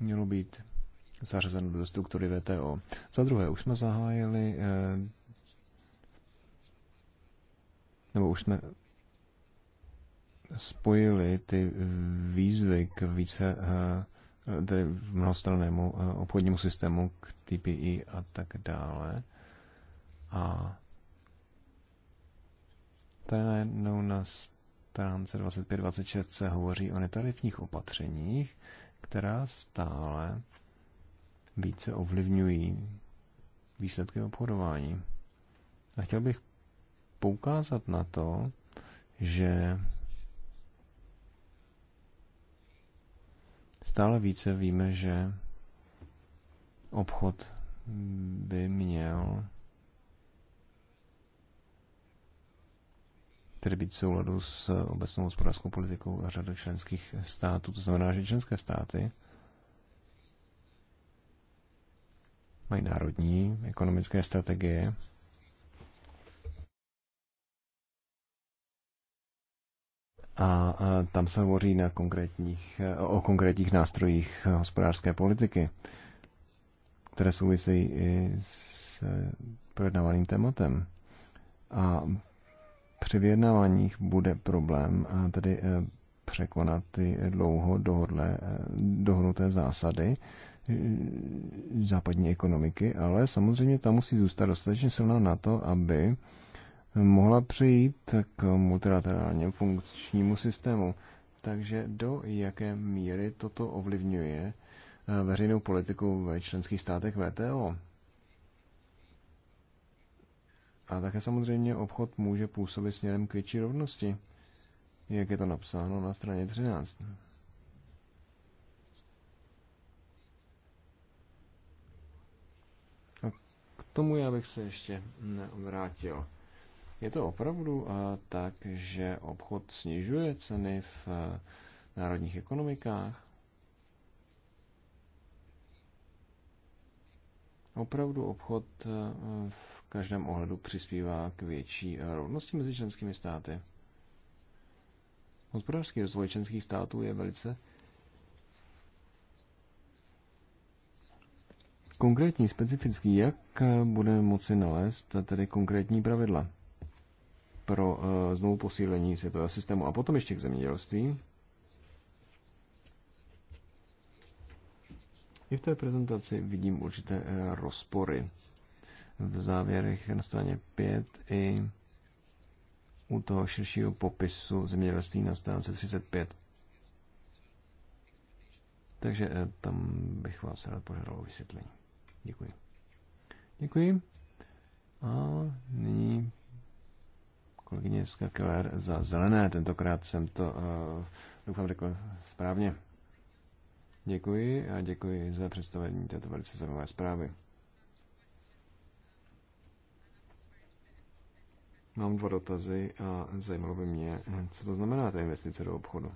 mělo být zařazeno do struktury VTO. Za druhé, už jsme zahájili eh, nebo už jsme spojili ty výzvy k více eh, tedy mnohostrannému eh, obchodnímu systému k TPI e a tak dále. A tady najednou na stránce 25-26 se hovoří o netarifních opatřeních, která stále více ovlivňují výsledky obchodování. A chtěl bych poukázat na to, že stále více víme, že obchod by měl tedy být v souladu s eh, obecnou hospodářskou politikou a řadu členských států. To znamená, že členské státy mají národní ekonomické strategie, a, tam se hovoří na konkrétních, eh, o konkrétních nástrojích hospodářské politiky, které souvisejí i s eh, projednávaným tématem. A při vyjednáváních bude problém a tedy eh, překonat ty dlouho dohodlé, eh, dohodnuté zásady eh, západní ekonomiky, ale samozřejmě ta musí zůstat dostatečně silná na to, aby mohla přejít k multilaterálnímu funkčnímu systému. Takže do jaké míry toto ovlivňuje veřejnou politiku ve členských státech VTO? A také samozřejmě obchod může působit směrem k větší rovnosti, jak je to napsáno na straně 13. A k tomu já bych se ještě vrátil. Je to opravdu eh, tak, že obchod snižuje ceny v eh, národních ekonomikách? Opravdu obchod eh, v každém ohledu přispívá k větší rovnosti mezi členskými státy. Hospodářský rozvoj členských států je velice konkrétní, specifický, jak eh, budeme moci nalézt eh, tedy konkrétní pravidla pro znovu posílení světového systému a potom ještě k zemědělství. I v té prezentaci vidím určité eh, rozpory v závěrech na straně 5 i u toho širšího popisu zemědělství na stránce 35. Takže eh, tam bych vás rád požádal o vysvětlení. Děkuji. Děkuji. A nyní kolegyně Skakeler za zelené. Tentokrát jsem to, uh, doufám, řekl správně. Děkuji a děkuji za představení této velice zajímavé zprávy. Mám dva dotazy a zajímalo by mě, co to znamená ta investice do obchodu.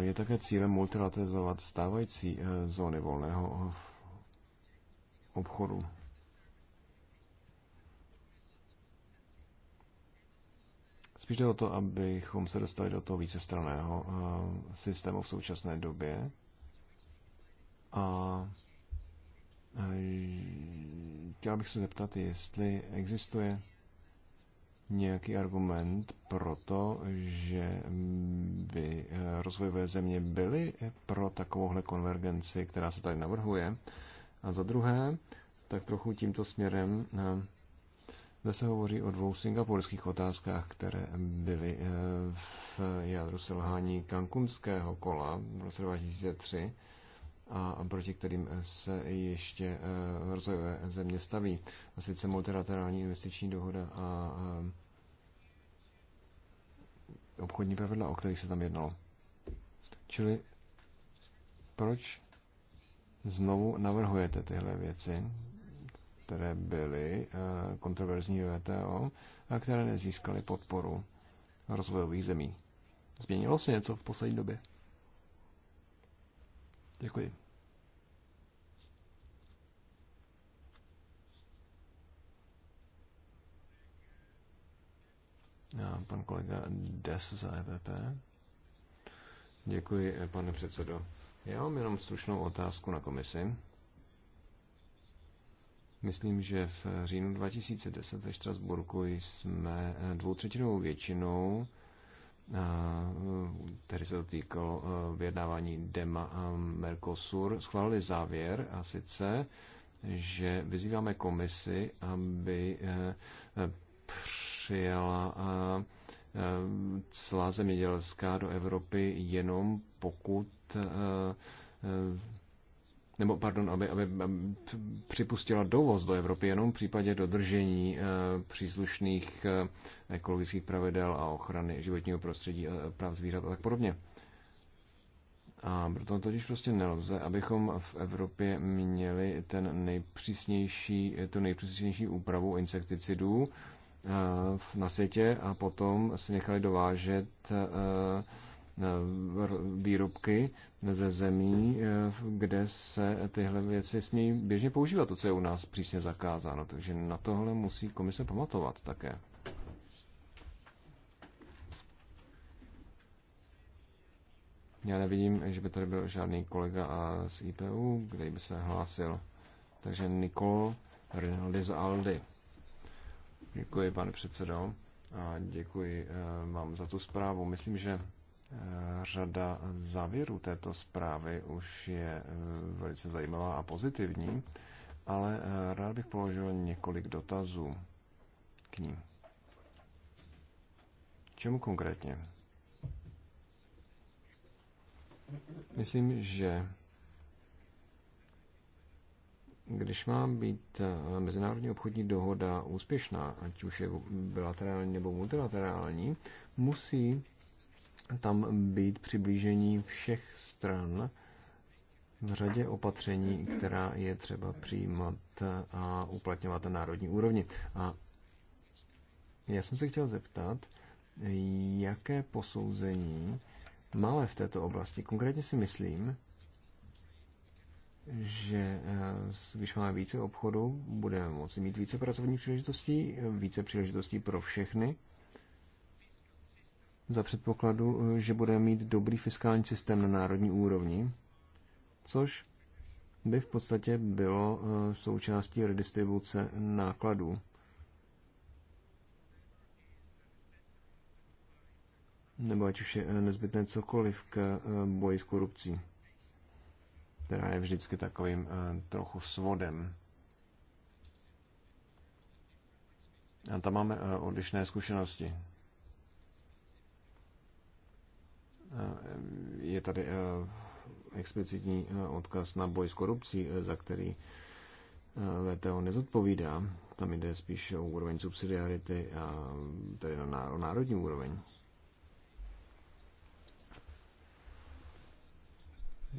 Je také cílem multilateralizovat stávající eh, zóny volného eh, obchodu. Spíš jde o to, abychom se dostali do toho vícestraného eh, systému v současné době. A eh, chtěl bych se zeptat, jestli existuje nějaký argument pro to, že by eh, rozvojové země byly pro takovouhle konvergenci, která se tady navrhuje. A za druhé, tak trochu tímto směrem zde se hovoří o dvou singapurských otázkách, které byly eh, v jádru selhání kankunského kola v roce 2003 a proti kterým se ještě eh, rozvojové země staví. A sice multilaterální investiční dohoda a eh, obchodní pravidla, o kterých se tam jednalo. Čili proč znovu navrhujete tyhle věci které byly eh, kontroverzní VTO a které nezískaly podporu rozvojových zemí. Změnilo se něco v poslední době? Děkuji. A pan kolega Des za EVP. Děkuji, eh, pane předsedo. Já mám jenom stručnou otázku na komisi. Myslím, že v říjnu 2010 ve Štrasburku jsme eh, dvoutřetinovou většinou, který eh, se to týkalo eh, vyjednávání DEMA a Mercosur, schválili závěr a sice, že vyzýváme komisi, aby přijala cla zemědělská do Evropy jenom pokud nebo pardon, aby, aby připustila dovoz do Evropy jenom v případě dodržení eh, příslušných eh, ekologických pravidel a ochrany životního prostředí, eh, práv zvířat a tak podobně. A proto totiž prostě nelze, abychom v Evropě měli ten nejpřísnější, tu nejpřísnější úpravu insekticidů na světě a potom si nechali dovážet Eh, výrobky ze zemí, eh, kde se tyhle věci smějí běžně používat, to, co je u nás přísně zakázáno. Takže na tohle musí komise pamatovat také. Já nevidím, že by tady byl žádný kolega z IPU, kde by se hlásil. Takže Nikol Rinaldi z Děkuji, pane předsedo, a děkuji eh, vám za tu zprávu. Myslím, že Řada závěrů této zprávy už je eh, velice zajímavá a pozitivní, ale eh, rád bych položil několik dotazů k ní. Čemu konkrétně? Myslím, že když má být eh, mezinárodní obchodní dohoda úspěšná, ať už je bilaterální nebo multilaterální, musí tam být přiblížení všech stran v řadě opatření, která je třeba přijímat a uplatňovat na národní úrovni. A já jsem se chtěl zeptat, jaké posouzení máme v této oblasti. Konkrétně si myslím, že eh, když máme více obchodu, budeme moci mít více pracovních příležitostí, více příležitostí pro všechny za předpokladu, eh, že bude mít dobrý fiskální systém na národní úrovni, což by v podstatě bylo eh, součástí redistribuce nákladů. Nebo ať už je eh, nezbytné cokoliv k boji s korupcí, která je vždycky takovým trochu svodem. A tam máme odlišné zkušenosti. Eh, je tady eh, explicitní eh, odkaz na boj s korupcí, za který VTO nezodpovídá. Tam jde spíš o úroveň subsidiarity, a tedy na, národní úroveň.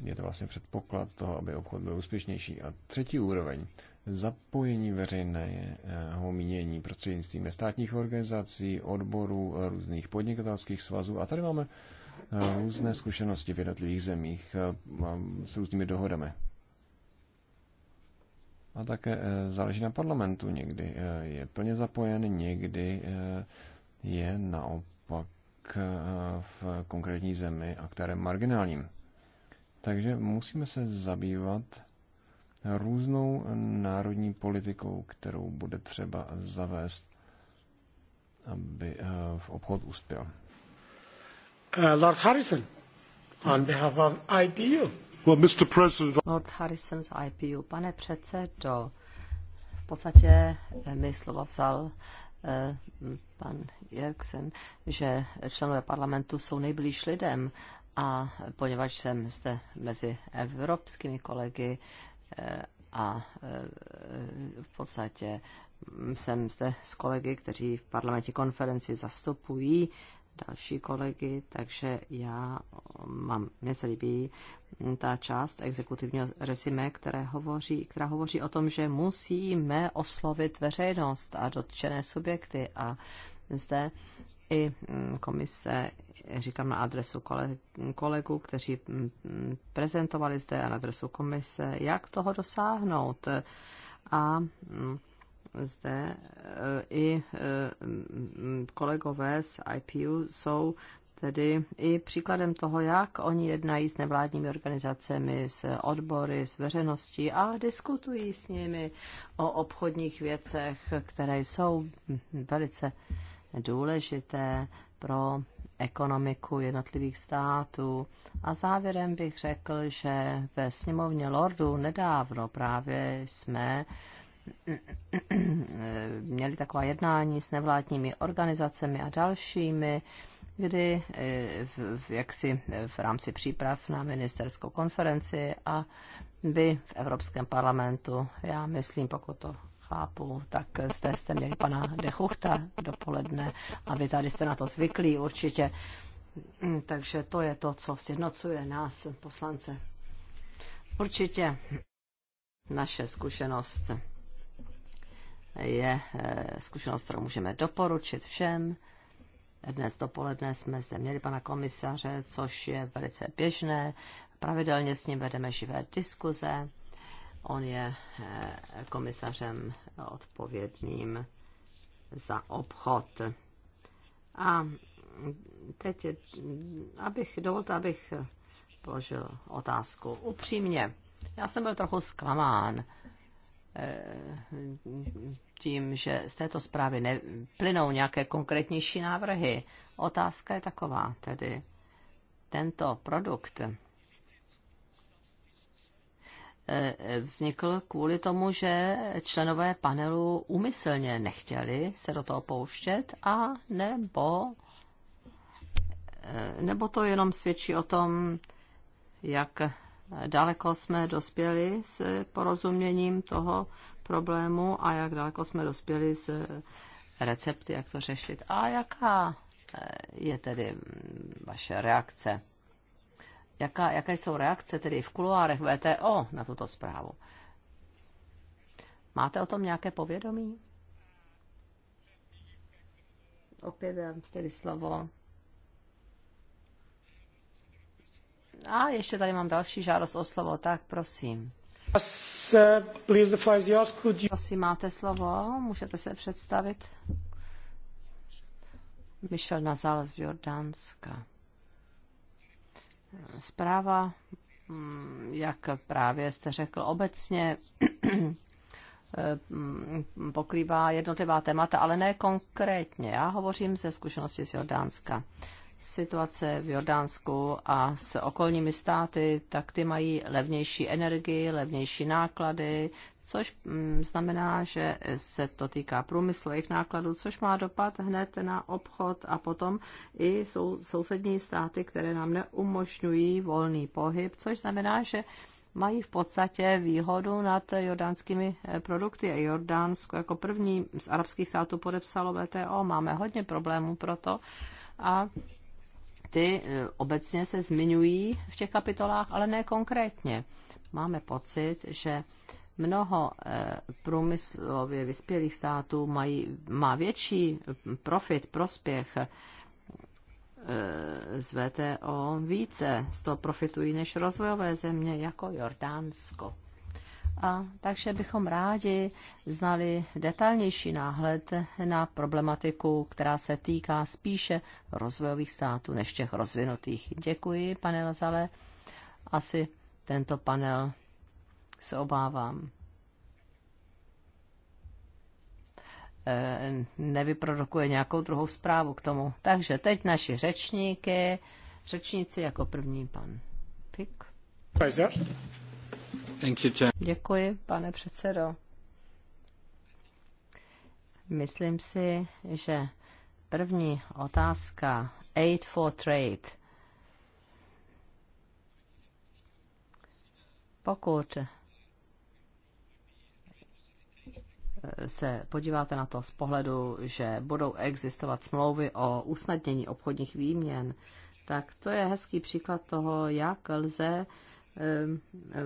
Je to vlastně předpoklad toho, aby obchod byl úspěšnější. A třetí úroveň, zapojení veřejného mínění prostřednictvím státních organizací, odborů, různých podnikatelských svazů. A tady máme uh, různé zkušenosti v jednotlivých zemích s různými dohodami. A také e, záleží na parlamentu. Někdy e, je plně zapojen, někdy e, je naopak v konkrétní zemi a které marginálním. Takže musíme se zabývat různou národní politikou, kterou bude třeba zavést, aby v obchod uspěl. Uh, Lord Harrison, on behalf of IPU. Well, Mr. President... Lord Harrison's IPU. Pane předsedo, v podstatě eh, mi slovo vzal eh, pan Jerksen, že členové parlamentu jsou nejblíž lidem a poněvadž jsem zde mezi evropskými kolegy eh, a v podstatě jsem zde s kolegy, kteří v parlamentní konferenci zastupují další kolegy, takže já mám, mně se líbí ta část exekutivního resime, které hovoří, která hovoří o tom, že musíme oslovit veřejnost a dotčené subjekty a zde i mm, komise, říkám na adresu kolegů, kteří mm, prezentovali zde a na adresu komise, jak toho dosáhnout. A mm, zde e, i e, kolegové z IPU jsou tedy i příkladem toho, jak oni jednají s nevládními organizacemi, s odbory, s veřejností a diskutují s nimi o obchodních věcech, které jsou velice důležité pro ekonomiku jednotlivých států. A závěrem bych řekl, že ve sněmovně Lordu nedávno právě jsme uh, Eh, měli taková jednání s nevládními organizacemi a dalšími, kdy eh, v, jaksi eh, v rámci příprav na ministerskou konferenci a by v Evropském parlamentu, já myslím, pokud to chápu, tak jste, jste měli pana Dechuchta dopoledne a vy tady jste na to zvyklí určitě. Mm, takže to je to, co sjednocuje nás, poslance. Určitě naše zkušenost je eh, zkušenost, kterou můžeme doporučit všem. Dnes dopoledne jsme zde měli pana komisaře, což je velice běžné. Pravidelně s ním vedeme živé diskuze. On je eh, komisařem odpovědným za obchod. A teď, abych, dovolte, abych položil otázku upřímně. Já jsem byl trochu zklamán Eh, tím, že z této zprávy neplynou nějaké konkrétnější návrhy. Otázka je taková, tedy tento produkt eh, vznikl kvůli tomu, že členové panelu úmyslně nechtěli se do toho pouštět a nebo, eh, nebo to jenom svědčí o tom, jak daleko jsme dospěli s porozuměním toho problému a jak daleko jsme dospěli s recepty, jak to řešit. A jaká eh, je tedy mm, vaše reakce? Jaká, jaké jsou reakce tedy v kuloárech VTO na tuto zprávu? Máte o tom nějaké povědomí? Opět dám tedy slovo A ještě tady mám další žádost o slovo, tak prosím. Uh, prosím, máte slovo, můžete se představit. Michel Nazal z Jordánska. Zpráva, mm, jak právě jste řekl, obecně pokrývá jednotlivá témata, ale ne konkrétně. Já hovořím ze zkušenosti z Jordánska situace v Jordánsku a s okolními státy, tak ty mají levnější energii, levnější náklady, což mm, znamená, že se to týká průmyslu jejich nákladů, což má dopad hned na obchod a potom i sou, sousední státy, které nám neumožňují volný pohyb, což znamená, že mají v podstatě výhodu nad jordánskými eh, produkty. A Jordánsko jako první z arabských států podepsalo VTO. Máme hodně problémů proto a ty e, obecně se zmiňují v těch kapitolách, ale ne konkrétně. Máme pocit, že mnoho e, průmyslově vyspělých států mají, má větší profit, prospěch e, z VTO více. Z toho profitují než rozvojové země jako Jordánsko. A takže bychom rádi znali detailnější náhled na problematiku, která se týká spíše rozvojových států než těch rozvinutých. Děkuji, pane Lazale. Asi tento panel se obávám. Eh, nevyprodukuje nějakou druhou zprávu k tomu. Takže teď naši řečníky, řečníci jako první pan Pik. Pajzař. Děkuji, pane předsedo. Myslím si, že první otázka Aid for Trade. Pokud se podíváte na to z pohledu, že budou existovat smlouvy o usnadnění obchodních výměn, tak to je hezký příklad toho, jak lze Eh,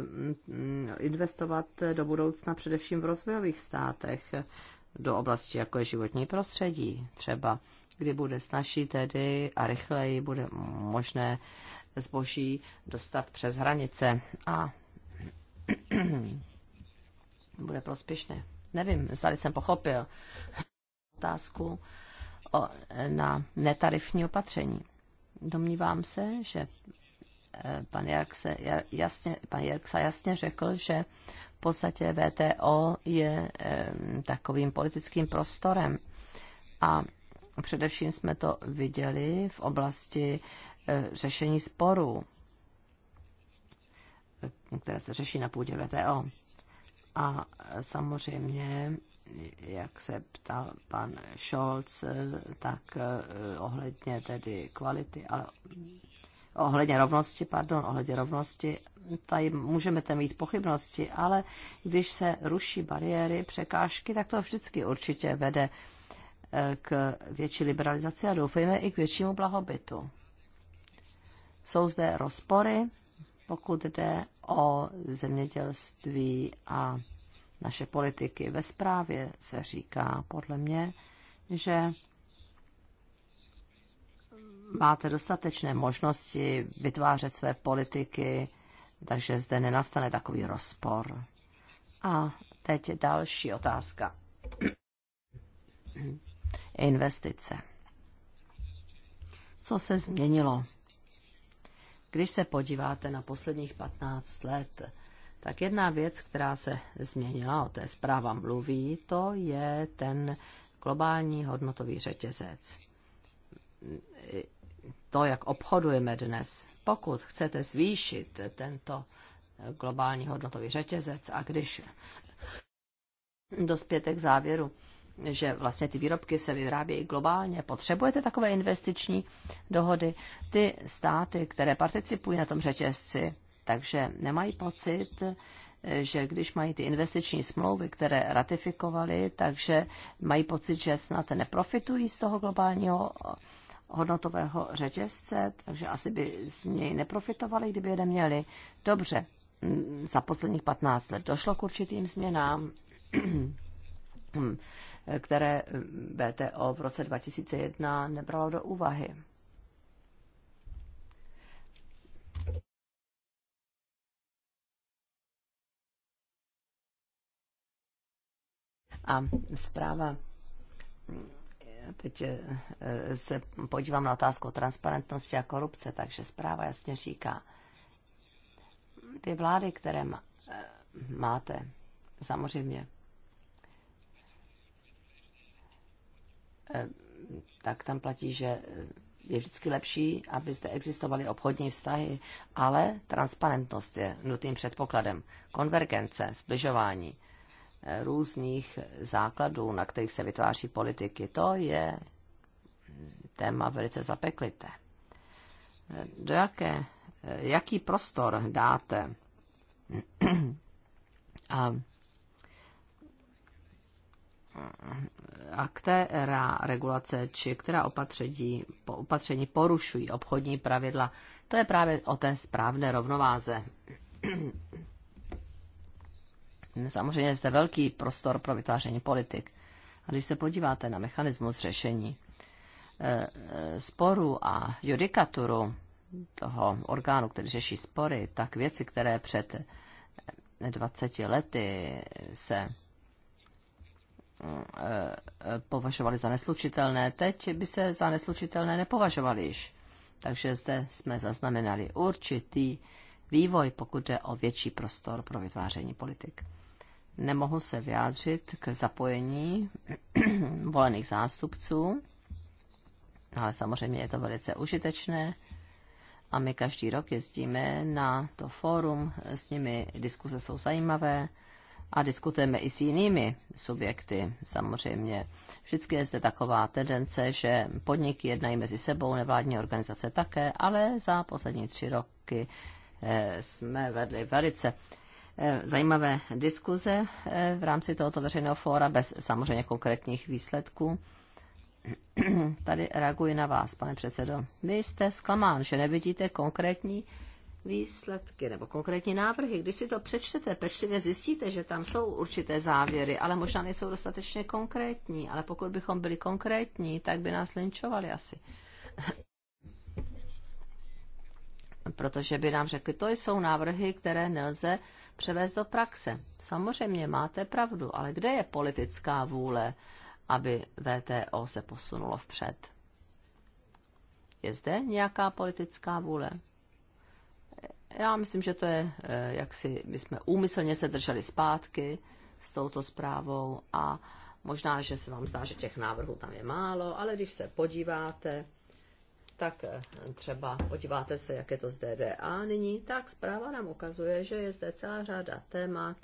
investovat do budoucna především v rozvojových státech do oblasti, jako je životní prostředí třeba, kdy bude snažší tedy a rychleji bude možné zboží dostat přes hranice a bude prospěšné. Nevím, zda jsem pochopil otázku o, na netarifní opatření. Domnívám se, že pan Jarksa jasně, pan Jarksa jasně řekl, že v podstatě VTO je takovým politickým prostorem. A především jsme to viděli v oblasti e, řešení sporů, e, které se řeší na půdě VTO. A samozřejmě jak se ptal pan Scholz, e, tak ohledně tedy kvality, ale ohledně rovnosti, pardon, ohledně rovnosti, tady můžeme tam mít pochybnosti, ale když se ruší bariéry, překážky, tak to vždycky určitě vede eh, k větší liberalizaci a doufejme i k většímu blahobytu. Jsou zde rozpory, pokud jde o zemědělství a naše politiky. Ve zprávě se říká, podle mě, že máte dostatečné možnosti vytvářet své politiky, takže zde nenastane takový rozpor. A teď další otázka. Investice. Co se změnilo? Když se podíváte na posledních 15 let, tak jedna věc, která se změnila, o té zpráva mluví, to je ten globální hodnotový řetězec to, jak obchodujeme dnes. Pokud chcete zvýšit tento globální hodnotový řetězec a když dospěte k závěru, že vlastně ty výrobky se vyrábějí globálně, potřebujete takové investiční dohody. Ty státy, které participují na tom řetězci, takže nemají pocit, že když mají ty investiční smlouvy, které ratifikovali, takže mají pocit, že snad neprofitují z toho globálního hodnotového řetězce, takže asi by z něj neprofitovali, kdyby je neměli. Dobře, za posledních 15 let došlo k určitým změnám, které BTO v roce 2001 nebralo do úvahy. A zpráva teď eh, se podívám na otázku o transparentnosti a korupce, takže zpráva jasně říká, ty vlády, které eh, máte, samozřejmě, eh, tak tam platí, že je vždycky lepší, aby zde existovaly obchodní vztahy, ale transparentnost je nutným předpokladem. Konvergence, zbližování různých základů, na kterých se vytváří politiky. To je téma velice zapeklité. Do jaké, jaký prostor dáte a, a která regulace či která opatření, opatření porušují obchodní pravidla, to je právě o té správné rovnováze samozřejmě je zde velký prostor pro vytváření politik. A když se podíváte na mechanismus řešení eh, eh, sporu a judikaturu toho orgánu, který řeší spory, tak věci, které před 20 eh, lety se mm, považovali za neslučitelné, teď by se za neslučitelné nepovažovali již. Takže zde jsme zaznamenali určitý vývoj, pokud jde o větší prostor pro vytváření politik nemohu se vyjádřit k zapojení volených zástupců, ale samozřejmě je to velice užitečné a my každý rok jezdíme na to fórum, s nimi diskuse jsou zajímavé a diskutujeme i s jinými subjekty samozřejmě. Vždycky je zde taková tendence, že podniky jednají mezi sebou, nevládní organizace také, ale za poslední tři roky eh, jsme vedli velice Eh, zajímavé diskuze eh, v rámci tohoto veřejného fóra bez samozřejmě konkrétních výsledků. Tady reaguji na vás, pane předsedo. Vy jste zklamán, že nevidíte konkrétní výsledky nebo konkrétní návrhy. Když si to přečtete, pečlivě zjistíte, že tam jsou určité závěry, ale možná nejsou dostatečně konkrétní. Ale pokud bychom byli konkrétní, tak by nás linčovali asi. Protože by nám řekli, to jsou návrhy, které nelze převést do praxe. Samozřejmě máte pravdu, ale kde je politická vůle, aby VTO se posunulo vpřed? Je zde nějaká politická vůle? Já myslím, že to je, eh, jak si my jsme úmyslně se drželi zpátky s touto zprávou a možná, že se vám zdá, že těch návrhů tam je málo, ale když se podíváte tak eh, třeba podíváte se, jak je to z DDA nyní, tak zpráva nám ukazuje, že je zde celá řada témat,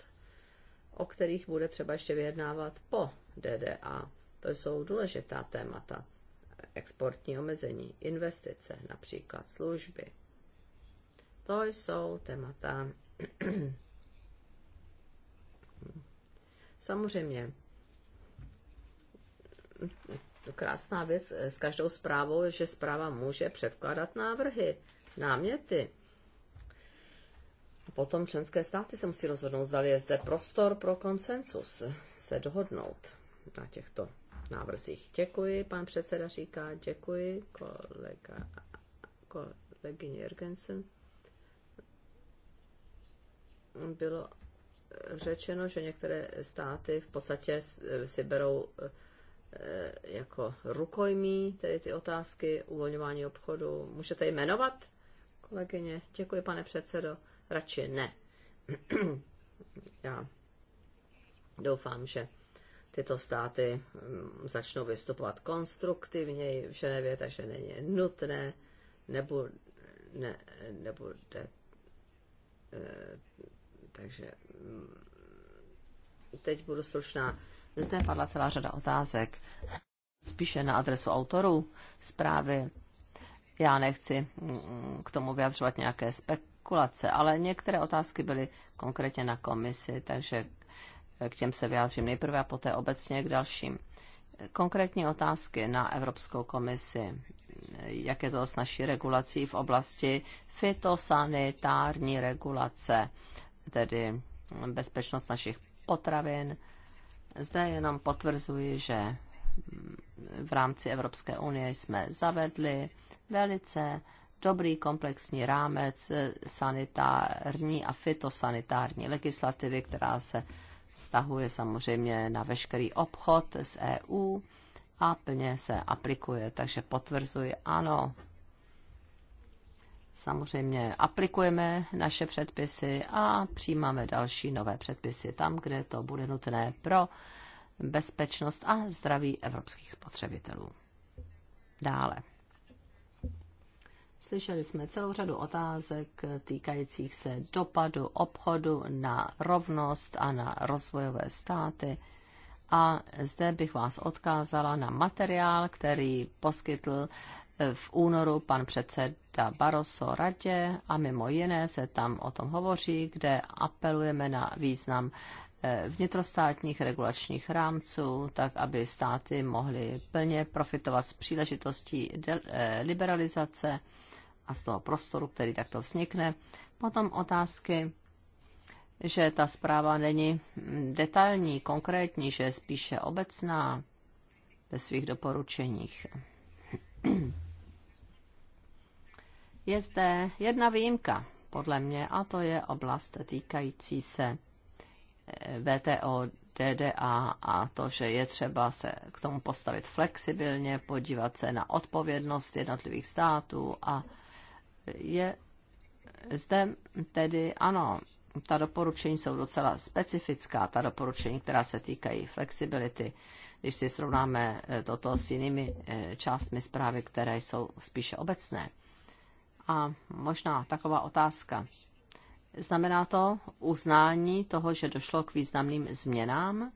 o kterých bude třeba ještě vyjednávat po DDA. To jsou důležitá témata. Exportní omezení, investice, například služby. To jsou témata. Samozřejmě, krásná věc eh, s každou zprávou, že zpráva může předkládat návrhy, náměty. A potom členské státy se musí rozhodnout, zda je zde prostor pro konsensus se dohodnout na těchto návrzích. Děkuji, pan předseda říká, děkuji, kolega, kolegyně Jergensen. Bylo řečeno, že některé státy v podstatě si berou eh, Eh, jako rukojmí, tedy ty otázky uvolňování obchodu. Můžete jmenovat, kolegyně? Děkuji, pane předsedo. Radši ne. Já doufám, že tyto státy mm, začnou vystupovat konstruktivněji v Ženevě, takže není nutné, nebu, ne, nebude. Eh, takže mm, teď budu slušná. Zde padla celá řada otázek, spíše na adresu autorů zprávy. Já nechci mm, k tomu vyjadřovat nějaké spekulace, ale některé otázky byly konkrétně na komisi, takže k těm se vyjádřím nejprve a poté obecně k dalším. Konkrétní otázky na Evropskou komisi. Jak je to s naší regulací v oblasti fitosanitární regulace, tedy bezpečnost našich potravin, zde jenom potvrzuji, že v rámci Evropské unie jsme zavedli velice dobrý komplexní rámec sanitární a fitosanitární legislativy, která se vztahuje samozřejmě na veškerý obchod s EU a plně se aplikuje. Takže potvrzuji, ano, samozřejmě aplikujeme naše předpisy a přijímáme další nové předpisy tam, kde to bude nutné pro bezpečnost a zdraví evropských spotřebitelů. Dále. Slyšeli jsme celou řadu otázek týkajících se dopadu obchodu na rovnost a na rozvojové státy. A zde bych vás odkázala na materiál, který poskytl v únoru pan předseda Barroso radě a mimo jiné se tam o tom hovoří, kde apelujeme na význam eh, vnitrostátních regulačních rámců, tak aby státy mohly plně profitovat z příležitostí eh, liberalizace a z toho prostoru, který takto vznikne. Potom otázky, že ta zpráva není hm, detailní, konkrétní, že je spíše obecná ve svých doporučeních. Je zde jedna výjimka, podle mě, a to je oblast týkající se eh, VTO, DDA a to, že je třeba se k tomu postavit flexibilně, podívat se na odpovědnost jednotlivých států a je zde tedy ano, ta doporučení jsou docela specifická, ta doporučení, která se týkají flexibility, když si srovnáme eh, toto s jinými eh, částmi zprávy, které jsou spíše obecné. A možná taková otázka. Znamená to uznání toho, že došlo k významným změnám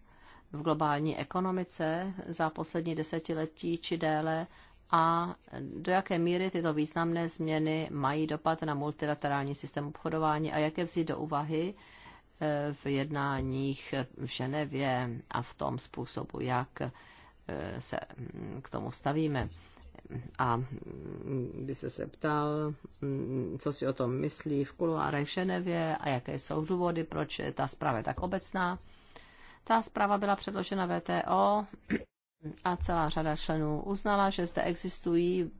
v globální ekonomice za poslední desetiletí či déle a do jaké míry tyto významné změny mají dopad na multilaterální systém obchodování a jak je vzít do úvahy eh, v jednáních v Ženevě a v tom způsobu, jak eh, se hm, k tomu stavíme a mm, když se se ptal, mm, co si o tom myslí v kuloárech v Ženevě a jaké jsou důvody, proč ta zpráva je tak obecná. Ta zpráva byla předložena VTO a celá řada členů uznala, že zde existují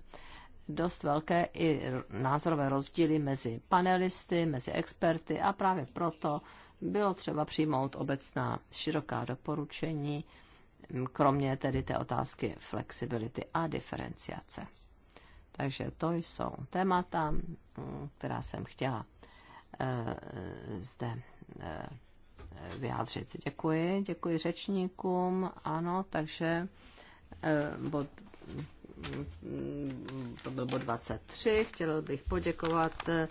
dost velké i názorové rozdíly mezi panelisty, mezi experty a právě proto bylo třeba přijmout obecná široká doporučení kromě tedy té otázky flexibility a diferenciace. Takže to jsou témata, která jsem chtěla e, zde e, vyjádřit. Děkuji, děkuji řečníkům. Ano, takže e, bod to byl bod 23, chtěl bych poděkovat eh,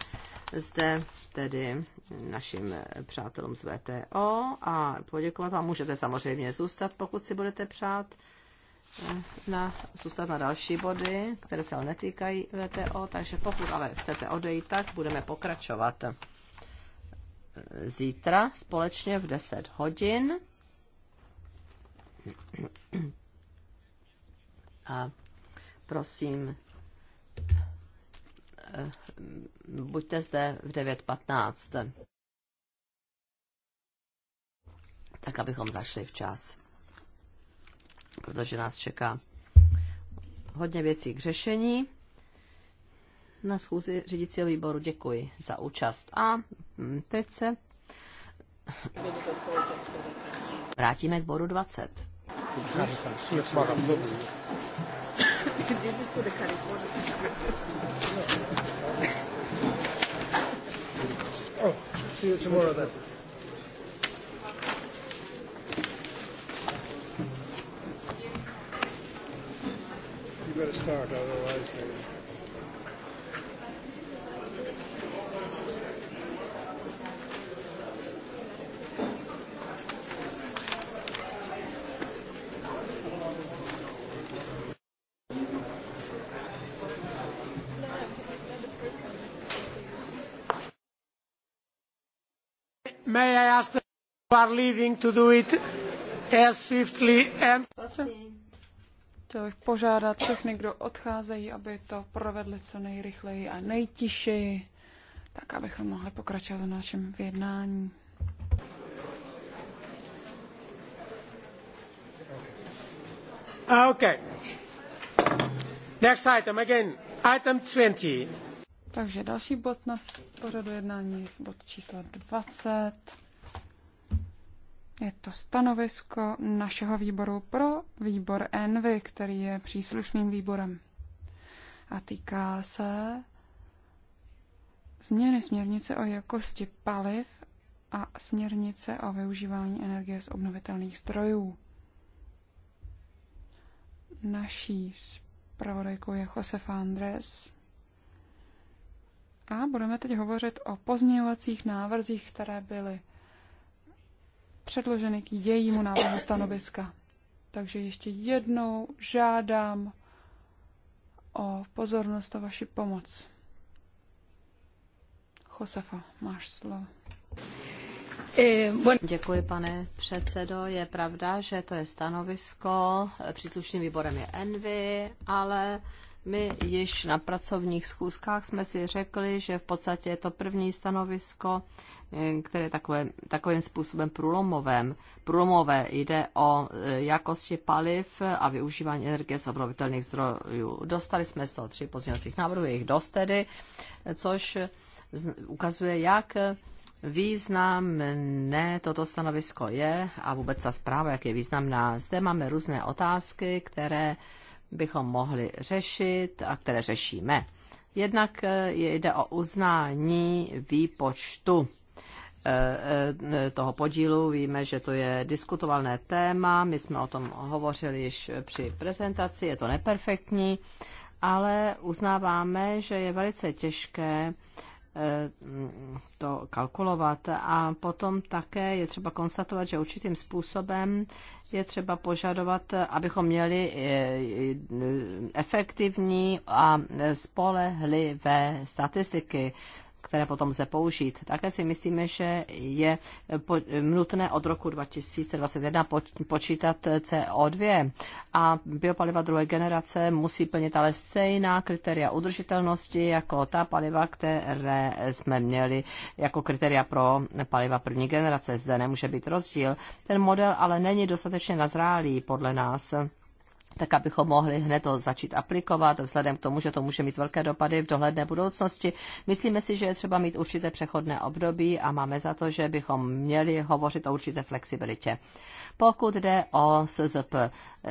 zde tedy našim eh, přátelům z VTO a poděkovat vám můžete samozřejmě zůstat, pokud si budete přát eh, na, zůstat na další body, které se ale netýkají VTO, takže pokud ale chcete odejít, tak budeme pokračovat zítra společně v 10 hodin. A prosím, eh, buďte zde v 9.15, tak abychom zašli včas, protože nás čeká hodně věcí k řešení. Na schůzi řídícího výboru děkuji za účast. A teď se vrátíme k bodu 20. Oh, see you tomorrow then. You better start, otherwise. They... are leaving to do it as swiftly and... Chtěl bych požádat všechny, kdo odcházejí, aby to provedli co nejrychleji a nejtišeji, tak abychom mohli pokračovat v našem vyjednání. Ah, okay. Next item again. Item 20. Takže další bod na pořadu jednání je bod číslo 20. Je to stanovisko našeho výboru pro výbor ENVY, který je příslušným výborem. A týká se změny směrnice o jakosti paliv a směrnice o využívání energie z obnovitelných zdrojů. Naší zpravodajkou je Josef Andres. A budeme teď hovořit o pozměňovacích návrzích, které byly předloženy k jejímu návrhu stanoviska. Takže ještě jednou žádám o pozornost a vaši pomoc. Josefa, máš slovo. Eh, Děkuji, pane předsedo. Je pravda, že to je stanovisko, příslušným výborem je Envy, ale my již na pracovních schůzkách jsme si řekli, že v podstatě je to první stanovisko, eh, které je takové, takovým způsobem průlomovém. Průlomové jde o eh, jakosti paliv a využívání energie z obnovitelných zdrojů. Dostali jsme z toho tři pozměňovacích návrhů, jejich dost tedy, což ukazuje, jak Významné toto stanovisko je a vůbec ta zpráva, jak je významná. Zde máme různé otázky, které bychom mohli řešit a které řešíme. Jednak eh, jde o uznání výpočtu eh, eh, toho podílu. Víme, že to je diskutovalné téma, my jsme o tom hovořili již při prezentaci, je to neperfektní, ale uznáváme, že je velice těžké to kalkulovat. A potom také je třeba konstatovat, že určitým způsobem je třeba požadovat, abychom měli eh, eh, efektivní a spolehlivé statistiky které potom lze použít. Také si myslíme, že je nutné od roku 2021 počítat CO2 a biopaliva druhé generace musí plnit ale stejná kritéria udržitelnosti jako ta paliva, které jsme měli jako kritéria pro paliva první generace. Zde nemůže být rozdíl. Ten model ale není dostatečně nazrálý podle nás tak abychom mohli hned to začít aplikovat, vzhledem k tomu, že to může mít velké dopady v dohledné budoucnosti. Myslíme si, že je třeba mít určité přechodné období a máme za to, že bychom měli hovořit o určité flexibilitě. Pokud jde o SZP,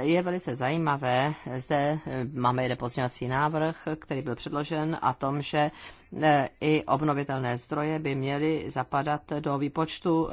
je velice zajímavé, zde máme jeden pozměňovací návrh, který byl předložen a tom, že e, i obnovitelné zdroje by měly zapadat do výpočtu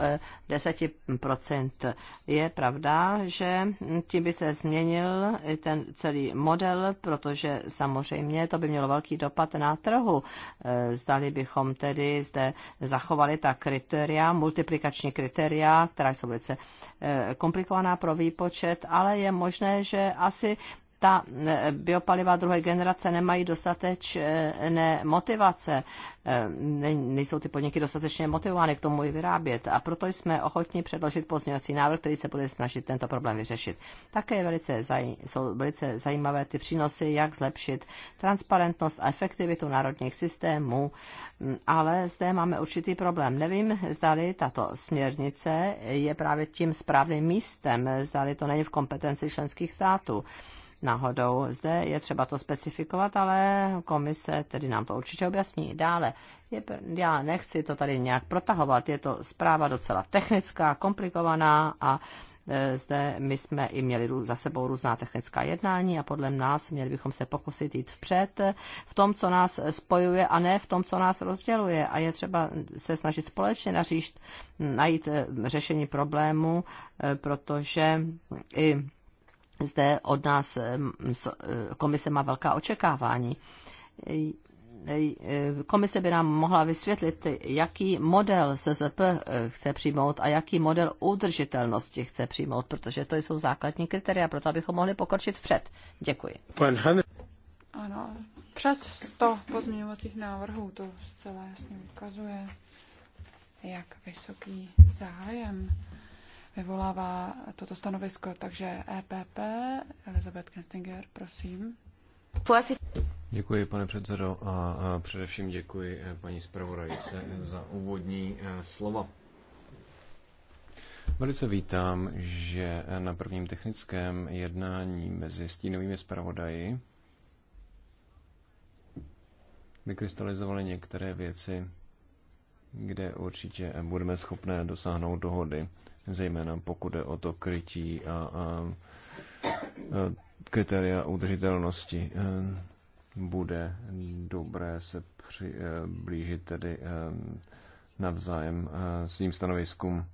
10%. E, je pravda, že tím by se změnil i ten celý model, protože samozřejmě to by mělo velký dopad na trhu. E, zdali bychom tedy zde zachovali ta kritéria, multiplikační kritéria, která jsou velice e, komplikovaná pro výpočet, ale je možné, že asi ta eh, biopaliva druhé generace nemají dostatečné eh, motivace, eh, nejsou ty podniky dostatečně motivovány k tomu i vyrábět a proto jsme ochotni předložit pozměňovací návrh, který se bude snažit tento problém vyřešit. Také velice zaj, jsou velice zajímavé ty přínosy, jak zlepšit transparentnost a efektivitu národních systémů, mm, ale zde máme určitý problém. Nevím, zdali tato směrnice je právě tím správným místem, zdali to není v kompetenci členských států náhodou. Zde je třeba to specifikovat, ale komise tedy nám to určitě objasní. Dále, je, já nechci to tady nějak protahovat, je to zpráva docela technická, komplikovaná a e, zde my jsme i měli za sebou různá technická jednání a podle nás měli bychom se pokusit jít vpřed v tom, co nás spojuje a ne v tom, co nás rozděluje. A je třeba se snažit společně naříšt, najít e, řešení problému, e, protože i zde od nás e, komise má velká očekávání. E, komise by nám mohla vysvětlit, jaký model SZP e, chce přijmout a jaký model udržitelnosti chce přijmout, protože to jsou základní kritéria Proto abychom mohli pokročit vpřed. Děkuji. Ano, přes 100 pozměňovacích návrhů to zcela jasně ukazuje, jak vysoký zájem vyvolává toto stanovisko. Takže EPP, Elizabeth Kenstinger, prosím. Děkuji, pane předsedo, a především děkuji eh, paní zpravodajce za úvodní eh, slova. Velice vítám, že eh, na prvním technickém jednání mezi stínovými zpravodaji vykrystalizovaly některé věci, kde určitě budeme schopné dosáhnout dohody zejména pokud je o to krytí a, a kritéria udržitelnosti. E, bude dobré se přiblížit e, tedy e, navzájem svým stanoviskům.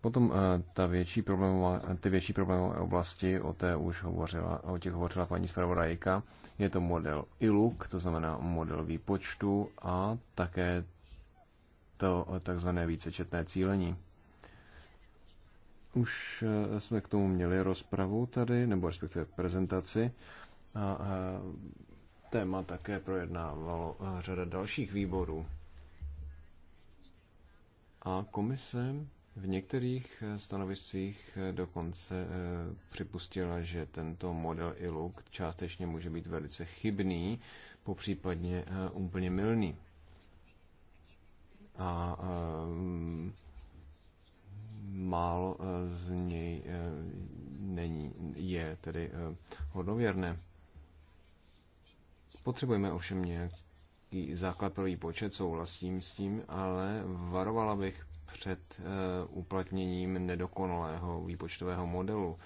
Potom ta větší problémová, ty větší problémové oblasti, o, té už hovořila, o těch hovořila paní zpravodajka, je to model ILUK, to znamená model výpočtu a také to takzvané vícečetné cílení. Už eh, jsme k tomu měli rozpravu tady, nebo respektive prezentaci. A, a eh, téma také projednávalo eh, řada dalších výborů. A komise v některých stanoviscích dokonce připustila, že tento model ILUK částečně může být velice chybný, popřípadně úplně mylný. A málo eh, z něj eh, není, je tedy eh, hodnověrné. Potřebujeme ovšem nějaký základ pro výpočet, souhlasím s tím, ale varovala bych před uplatněním nedokonalého výpočtového modelu,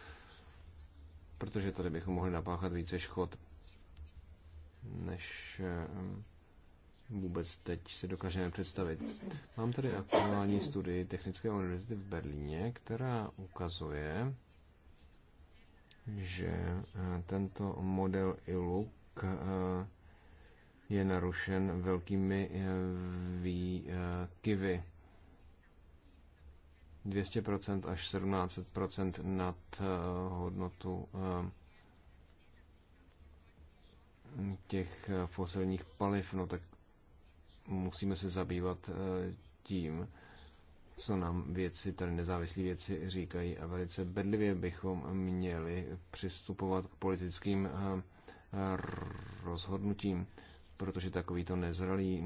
protože tady bychom mohli napáchat více škod než vůbec teď si dokážeme představit. Mám tady aktuální studii Technické univerzity v Berlíně, která ukazuje, že eh, tento model ILUK eh, je narušen velkými eh, výkyvy. 200% až 17% nad hodnotu těch fosilních paliv, no tak musíme se zabývat eh, tím, co nám věci, tady nezávislí věci říkají a velice bedlivě bychom měli přistupovat k politickým eh, rozhodnutím, protože takovýto nezralý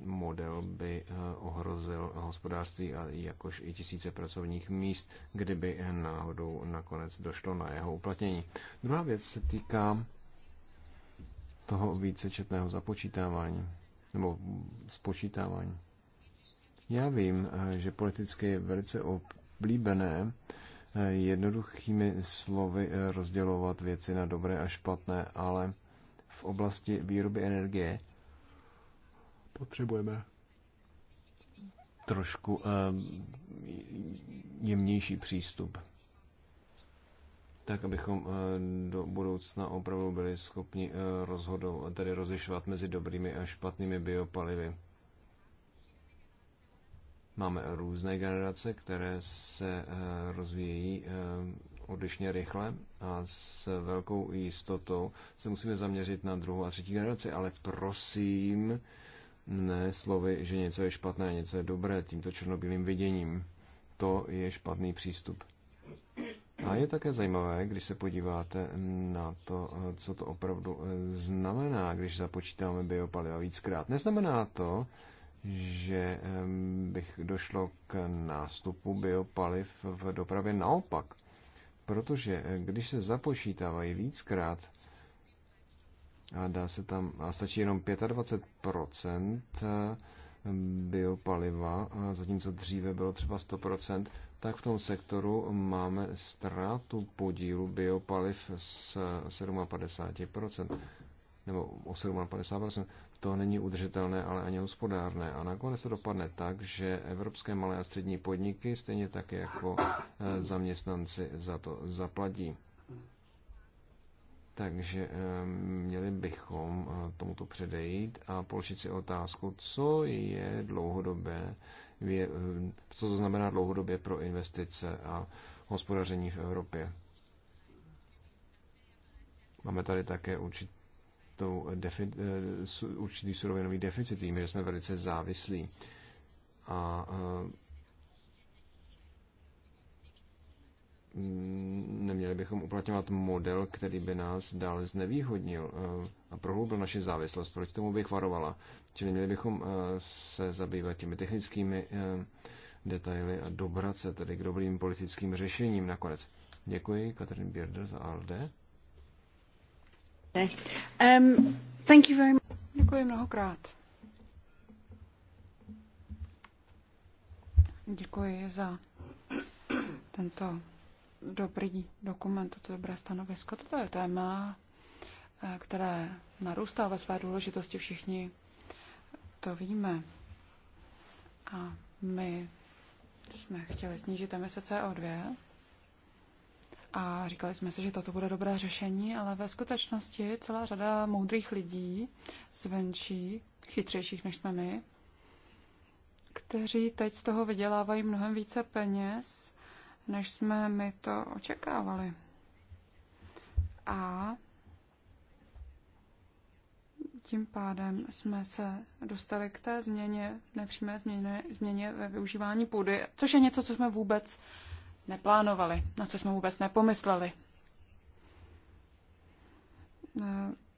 model by eh, ohrozil hospodářství a jakož i tisíce pracovních míst, kdyby náhodou nakonec došlo na jeho uplatnění. Druhá věc se týká toho vícečetného započítávání nebo spočítávání. Já vím, eh, že politicky je velice oblíbené eh, jednoduchými slovy eh, rozdělovat věci na dobré a špatné, ale v oblasti výroby energie potřebujeme trošku jemnější přístup tak abychom eh, do budoucna opravdu byli schopni eh, rozhodovat, tedy rozlišovat mezi dobrými a špatnými biopalivy. Máme různé generace, které se eh, rozvíjejí odlišně rychle a s velkou jistotou se musíme zaměřit na druhou a třetí generaci, ale prosím, ne slovy, že něco je špatné, něco je dobré, tímto černobílým viděním. To je špatný přístup. A je také zajímavé, když se podíváte na to, co to opravdu eh, znamená, když započítáme biopaliva víckrát. Neznamená to, že bych došlo k nástupu biopaliv v dopravě naopak. Protože eh, když se započítávají víckrát, a dá se tam, a stačí jenom 25% eh, biopaliva, zatímco dříve bylo třeba 100%, tak v tom sektoru máme ztrátu podílu biopaliv s 57%, nebo o 57%. To není udržitelné, ale ani hospodárné. A nakonec to dopadne tak, že evropské malé a střední podniky, stejně tak jako eh, zaměstnanci, za to zaplatí. Takže eh, měli bychom eh, tomuto předejít a položit si otázku, co je dlouhodobé Eh, co to znamená dlouhodobě pro investice a hospodaření v Evropě. Máme tady také určitou defi, eh, určitý surovinový deficit, tím, že jsme velice závislí. A eh, neměli bychom uplatňovat model, který by nás dál znevýhodnil eh, a prohloubil naši závislost. Proti tomu bych varovala. Čili měli bychom eh, se zabývat těmi technickými eh, detaily a dobrat se tedy k dobrým politickým řešením nakonec. Děkuji, Katrin Bierder za ALDE. Um, thank you very much. Děkuji mnohokrát. Děkuji za tento dobrý dokument, toto dobré stanovisko. Toto je téma, eh, které narůstá ve své důležitosti. Všichni to víme. A my jsme chtěli snížit emise CO2 a říkali jsme si, že toto bude dobré řešení, ale ve skutečnosti celá řada moudrých lidí zvenčí, chytřejších než jsme my, kteří teď z toho vydělávají mnohem více peněz než jsme my to očekávali. A tím pádem jsme se dostali k té změně, nepřímé změně, změně ve využívání půdy, což je něco, co jsme vůbec neplánovali, na co jsme vůbec nepomysleli.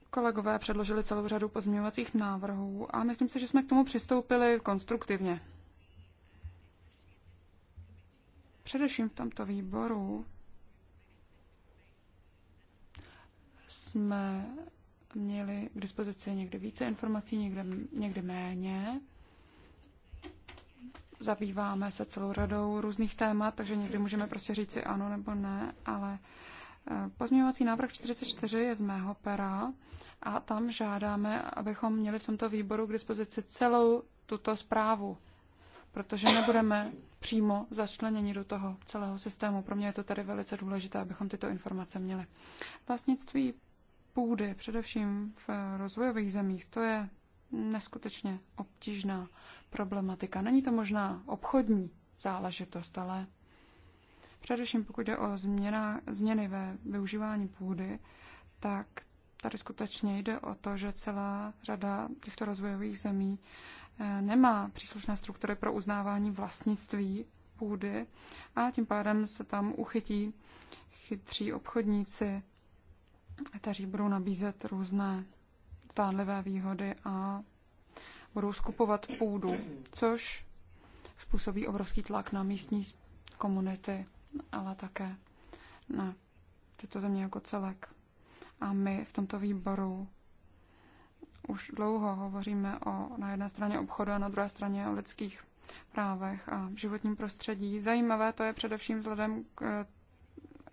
Kolegové předložili celou řadu pozměňovacích návrhů a myslím si, že jsme k tomu přistoupili konstruktivně. Především v tomto výboru jsme měli k dispozici někdy více informací, někdy někdy méně. Zabýváme se celou radou různých témat, takže někdy můžeme prostě říct si ano nebo ne, ale eh, pozměňovací návrh 44 je z mého pera a tam žádáme, abychom měli v tomto výboru k dispozici celou tuto zprávu protože nebudeme přímo začleněni do toho celého systému. Pro mě je to tady velice důležité, abychom tyto informace měli. Vlastnictví půdy, především v rozvojových zemích, to je neskutečně obtížná problematika. Není to možná obchodní záležitost, ale především pokud jde o změna, změny ve využívání půdy, tak tady skutečně jde o to, že celá řada těchto rozvojových zemí Eh, nemá příslušné struktury pro uznávání vlastnictví půdy a tím pádem se tam uchytí chytří obchodníci, kteří budou nabízet různé zdánlivé výhody a budou skupovat půdu, což způsobí obrovský tlak na místní komunity, ale také na tyto země jako celek. A my v tomto výboru už dlouho hovoříme o na jedné straně obchodu a na druhé straně o lidských právech a životním prostředí. Zajímavé to je především vzhledem k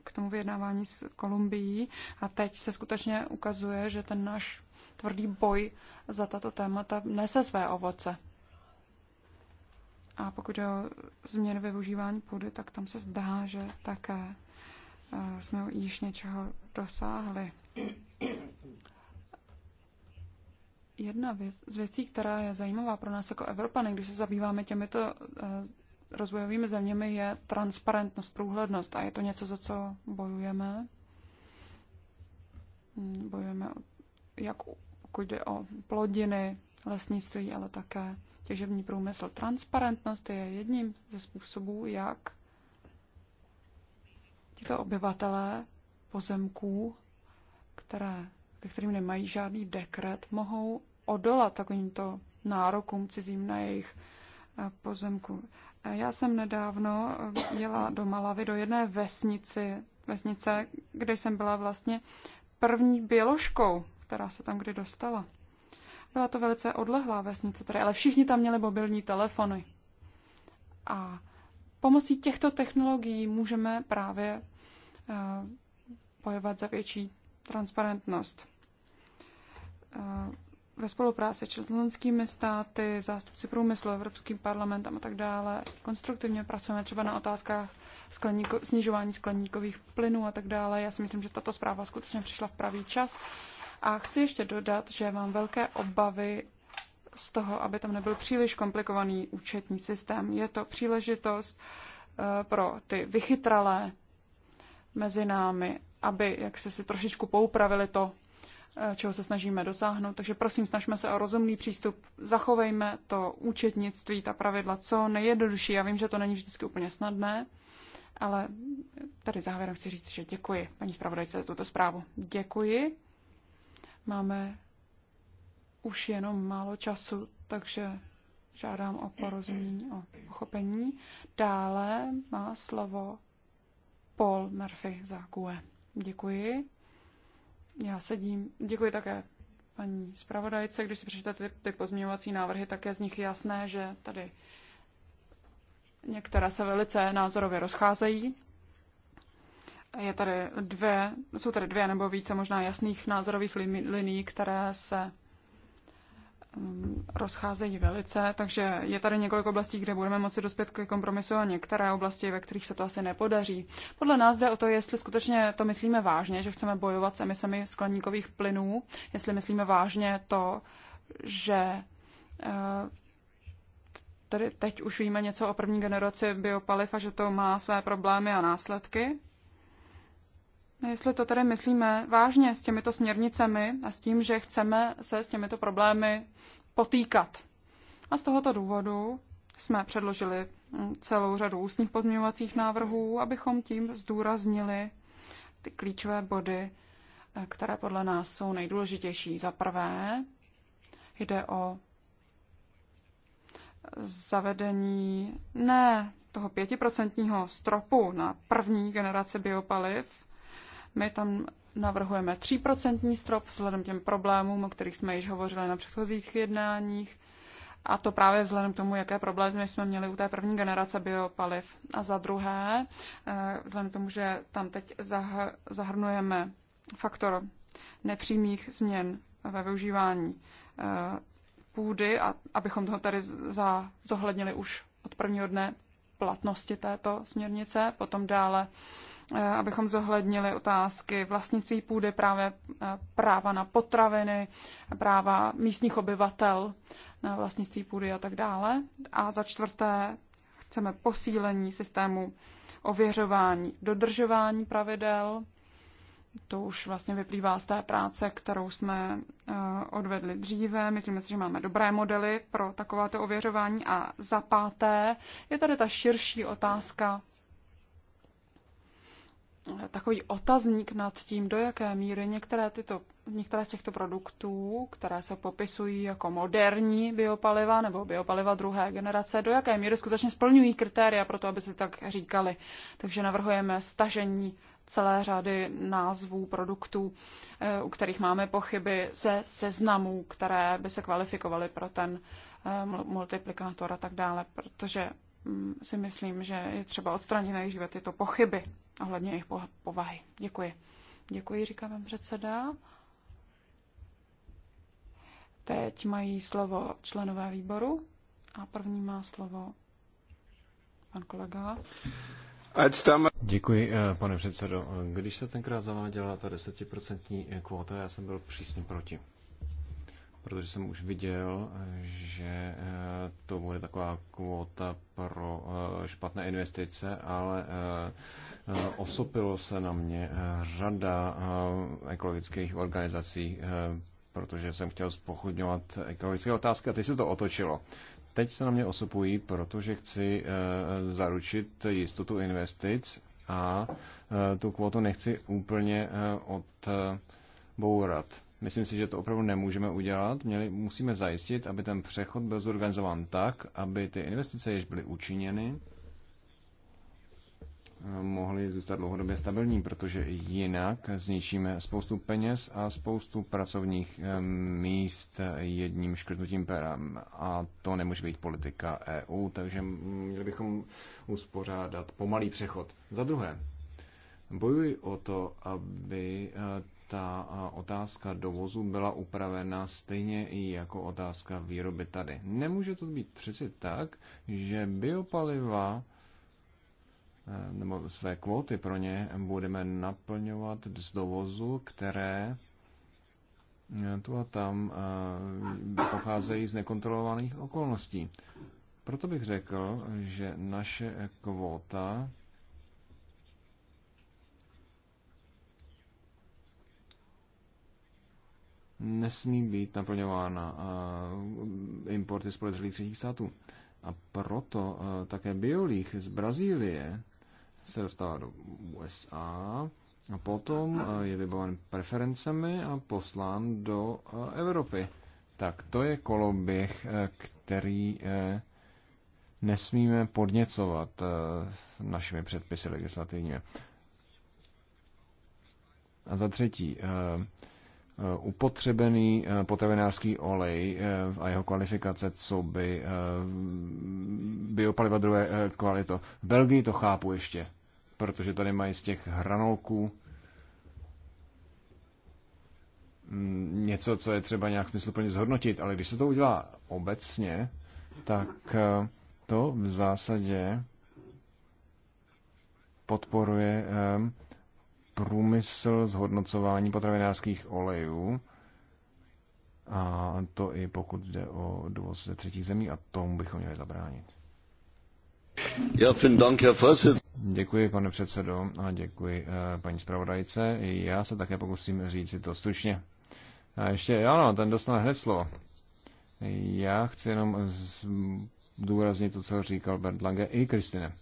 k tomu vyjednávání s Kolumbií a teď se skutečně ukazuje, že ten náš tvrdý boj za tato témata nese své ovoce. A pokud je o ve využívání půdy, tak tam se zdá, že také eh, jsme již něčeho dosáhli. Jedna věc, z věcí, která je zajímavá pro nás jako Evropany, když se zabýváme těmito eh, rozvojovými zeměmi, je transparentnost, průhlednost. A je to něco, za co bojujeme. Hmm, bojujeme jak pokud jde o plodiny, lesnictví, ale také těžební průmysl. Transparentnost je jedním ze způsobů, jak tito obyvatelé pozemků, které, ke kterým nemají žádný dekret, mohou odolat takovýmto nárokům cizím na jejich eh, pozemku. Eh, já jsem nedávno eh, jela do Malavy, do jedné vesnici, vesnice, kde jsem byla vlastně první běložkou, která se tam kdy dostala. Byla to velice odlehlá vesnice, tady, ale všichni tam měli mobilní telefony. A pomocí těchto technologií můžeme právě bojovat za větší transparentnost ve spolupráci s členskými státy, zástupci průmyslu, Evropským parlamentem a tak dále. Konstruktivně pracujeme třeba na otázkách skleníko, snižování skleníkových plynů a tak dále. Já si myslím, že tato zpráva skutečně přišla v pravý čas. A chci ještě dodat, že mám velké obavy z toho, aby tam nebyl příliš komplikovaný účetní systém. Je to příležitost eh, pro ty vychytralé mezi námi, aby jak se si trošičku poupravili to, Eh, čeho se snažíme dosáhnout. Takže prosím, snažme se o rozumný přístup, zachovejme to účetnictví, ta pravidla co nejjednodušší. Já vím, že to není vždycky úplně snadné, ale tady závěrem chci říct, že děkuji paní zpravodajce za tuto zprávu. Děkuji. Máme už jenom málo času, takže žádám o porozumění, o pochopení. Dále má slovo Paul Murphy za QE. Děkuji. Já sedím. Děkuji také paní zpravodajce. Když si přečtete ty, ty pozměňovací návrhy, tak je z nich jasné, že tady některé se velice názorově rozcházejí. Je tady dvě, jsou tady dvě nebo více možná jasných názorových linií, které se Mm, rozcházejí velice, takže je tady několik oblastí, kde budeme moci dospět k kompromisu a některé oblasti, ve kterých se to asi nepodaří. Podle nás jde o to, jestli skutečně to myslíme vážně, že chceme bojovat s emisemi skleníkových plynů, jestli myslíme vážně to, že eh, tady teď už víme něco o první generaci biopaliv a že to má své problémy a následky. Jestli to tedy myslíme vážně s těmito směrnicemi a s tím, že chceme se s těmito problémy potýkat. A z tohoto důvodu jsme předložili mm, celou řadu ústních pozměňovacích návrhů, abychom tím zdůraznili ty klíčové body, eh, které podle nás jsou nejdůležitější. Za prvé jde o zavedení ne toho pětiprocentního stropu na první generaci biopaliv, my tam navrhujeme 3% strop vzhledem k těm problémům, o kterých jsme již hovořili na předchozích jednáních. A to právě vzhledem k tomu, jaké problémy jsme měli u té první generace biopaliv. A za druhé, eh, vzhledem k tomu, že tam teď zahrnujeme faktor nepřímých změn ve využívání eh, půdy, a abychom toho tady zohlednili už od prvního dne platnosti této směrnice, potom dále Eh, abychom zohlednili otázky vlastnictví půdy, právě eh, práva na potraviny, práva místních obyvatel na vlastnictví půdy a tak dále. A za čtvrté chceme posílení systému ověřování, dodržování pravidel. To už vlastně vyplývá z té práce, kterou jsme eh, odvedli dříve. Myslíme si, že máme dobré modely pro takovéto ověřování. A za páté je tady ta širší otázka takový otazník nad tím, do jaké míry některé, tyto, některé z těchto produktů, které se popisují jako moderní biopaliva nebo biopaliva druhé generace, do jaké míry skutečně splňují kritéria pro to, aby se tak říkali. Takže navrhujeme stažení celé řady názvů produktů, eh, u kterých máme pochyby ze seznamů, které by se kvalifikovaly pro ten eh, multiplikátor a tak dále, protože Mm, si myslím, že je třeba odstranit nejdříve tyto pochyby ohledně jejich povahy. Děkuji. Děkuji, říká vám předseda. Teď mají slovo členové výboru a první má slovo pan kolega. Děkuji, eh, pane předsedo. Když se tenkrát zaváděla ta desetiprocentní kvota, já jsem byl přísně proti protože jsem už viděl, že eh, to bude taková kvota pro eh, špatné investice, ale eh, osopilo se na mě řada ekologických organizací, protože jsem chtěl spochodňovat ekologické otázky a teď se to otočilo. Teď se na mě osopují, protože chci zaručit jistotu investic a tu kvotu nechci úplně odbourat. Myslím si, že to opravdu nemůžeme udělat. Měli, musíme zajistit, aby ten přechod byl zorganizován tak, aby ty investice, jež byly učiněny, mohly zůstat dlouhodobě stabilní, protože jinak zničíme spoustu peněz a spoustu pracovních eh, míst jedním škrtnutím perem. A to nemůže být politika EU, takže měli bychom uspořádat pomalý přechod. Za druhé, bojuji o to, aby eh, ta otázka dovozu byla upravena stejně i jako otázka výroby tady. Nemůže to být přeci tak, že biopaliva e, nebo své kvóty pro ně budeme naplňovat z dovozu, které e, tu a tam e, pocházejí z nekontrolovaných okolností. Proto bych řekl, že naše kvóta nesmí být naplňována importy z podezřelých třetích států. A proto také biolích z Brazílie se dostává do USA a potom je vybaven preferencemi a poslán do Evropy. Tak to je koloběh, který nesmíme podněcovat našimi předpisy legislativními. A za třetí, Eh, upotřebený eh, potravinářský olej eh, a jeho kvalifikace, co by biopaliva druhé kvalito. V Belgii to chápu ještě, protože tady mají z těch hranolků mm, něco, co je třeba nějak smysluplně zhodnotit, ale když se to udělá obecně, tak to v zásadě podporuje průmysl zhodnocování potravinářských olejů, a to i pokud jde o dovoz ze třetích zemí a tomu bychom měli zabránit. Já Dank, Děkuji, pane předsedo, a děkuji eh, paní zpravodajce. Já se také pokusím říct si to stručně. A ještě, ano, ten dostane hned slovo. Já chci jenom důraznit to, co říkal Bernd Lange i Kristine.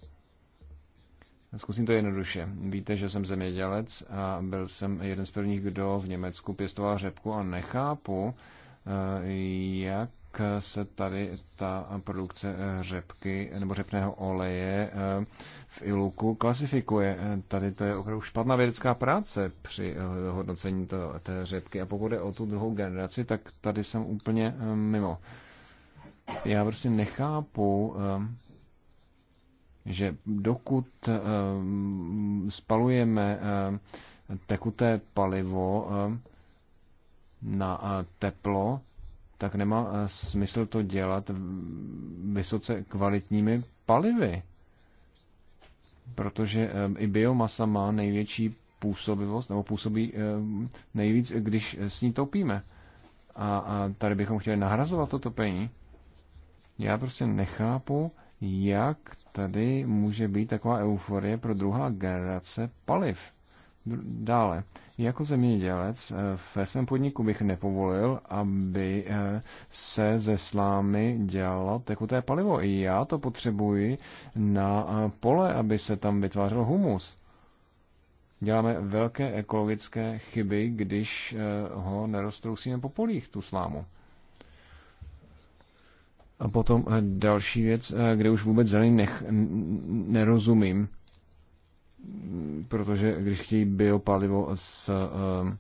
Zkusím to jednoduše. Víte, že jsem zemědělec a byl jsem jeden z prvních, kdo v Německu pěstoval řepku a nechápu, eh, jak se tady ta produkce eh, řepky nebo řepného oleje eh, v Iluku klasifikuje. Tady to je opravdu špatná vědecká práce při hodnocení to, té řepky. A pokud je o tu druhou generaci, tak tady jsem úplně mimo. Já prostě nechápu, že dokud eh, spalujeme eh, tekuté palivo eh, na teplo, tak nemá smysl to dělat vysoce kvalitními palivy. Protože i biomasa má největší působivost, nebo působí nejvíc, když s ní topíme. A, a tady bychom chtěli nahrazovat to topení. Já prostě nechápu, jak tady může být taková euforie pro druhá generace paliv. Dále, jako zemědělec eh, ve svém podniku bych nepovolil, aby eh, se ze slámy dělalo tekuté palivo. I já to potřebuji na eh, pole, aby se tam vytvářel humus. Děláme velké ekologické chyby, když ho neroztrousíme po polích, tu slámu. A potom eh, další věc, eh, kde už vůbec zelený nech, nerozumím, protože když chtějí biopalivo z eh,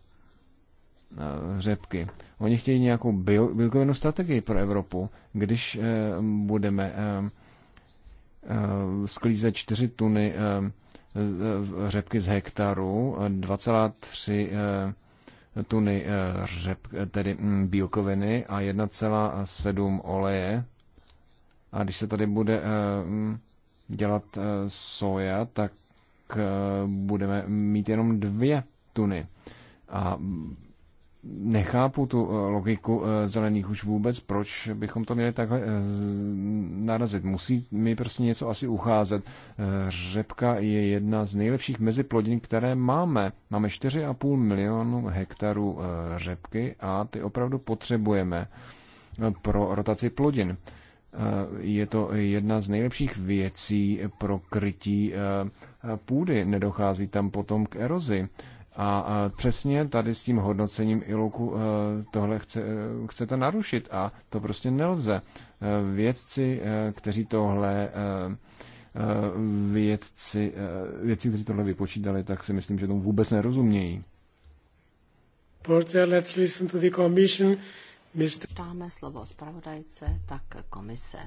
řepky. Oni chtějí nějakou bio, bílkovinou strategii pro Evropu. Když budeme sklízet 4 tuny řepky z hektaru, 2,3 tuny eh, řep, eh, tedy mm, bílkoviny a 1,7 oleje. A když se tady bude eh, mm, dělat soja, tak budeme mít jenom dvě tuny. A nechápu tu eh, logiku eh, zelených už vůbec, proč bychom to měli takhle eh, narazit. Musí mi prostě něco asi ucházet. Řepka je jedna z nejlepších meziplodin, které máme. Máme 4,5 milionu hektarů řepky a ty opravdu potřebujeme pro rotaci plodin. Je to jedna z nejlepších věcí pro krytí půdy. Nedochází tam potom k erozi a přesně tady s tím hodnocením iloku eh, tohle chce, eh, chcete narušit a to prostě nelze. Eh, vědci, kteří tohle vědci, vědci, kteří tohle vypočítali, tak si myslím, že tomu vůbec nerozumějí. Let's listen to the commission. Mr. Dáme slovo zpravodajce, tak komise.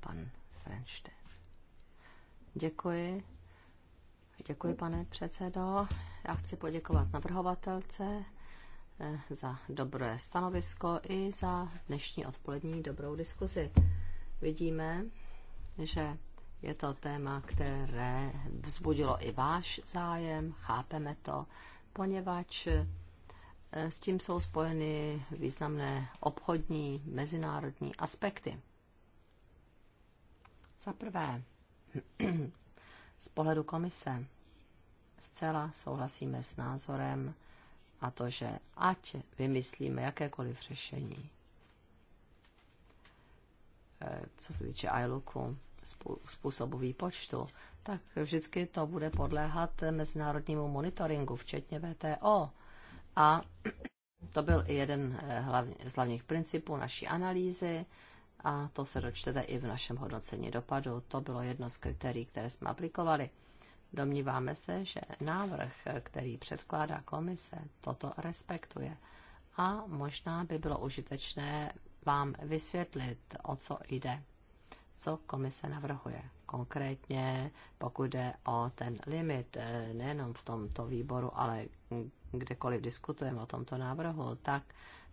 Pan Frenšte. Děkuji. Děkuji, pane předsedo. Já chci poděkovat navrhovatelce eh, za dobré stanovisko i za dnešní odpolední dobrou diskuzi. Vidíme, že je to téma, které vzbudilo i váš zájem, chápeme to, poněvadž eh, s tím jsou spojeny významné obchodní, mezinárodní aspekty. Za prvé, z pohledu komise zcela souhlasíme s názorem a to, že ať vymyslíme jakékoliv řešení, eh, co se týče ILUKu, způsobu výpočtu, tak vždycky to bude podléhat mezinárodnímu monitoringu, včetně VTO. A to byl i jeden eh, z hlavních principů naší analýzy a to se dočtete i v našem hodnocení dopadu. To bylo jedno z kritérií, které jsme aplikovali. Domníváme se, že návrh, který předkládá komise, toto respektuje a možná by bylo užitečné vám vysvětlit, o co jde, co komise navrhuje. Konkrétně pokud jde o ten limit, eh, nejenom v tomto výboru, ale kdekoliv diskutujeme o tomto návrhu, tak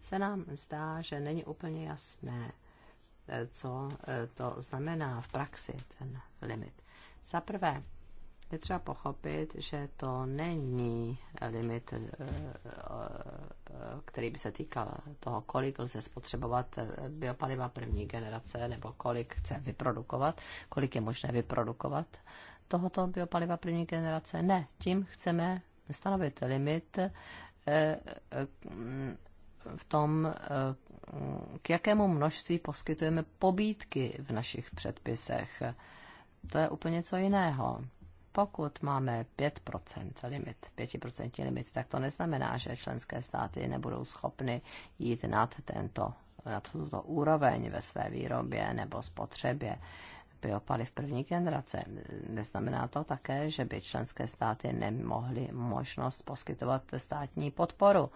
se nám zdá, že není úplně jasné, eh, co eh, to znamená v praxi, ten limit. Za prvé, je třeba pochopit, že to není limit, eh, eh, který by se týkal toho, kolik lze spotřebovat eh, biopaliva první generace nebo kolik chce vyprodukovat, kolik je možné vyprodukovat tohoto biopaliva první generace. Ne, tím chceme stanovit limit v tom, k jakému množství poskytujeme pobídky v našich předpisech. To je úplně co jiného. Pokud máme 5% limit, 5% limit, tak to neznamená, že členské státy nebudou schopny jít nad tento na tuto úroveň ve své výrobě nebo spotřebě biopaliv první generace. Neznamená to také, že by členské státy nemohly možnost poskytovat státní podporu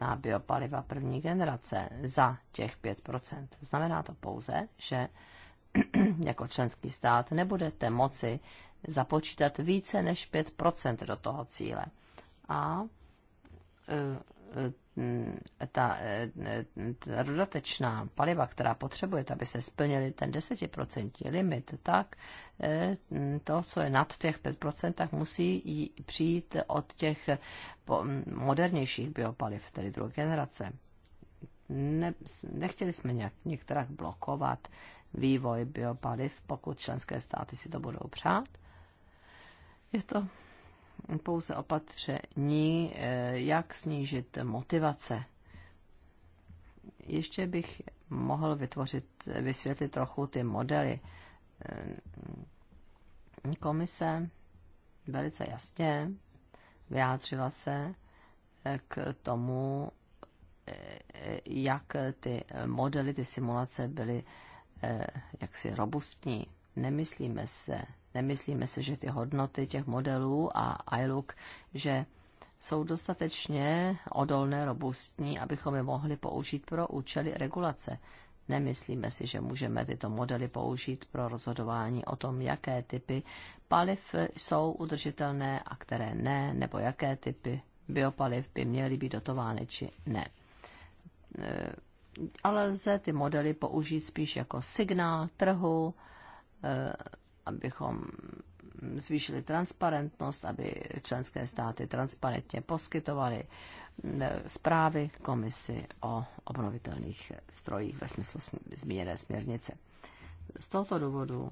na biopaliva první generace za těch 5 Znamená to pouze, že jako členský stát nebudete moci započítat více než 5% do toho cíle. A e, e, ta, e, ta dodatečná paliva, která potřebujete, aby se splnili ten desetiprocentní limit, tak to, co je nad těch 5%, tak musí přijít od těch modernějších biopaliv, tedy druhé generace. Ne, nechtěli jsme nějak, některak blokovat vývoj biopaliv, pokud členské státy si to budou přát, je to pouze opatření, eh, jak snížit motivace. Ještě bych mohl vytvořit, vysvětlit trochu ty modely. Eh, komise velice jasně vyjádřila se eh, k tomu, jak ty modely, ty simulace byly jaksi robustní. Nemyslíme se, Nemyslíme si, že ty hodnoty těch modelů a iLook, že jsou dostatečně odolné, robustní, abychom je mohli použít pro účely regulace. Nemyslíme si, že můžeme tyto modely použít pro rozhodování o tom, jaké typy paliv jsou udržitelné a které ne, nebo jaké typy biopaliv by měly být dotovány či ne. E, ale lze ty modely použít spíš jako signál trhu, e, abychom zvýšili transparentnost, aby členské státy transparentně poskytovaly eh, zprávy komisi o obnovitelných strojích ve smyslu zmíněné směrnice. Z tohoto důvodu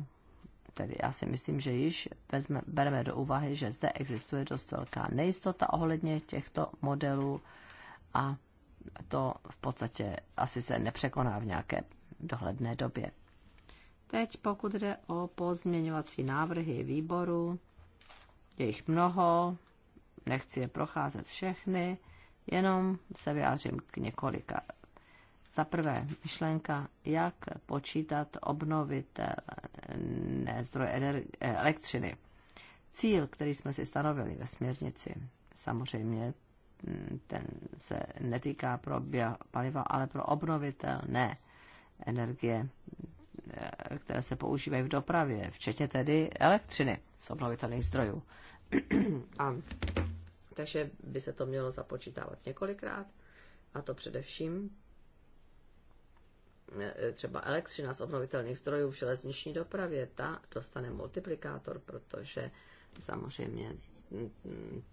tedy já si myslím, že již vezme, bereme do úvahy, že zde existuje dost velká nejistota ohledně těchto modelů a to v podstatě asi se nepřekoná v nějaké dohledné době. Teď pokud jde o pozměňovací návrhy výboru, je jich mnoho, nechci je procházet všechny, jenom se vyjádřím k několika. Za prvé, myšlenka, jak počítat obnovitelné zdroje eh, elektřiny. Cíl, který jsme si stanovili ve směrnici, samozřejmě mm, ten se netýká pro paliva, ale pro obnovitelné energie. Eh, které se používají v dopravě, včetně tedy elektřiny z obnovitelných zdrojů. A, takže by se to mělo započítávat několikrát, a to především eh, třeba elektřina z obnovitelných zdrojů v železniční dopravě, ta dostane multiplikátor, protože samozřejmě mm,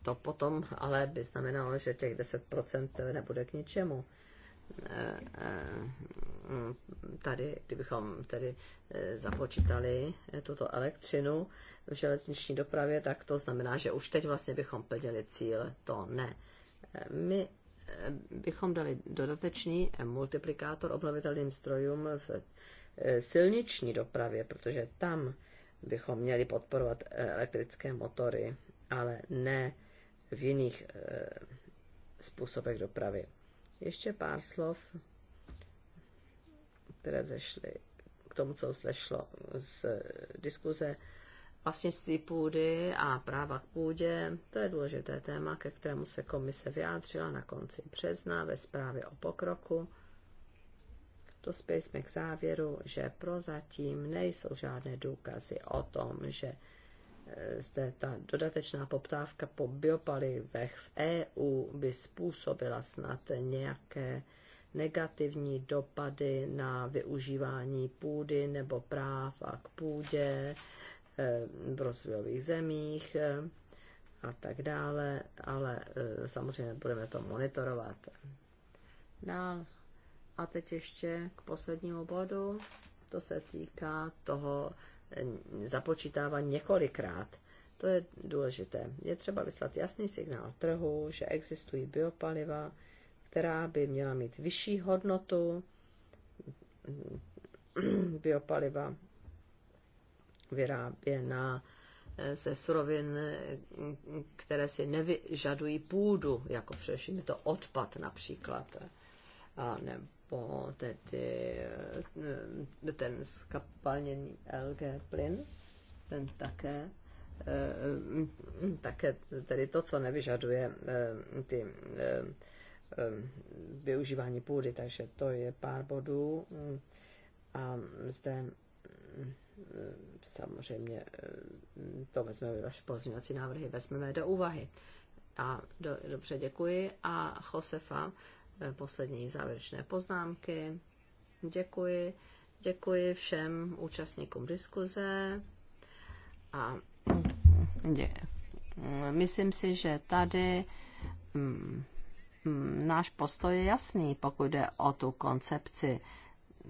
to potom ale by znamenalo, že těch 10% nebude k ničemu tady, kdybychom tedy eh, započítali eh, tuto elektřinu v železniční dopravě, tak to znamená, že už teď vlastně bychom plnili cíl, to ne. Eh, my bychom dali dodatečný multiplikátor obnovitelným strojům v silniční dopravě, protože tam bychom měli podporovat elektrické motory, ale ne v jiných způsobech dopravy. Ještě pár slov, které vzešly k tomu, co vzešlo z diskuze vlastnictví půdy a práva k půdě. To je důležité téma, ke kterému se komise vyjádřila na konci března ve zprávě o pokroku. Dospěli jsme k závěru, že prozatím nejsou žádné důkazy o tom, že zde ta dodatečná poptávka po biopalivech v EU by způsobila snad nějaké negativní dopady na využívání půdy nebo práv a k půdě eh, v rozvojových zemích eh, a tak dále, ale eh, samozřejmě budeme to monitorovat. Dál. No, a teď ještě k poslednímu bodu. To se týká toho započítává několikrát. To je důležité. Je třeba vyslat jasný signál trhu, že existují biopaliva, která by měla mít vyšší hodnotu biopaliva vyráběná eh, ze surovin, které si nevyžadují půdu, jako především je to odpad například, eh, a ne, po tedy eh, ten skapalněný LG plyn, ten také eh, také tedy to, co nevyžaduje eh, ty využívání půdy, takže to je pár bodů a zde samozřejmě to vezmeme, vaše pozměňovací návrhy vezmeme do úvahy. A do, dobře, děkuji. A Josefa Eh, poslední závěrečné poznámky. Děkuji. Děkuji všem účastníkům diskuze a eh, myslím si, že tady mm, mm, náš postoj je jasný, pokud jde o tu koncepci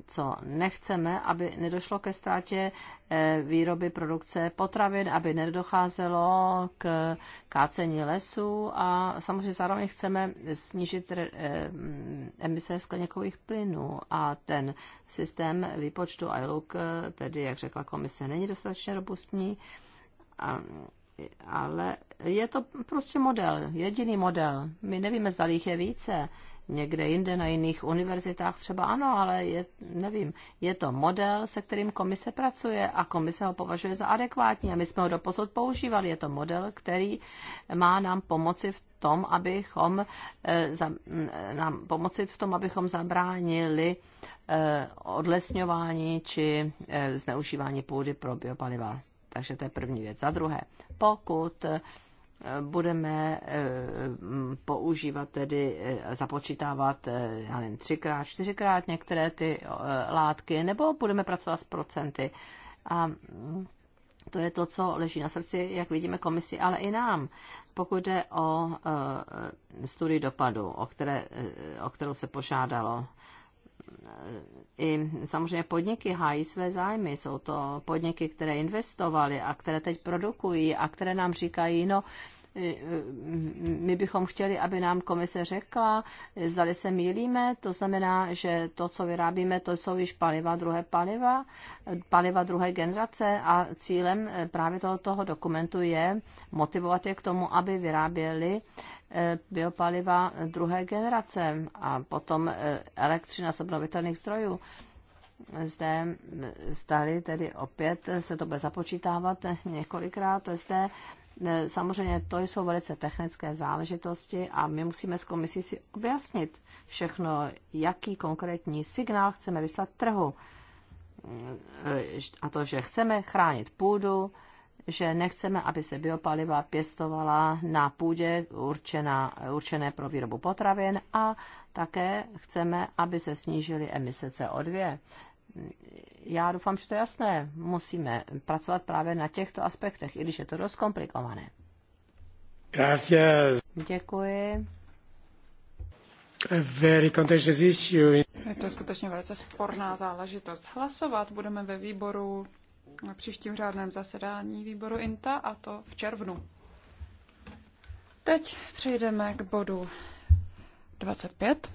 co nechceme, aby nedošlo ke ztrátě eh, výroby produkce potravin, aby nedocházelo k kácení lesů a samozřejmě zároveň chceme snížit eh, mm, emise skleníkových plynů a ten systém výpočtu ILUC, eh, tedy jak řekla komise, není dostatečně robustní, ale je to prostě model, jediný model. My nevíme, zda jich je více někde jinde na jiných univerzitách třeba ano, ale je, nevím, je to model, se kterým komise pracuje a komise ho považuje za adekvátní a my jsme ho doposud používali. Je to model, který má nám pomoci v tom, abychom, eh, za, eh, nám pomoci v tom, abychom zabránili eh, odlesňování či zneužívání půdy pro biopaliva. Takže to je první věc. Za druhé, pokud budeme eh, používat tedy, eh, započítávat, eh, já nevím, třikrát, čtyřikrát některé ty látky, nebo budeme pracovat s procenty. A to je to, co leží na srdci, jak vidíme komisi, ale i nám. Pokud jde o studii dopadu, o, které, o kterou se požádalo, i samozřejmě podniky hájí své zájmy. Jsou to podniky, které investovaly a které teď produkují a které nám říkají, no my bychom chtěli, aby nám komise řekla, zdali se mýlíme, to znamená, že to, co vyrábíme, to jsou již paliva druhé paliva, paliva druhé generace a cílem eh, právě toho dokumentu je motivovat je k tomu, aby vyráběli eh, biopaliva druhé generace a potom eh, elektřina z obnovitelných zdrojů zde stali, tedy opět se to bude započítávat několikrát, zde Samozřejmě to jsou velice technické záležitosti a my musíme s komisí si objasnit všechno, jaký konkrétní signál chceme vyslat trhu. Mm, e, a to, že chceme chránit půdu, že nechceme, aby se biopaliva pěstovala na půdě určená, určené pro výrobu potravin a také chceme, aby se snížily emise CO2 já doufám, že to je jasné. Musíme pracovat právě na těchto aspektech, i když je to dost komplikované. Gracias. Děkuji. Very contentious issue. Je to skutečně velice sporná záležitost. Hlasovat budeme ve výboru na příštím řádném zasedání výboru INTA a to v červnu. Teď přejdeme k bodu 25.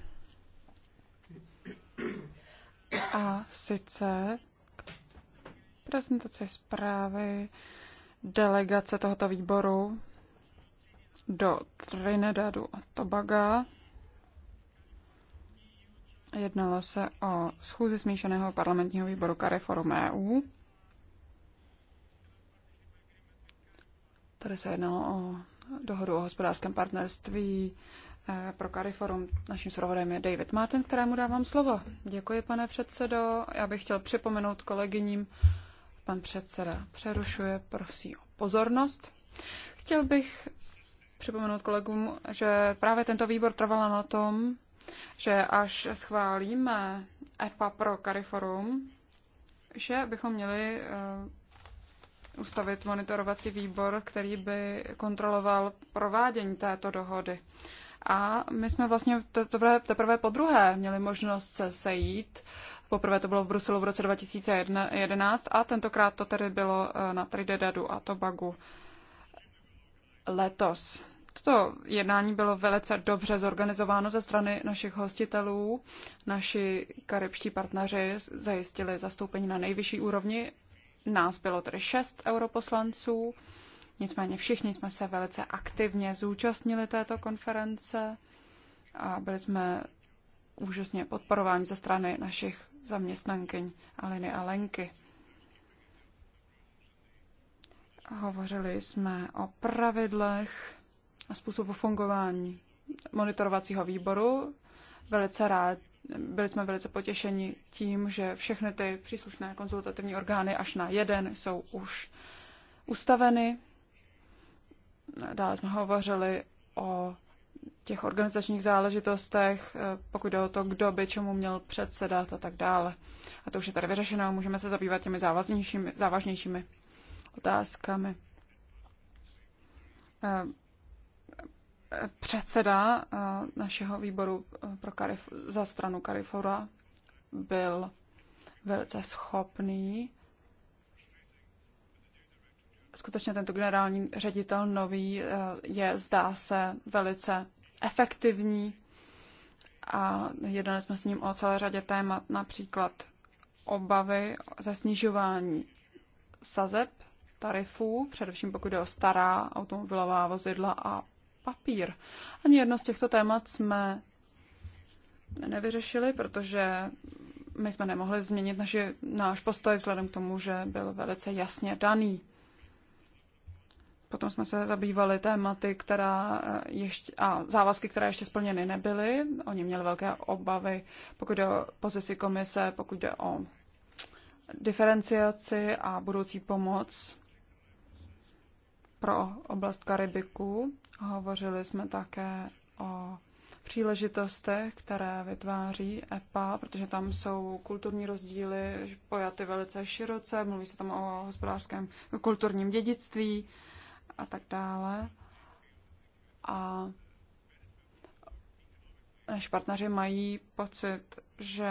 A sice prezentaci zprávy delegace tohoto výboru do Trinidadu a Tobaga. Jednalo se o schůzi smíšeného parlamentního výboru Cariforum EU. Tady se jednalo o dohodu o hospodářském partnerství Eh, pro Cariforum. Naším zpravodajem je David Martin, kterému dávám slovo. Děkuji, pane předsedo. Já bych chtěl připomenout kolegyním, pan předseda přerušuje, prosím o pozornost. Chtěl bych připomenout kolegům, že právě tento výbor trvala na tom, že až schválíme EPA pro Cariforum, že bychom měli eh, ustavit monitorovací výbor, který by kontroloval provádění této dohody a my jsme vlastně teprve, teprve po druhé měli možnost se sejít. Poprvé to bylo v Bruselu v roce 2011 a tentokrát to tedy bylo eh, na Tridedadu a Tobagu letos. Toto jednání bylo velice dobře zorganizováno ze strany našich hostitelů. Naši karibští partneři zajistili zastoupení na nejvyšší úrovni. Nás bylo tedy šest europoslanců. Nicméně všichni jsme se velice aktivně zúčastnili této konference a byli jsme úžasně podporováni ze strany našich zaměstnankyň Aliny a Lenky. Hovořili jsme o pravidlech a způsobu fungování monitorovacího výboru. Velice rád, byli jsme velice potěšeni tím, že všechny ty příslušné konzultativní orgány až na jeden jsou už ustaveny Dále jsme hovořili o těch organizačních záležitostech, eh, pokud jde o to, kdo by čemu měl předsedat a tak dále. A to už je tady vyřešeno, můžeme se zabývat těmi závaznějšími, závažnějšími otázkami. Eh, eh, předseda našeho výboru pro Karif, za stranu Karifora byl velice schopný skutečně tento generální ředitel nový eh, je, zdá se, velice efektivní a jednali jsme s ním o celé řadě témat, například obavy ze snižování sazeb, tarifů, především pokud jde o stará automobilová vozidla a papír. Ani jedno z těchto témat jsme nevyřešili, protože my jsme nemohli změnit naši, náš postoj vzhledem k tomu, že byl velice jasně daný. Potom jsme se zabývali tématy která eh, ještě, a závazky, které ještě splněny nebyly. Oni měli velké obavy, pokud jde o pozici komise, pokud jde o diferenciaci a budoucí pomoc pro oblast Karibiku. Hovořili jsme také o příležitostech, které vytváří EPA, protože tam jsou kulturní rozdíly pojaty velice široce, mluví se tam o hospodářském kulturním dědictví, a tak dále. A naši partneři mají pocit, že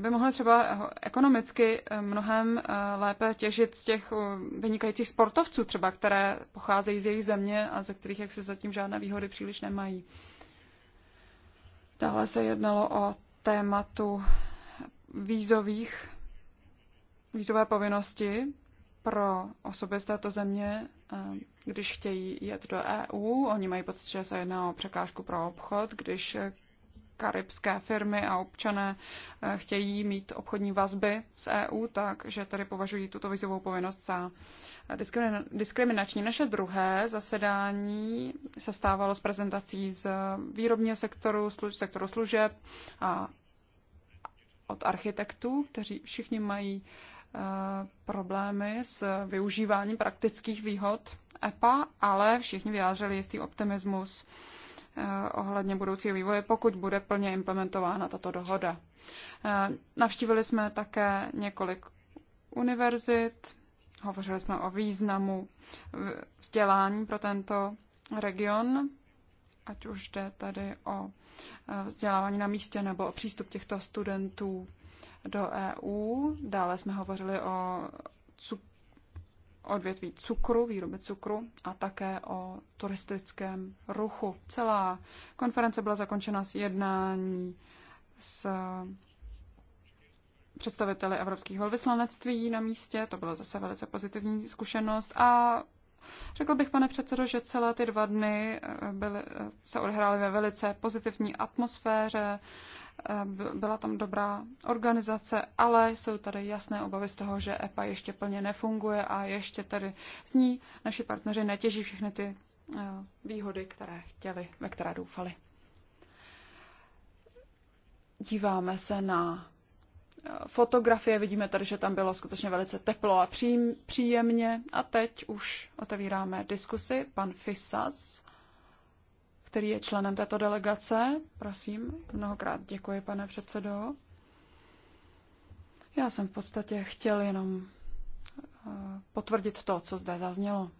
by mohli třeba ekonomicky mnohem eh, lépe těžit z těch eh, vynikajících sportovců, třeba které pocházejí z jejich země a ze kterých jak se zatím žádné výhody příliš nemají. Dále se jednalo o tématu vízových, vízové povinnosti pro osoby z této země když chtějí jet do EU, oni mají pocit, že se jedná o překážku pro obchod, když karibské firmy a občané eh, chtějí mít obchodní vazby s EU, takže tady považují tuto vizovou povinnost za eh, diskriminační. Naše druhé zasedání se stávalo s prezentací z eh, výrobního sektoru, služ, sektoru služeb a od architektů, kteří všichni mají uh, Eh, problémy s využíváním praktických výhod EPA, ale všichni vyjádřili jistý optimismus eh, ohledně budoucího vývoje, pokud bude plně implementována tato dohoda. Eh, navštívili jsme také několik univerzit, hovořili jsme o významu vzdělání pro tento region, ať už jde tady o vzdělávání na místě nebo o přístup těchto studentů do EU. Dále jsme hovořili o cuk- odvětví cukru, výroby cukru a také o turistickém ruchu. Celá konference byla zakončena s jednání s představiteli evropských velvyslanectví na místě. To byla zase velice pozitivní zkušenost a Řekl bych, pane předsedo, že celé ty dva dny eh, byly, eh, se odehrály ve velice pozitivní atmosféře. Eh, byla tam dobrá organizace, ale jsou tady jasné obavy z toho, že EPA ještě plně nefunguje a ještě tady z ní naši partneři netěží všechny ty eh, výhody, které chtěli, ve které doufali. Díváme se na eh, fotografie, vidíme tady, že tam bylo skutečně velice teplo a příjemně. A teď už otevíráme diskusy. Pan Fisas který je členem této delegace. Prosím, mnohokrát děkuji, pane předsedo. Já jsem v podstatě chtěl jenom eh, potvrdit to, co zde zaznělo,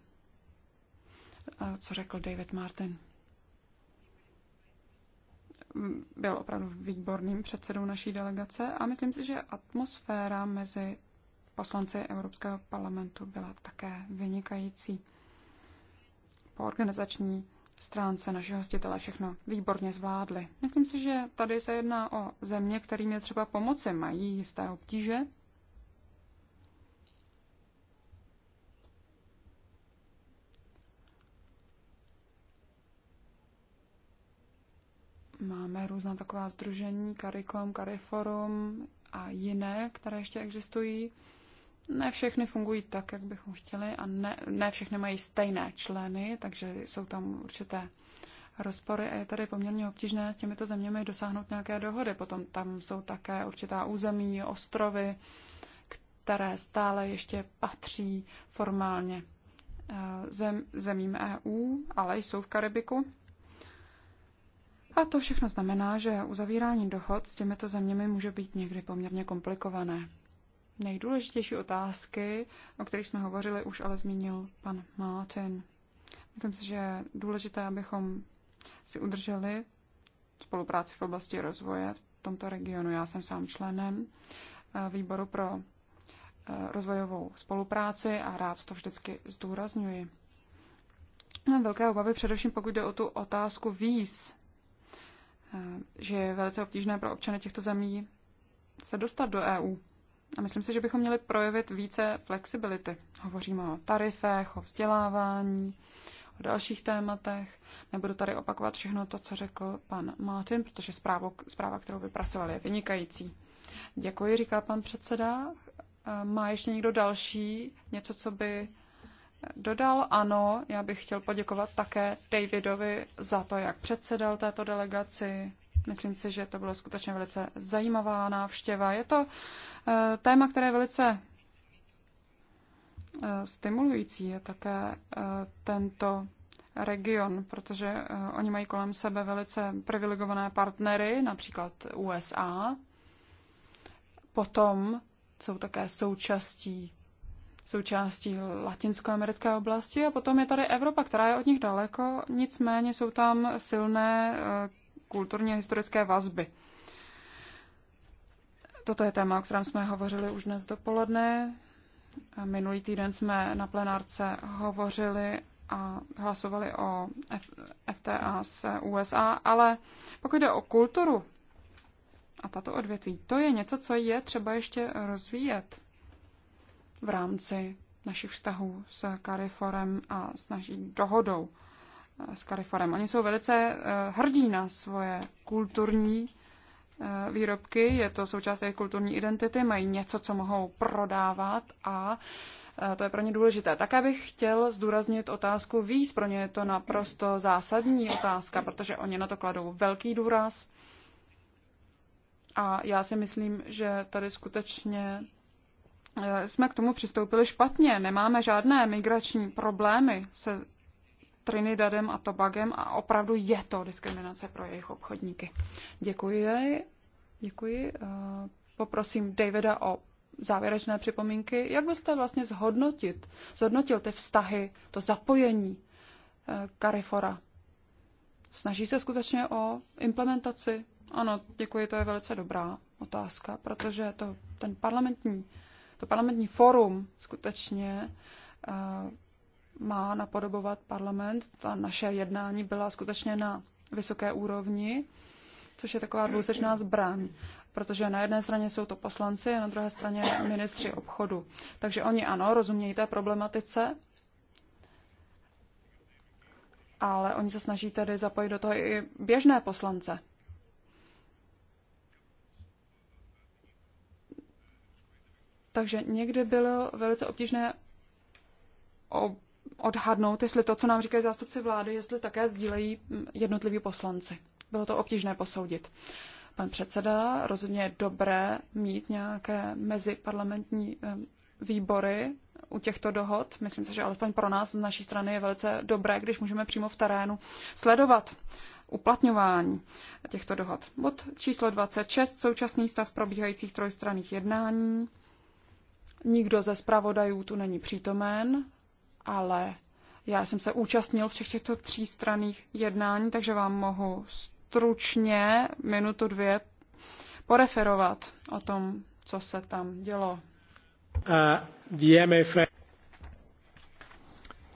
co řekl David Martin. Mm, byl opravdu výborným předsedou naší delegace a myslím si, že atmosféra mezi poslanci Evropského parlamentu byla také vynikající. Po organizační stránce naši hostitele všechno výborně zvládli. Myslím si, že tady se jedná o země, kterým je třeba pomoci, mají jisté obtíže. Máme různá taková združení, CARICOM, CARIFORUM a jiné, které ještě existují ne všechny fungují tak, jak bychom chtěli a ne, ne všechny mají stejné členy, takže jsou tam určité rozpory a je tady poměrně obtížné s těmito zeměmi dosáhnout nějaké dohody. Potom tam jsou také určitá území, ostrovy, které stále ještě patří formálně eh, zem, zemím EU, ale jsou v Karibiku. A to všechno znamená, že uzavírání dohod s těmito zeměmi může být někdy poměrně komplikované nejdůležitější otázky, o kterých jsme hovořili, už ale zmínil pan Martin. Myslím si, že je důležité, abychom si udrželi spolupráci v oblasti rozvoje v tomto regionu. Já jsem sám členem eh, výboru pro eh, rozvojovou spolupráci a rád to vždycky zdůrazňuji. Mám velké obavy, především pokud jde o tu otázku víz, eh, že je velice obtížné pro občany těchto zemí se dostat do EU. A myslím si, že bychom měli projevit více flexibility. Hovoříme o tarifech, o vzdělávání, o dalších tématech. Nebudu tady opakovat všechno to, co řekl pan Martin, protože zprávu, zpráva, kterou vypracovali, je vynikající. Děkuji, říká pan předseda. Má ještě někdo další něco, co by dodal? Ano, já bych chtěl poděkovat také Davidovi za to, jak předsedal této delegaci. Myslím si, že to bylo skutečně velice zajímavá návštěva. Je to eh, téma, které je velice eh, stimulující. Je také eh, tento region, protože oni mají kolem sebe velice privilegované partnery, například USA. Potom jsou také součástí součástí latinskoamerické oblasti a potom je tady Evropa, která je od nich daleko, nicméně jsou tam silné kulturně historické vazby. Toto je téma, o kterém jsme hovořili už dnes dopoledne. Minulý týden jsme na plenárce hovořili a hlasovali o FTA z USA, ale pokud jde o kulturu a tato odvětví, to je něco, co je třeba ještě rozvíjet v rámci našich vztahů s Kariforem a s naší dohodou Eh, s Karifarem. Oni jsou velice eh, hrdí na svoje kulturní eh, výrobky, je to součást jejich kulturní identity, mají něco, co mohou prodávat a to je pro ně důležité. Také bych chtěl zdůraznit otázku víc, Pro ně je to naprosto zásadní otázka, protože oni na to kladou velký důraz. A já si myslím, že tady skutečně jsme k tomu přistoupili špatně. Nemáme žádné migrační problémy se Trinidadem a Tobagem a opravdu je to diskriminace pro jejich obchodníky. Děkuji. Děkuji. Eh, poprosím Davida o závěrečné připomínky. Jak byste vlastně zhodnotit, zhodnotil ty vztahy, to zapojení eh, Carifora? Snaží se skutečně o implementaci? Ano, děkuji, to je velice dobrá otázka, protože to, ten parlamentní, to parlamentní forum skutečně eh, má napodobovat parlament. Ta naše jednání byla skutečně na vysoké úrovni, což je taková dvousečná zbraň protože na jedné straně jsou to poslanci a na druhé straně ministři obchodu. Takže oni ano, rozumějí té problematice, ale oni se snaží tedy zapojit do toho i běžné poslance. Takže někdy bylo velice obtížné odhadnout, jestli to, co nám říkají zástupci vlády, jestli také sdílejí mm, jednotliví poslanci. Bylo to obtížné posoudit. Pan předseda, rozhodně je dobré mít nějaké meziparlamentní výbory u těchto dohod. Myslím si, že alespoň pro nás z naší strany je velice dobré, když můžeme přímo v terénu sledovat uplatňování těchto dohod. Bod číslo 26, současný stav probíhajících trojstranných jednání. Nikdo ze zpravodajů tu není přítomen, ale já jsem se účastnil všech těchto třístranných jednání, takže vám mohu stručně minutu dvě poreferovat o tom, co se tam dělo. A MFF.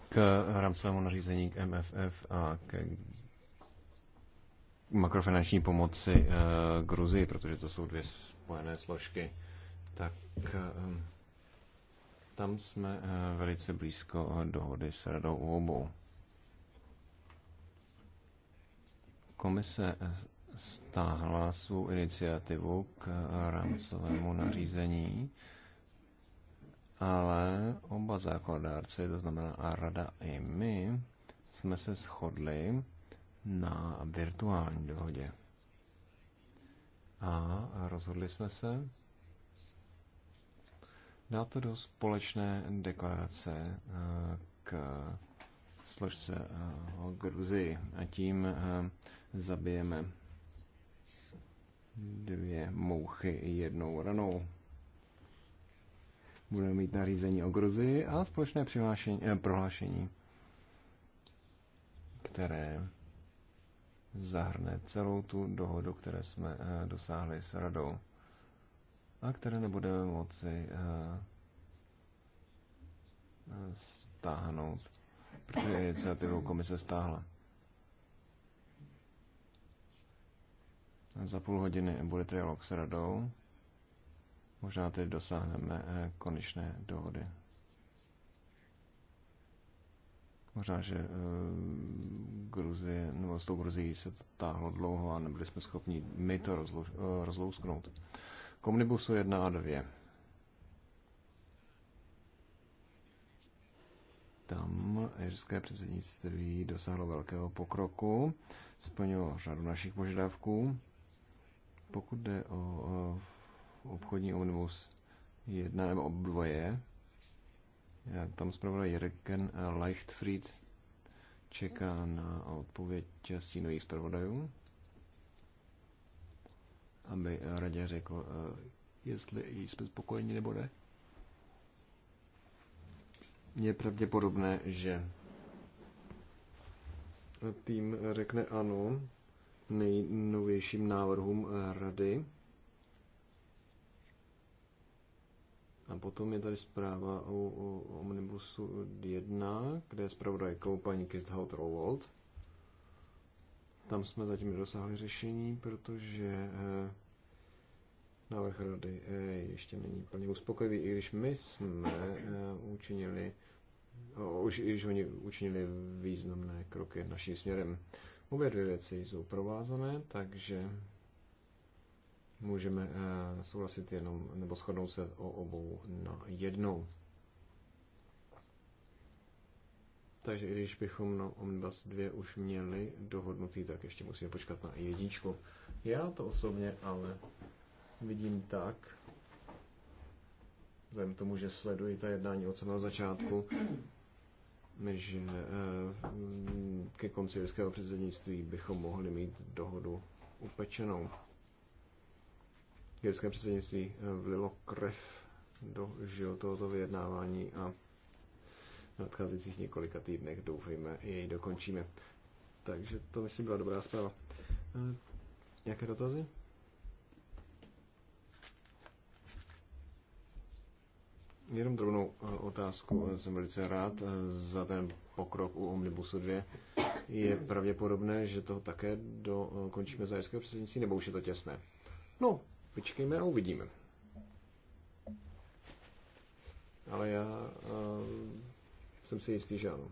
K rámcovému nařízení k MFF a k makrofinanční pomoci eh, Gruzii, protože to jsou dvě spojené složky, tak ehm, tam jsme eh, velice blízko eh, dohody s radou obou. Komise eh, stáhla svou iniciativu k rámcovému nařízení, ale oba zákonodárci, to znamená a rada i my, jsme se shodli na virtuální dohodě. A rozhodli jsme se, Dá to do společné deklarace eh, k složce eh, o Gruzii a tím eh, zabijeme dvě mouchy jednou ranou. Budeme mít nařízení o Gruzii a společné přihlášení, eh, prohlášení, které zahrne celou tu dohodu, které jsme dosáhli s radou a které nebudeme moci eh, eh, stáhnout, protože iniciativu komise stáhla. Za půl hodiny bude trialog s radou. Možná tedy dosáhneme eh, konečné dohody. Možná, že Gruzi, nebo s tou Gruzií se táhlo dlouho a nebyli jsme schopni my to rozlou, Komnibusu 1 a 2. Tam jirské předsednictví dosáhlo velkého pokroku, splnilo řadu našich požadavků. Pokud jde o, o obchodní omnibus 1 nebo obdvoje, tam zpravodaj Jirgen Leichtfried čeká na odpověď stínových zpravodajů aby radě řekl, eh, jestli jsme spokojeni nebo ne. Je pravděpodobné, že tým řekne ano nejnovějším návrhům rady. A potom je tady zpráva o, o, o Omnibusu 1, kde je zpravodajkou paní Kisthout Rowold. Tam jsme zatím nedosáhli řešení, protože eh, návrh rady eh, ještě není plně uspokojivý, i když my jsme eh, učinili, už, i když oni učinili významné kroky naším směrem. Obě dvě věci jsou provázané, takže můžeme souhlasit jenom nebo shodnout se o obou na jednou. Takže když bychom na Omnibus 2 už měli dohodnutý, tak ještě musíme počkat na jedničku. Já to osobně ale vidím tak, vzhledem tomu, že sleduji ta jednání od samého začátku, že eh, ke konci irského předsednictví bychom mohli mít dohodu upečenou. Irské předsednictví vlilo krev do živou tohoto vyjednávání a v nadcházejících několika týdnech. Doufejme, jej dokončíme. Takže to myslím byla dobrá zpráva. E, nějaké dotazy? Jenom drobnou e, otázku. Jsem velice rád e, za ten pokrok u Omnibusu 2. Je pravděpodobné, že to také dokončíme za jirského předsednictví, nebo už je to těsné? No, vyčkejme a uvidíme. Ale já jsem si jistý, že ano.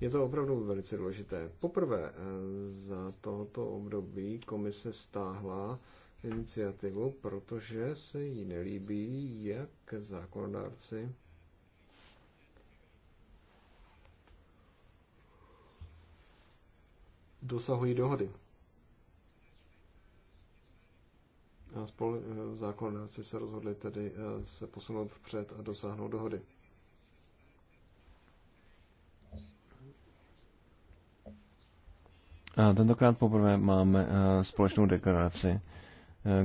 Je to opravdu velice důležité. Poprvé eh, za tohoto období komise stáhla iniciativu, protože se jí nelíbí, jak zákonodárci dosahují dohody. A spolu eh, zákonodárci se rozhodli tedy eh, se posunout vpřed a dosáhnout dohody. A tentokrát poprvé máme eh, společnou deklaraci, eh,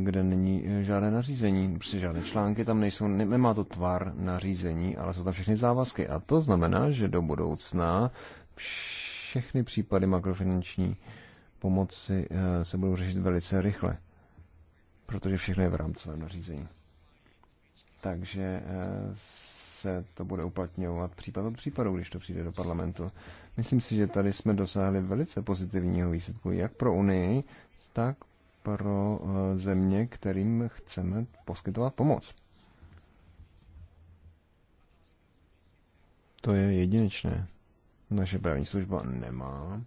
kde není eh, žádné nařízení, prostě žádné články tam nejsou, nemá to tvar nařízení, ale jsou tam všechny závazky. A to znamená, že do budoucna všechny případy makrofinanční pomoci se budou řešit velice rychle, protože všechno je v rámcovém nařízení. Takže se to bude uplatňovat případ od případu, když to přijde do parlamentu. Myslím si, že tady jsme dosáhli velice pozitivního výsledku, jak pro Unii, tak pro eh, země, kterým chceme poskytovat pomoc. To je jedinečné. Naše právní služba nemá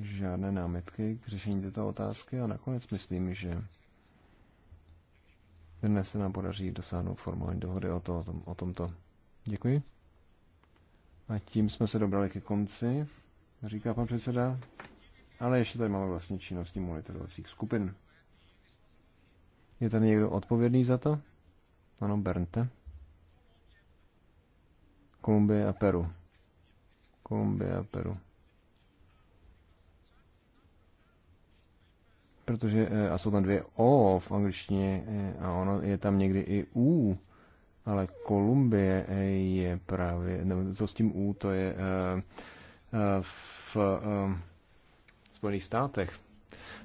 žádné námitky k řešení této otázky a nakonec myslím, že dnes se nám podaří dosáhnout formální dohody o, to, o, tom, o tomto. Děkuji. A tím jsme se dobrali ke konci, říká pan předseda. Ale ještě tady máme vlastně činnosti monitorovacích skupin. Je tady někdo odpovědný za to? Ano, Bernte. Kolumbie a Peru. Kolumbie a Peru. protože, eh, a jsou tam dvě O v angličtině eh, a ono je tam někdy i U, ale Kolumbie eh, je právě, nebo co s tím U, to je v Spojených státech.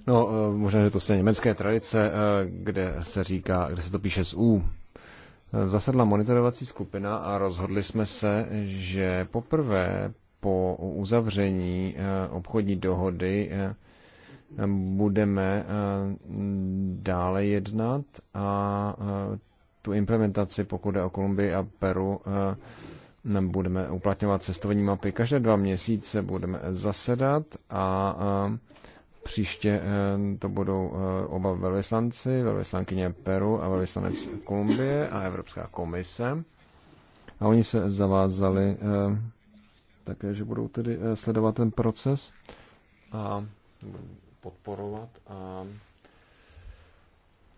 No, možná, že to je německé tradice, kde se říká, kde se to píše z U. Zasedla monitorovací skupina a rozhodli jsme se, že poprvé po uzavření obchodní dohody budeme eh, dále jednat a eh, tu implementaci, pokud jde o Kolumbii a Peru, eh, budeme uplatňovat cestovní mapy. Každé dva měsíce budeme zasedat a příště to budou oba velvyslanci, velvyslankyně Peru a velvyslanec Kolumbie a Evropská komise. A oni se zavázali také, že budou tedy sledovat ten proces a podporovat a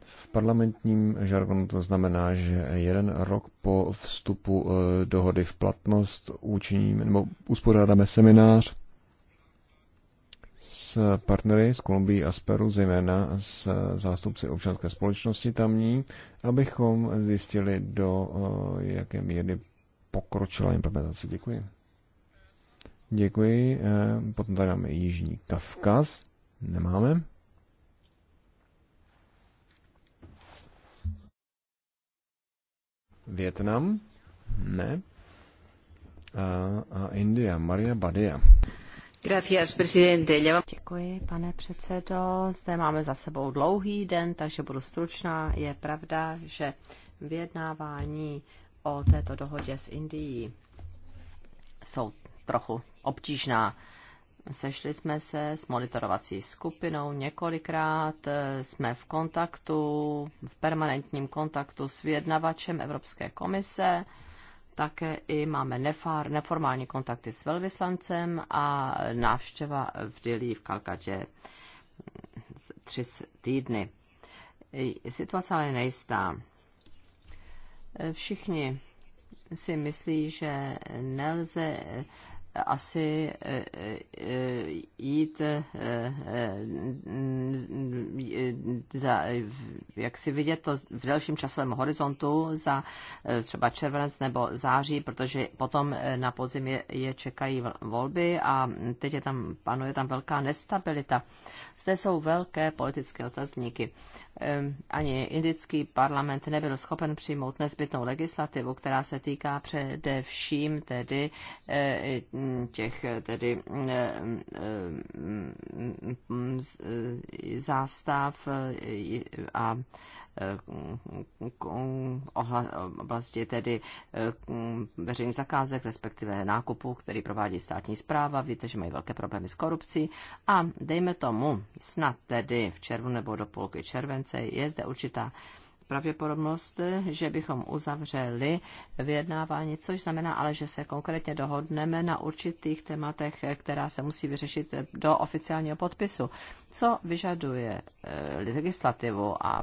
v parlamentním žargonu to znamená, že jeden rok po vstupu e, dohody v platnost učiníme nebo uspořádáme seminář s partnery z Kolumbii a z Peru, zejména s zástupci občanské společnosti tamní, abychom zjistili, do e, jaké míry pokročila implementace. Děkuji. Děkuji. E, potom tady máme Jižní Kavkaz. Nemáme. Větnam? Ne. A, a India, Maria Badia. Gracias, presidente. Děkuji, pane předsedo. Zde máme za sebou dlouhý den, takže budu stručná. Je pravda, že vyjednávání o této dohodě s Indií jsou trochu obtížná. Sešli jsme se s monitorovací skupinou několikrát, e, jsme v kontaktu, v permanentním kontaktu s vyjednavačem Evropské komise, také i máme nefár, neformální kontakty s velvyslancem a návštěva v Dili v Kalkatě tři týdny. Situace ale nejistá. E, všichni si myslí, že nelze asi e, e, e, jít za, jak si vidět to v delším časovém horizontu za třeba červenec nebo září, protože potom na podzim je, je čekají volby a teď je tam, panuje tam velká nestabilita. Zde jsou velké politické otazníky ani indický parlament nebyl schopen přijmout nezbytnou legislativu, která se týká především tedy eh, těch tedy zástav a oblasti tedy eh, veřejných zakázek, respektive nákupů, který provádí státní zpráva. Víte, že mají velké problémy s korupcí. A dejme tomu, snad tedy v červnu nebo do půlky července rámce. Je zde určitá pravděpodobnost, že bychom uzavřeli vyjednávání, což znamená ale, že se konkrétně dohodneme na určitých tématech, která se musí vyřešit do oficiálního podpisu. Co vyžaduje eh, legislativu a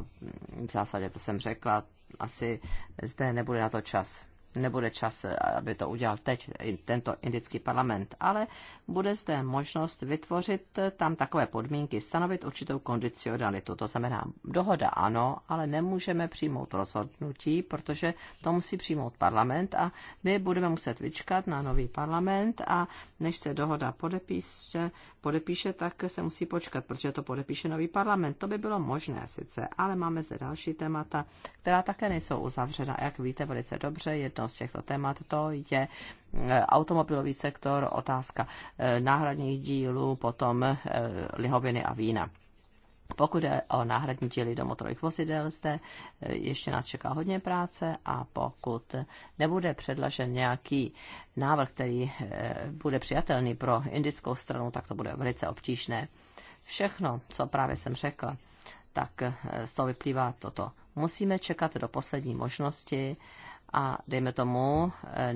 mm, v zásadě to jsem řekla, asi zde nebude na to čas nebude čas, eh, aby to udělal teď tento indický parlament, ale bude zde možnost vytvořit tam takové podmínky, stanovit určitou kondicionalitu. To znamená, dohoda ano, ale nemůžeme přijmout rozhodnutí, protože to musí přijmout parlament a my budeme muset vyčkat na nový parlament a než se dohoda podepíše, podepíše, tak se musí počkat, protože to podepíše nový parlament. To by bylo možné sice, ale máme zde další témata, která také nejsou uzavřena. Jak víte velice dobře, jedno z těchto témat to je Eh, automobilový sektor, otázka eh, náhradních dílů, potom eh, lihoviny a vína. Pokud je o náhradní díly do motorových vozidel, zde ještě nás čeká hodně práce a pokud nebude předlažen nějaký návrh, který bude přijatelný pro indickou stranu, tak to bude velice obtížné. Všechno, co právě jsem řekla, tak z toho vyplývá toto. Musíme čekat do poslední možnosti a dejme tomu eh,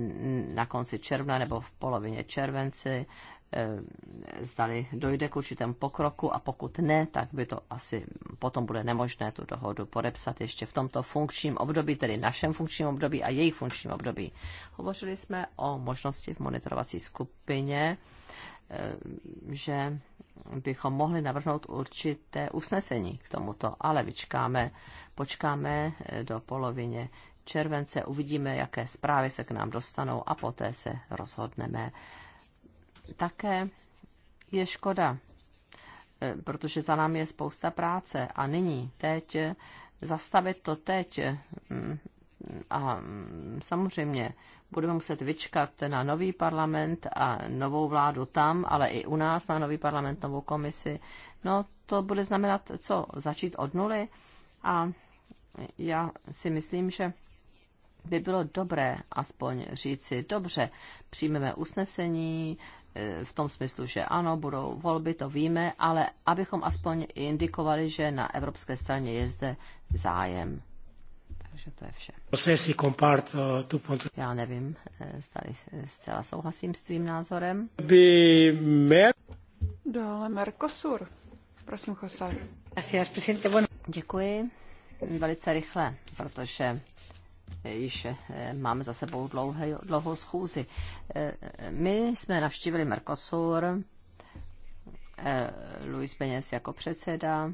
na konci června nebo v polovině červenci eh, zdali dojde k určitému pokroku a pokud ne, tak by to asi potom bude nemožné tu dohodu podepsat ještě v tomto funkčním období, tedy našem funkčním období a jejich funkčním období. Hovořili jsme o možnosti v monitorovací skupině, eh, že bychom mohli navrhnout určité usnesení k tomuto, ale vyčkáme, počkáme do polovině července. Uvidíme, jaké zprávy se k nám dostanou a poté se rozhodneme. Také je škoda, eh, protože za námi je spousta práce a nyní, teď, eh, zastavit to teď eh, mm, a mm, samozřejmě budeme muset vyčkat na nový parlament a novou vládu tam, ale i u nás na nový parlament, novou komisi. No to bude znamenat co? Začít od nuly a já si myslím, že by bylo dobré aspoň říci, dobře, přijmeme usnesení e, v tom smyslu, že ano, budou volby, to víme, ale abychom aspoň indikovali, že na evropské straně je zde zájem. Takže to je vše. No e, Já nevím, e, zdali zcela souhlasím s tvým názorem. Dále Mercosur. Prosím, Jose. Děkuji. Velice rychle, protože již eh, máme za sebou dlouhé, dlouhou schůzi. Eh, my jsme navštívili Mercosur, eh, Luis Peněz jako předseda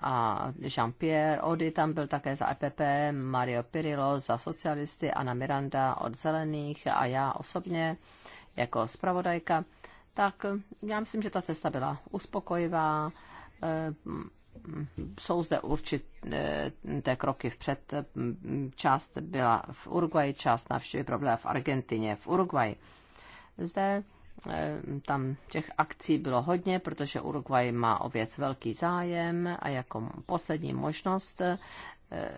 a Jean-Pierre Ody tam byl také za EPP, Mario Pirillo za socialisty, Ana Miranda od Zelených a já osobně jako zpravodajka. Tak já myslím, že ta cesta byla uspokojivá jsou zde určité eh, kroky vpřed. Část byla v Uruguay, část návštěvy proběhla v Argentině, v Uruguay. Zde eh, tam těch akcí bylo hodně, protože Uruguay má o věc velký zájem a jako poslední možnost Eh,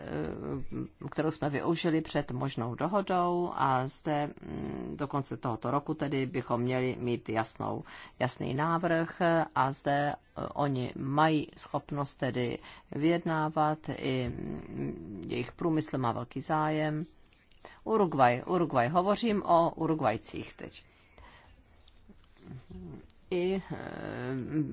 kterou jsme využili před možnou dohodou a zde mm, do konce tohoto roku tedy bychom měli mít jasnou, jasný návrh a zde eh, oni mají schopnost tedy vyjednávat i mm, jejich průmysl má velký zájem. Uruguay, Uruguay, hovořím o Uruguaycích teď i eh,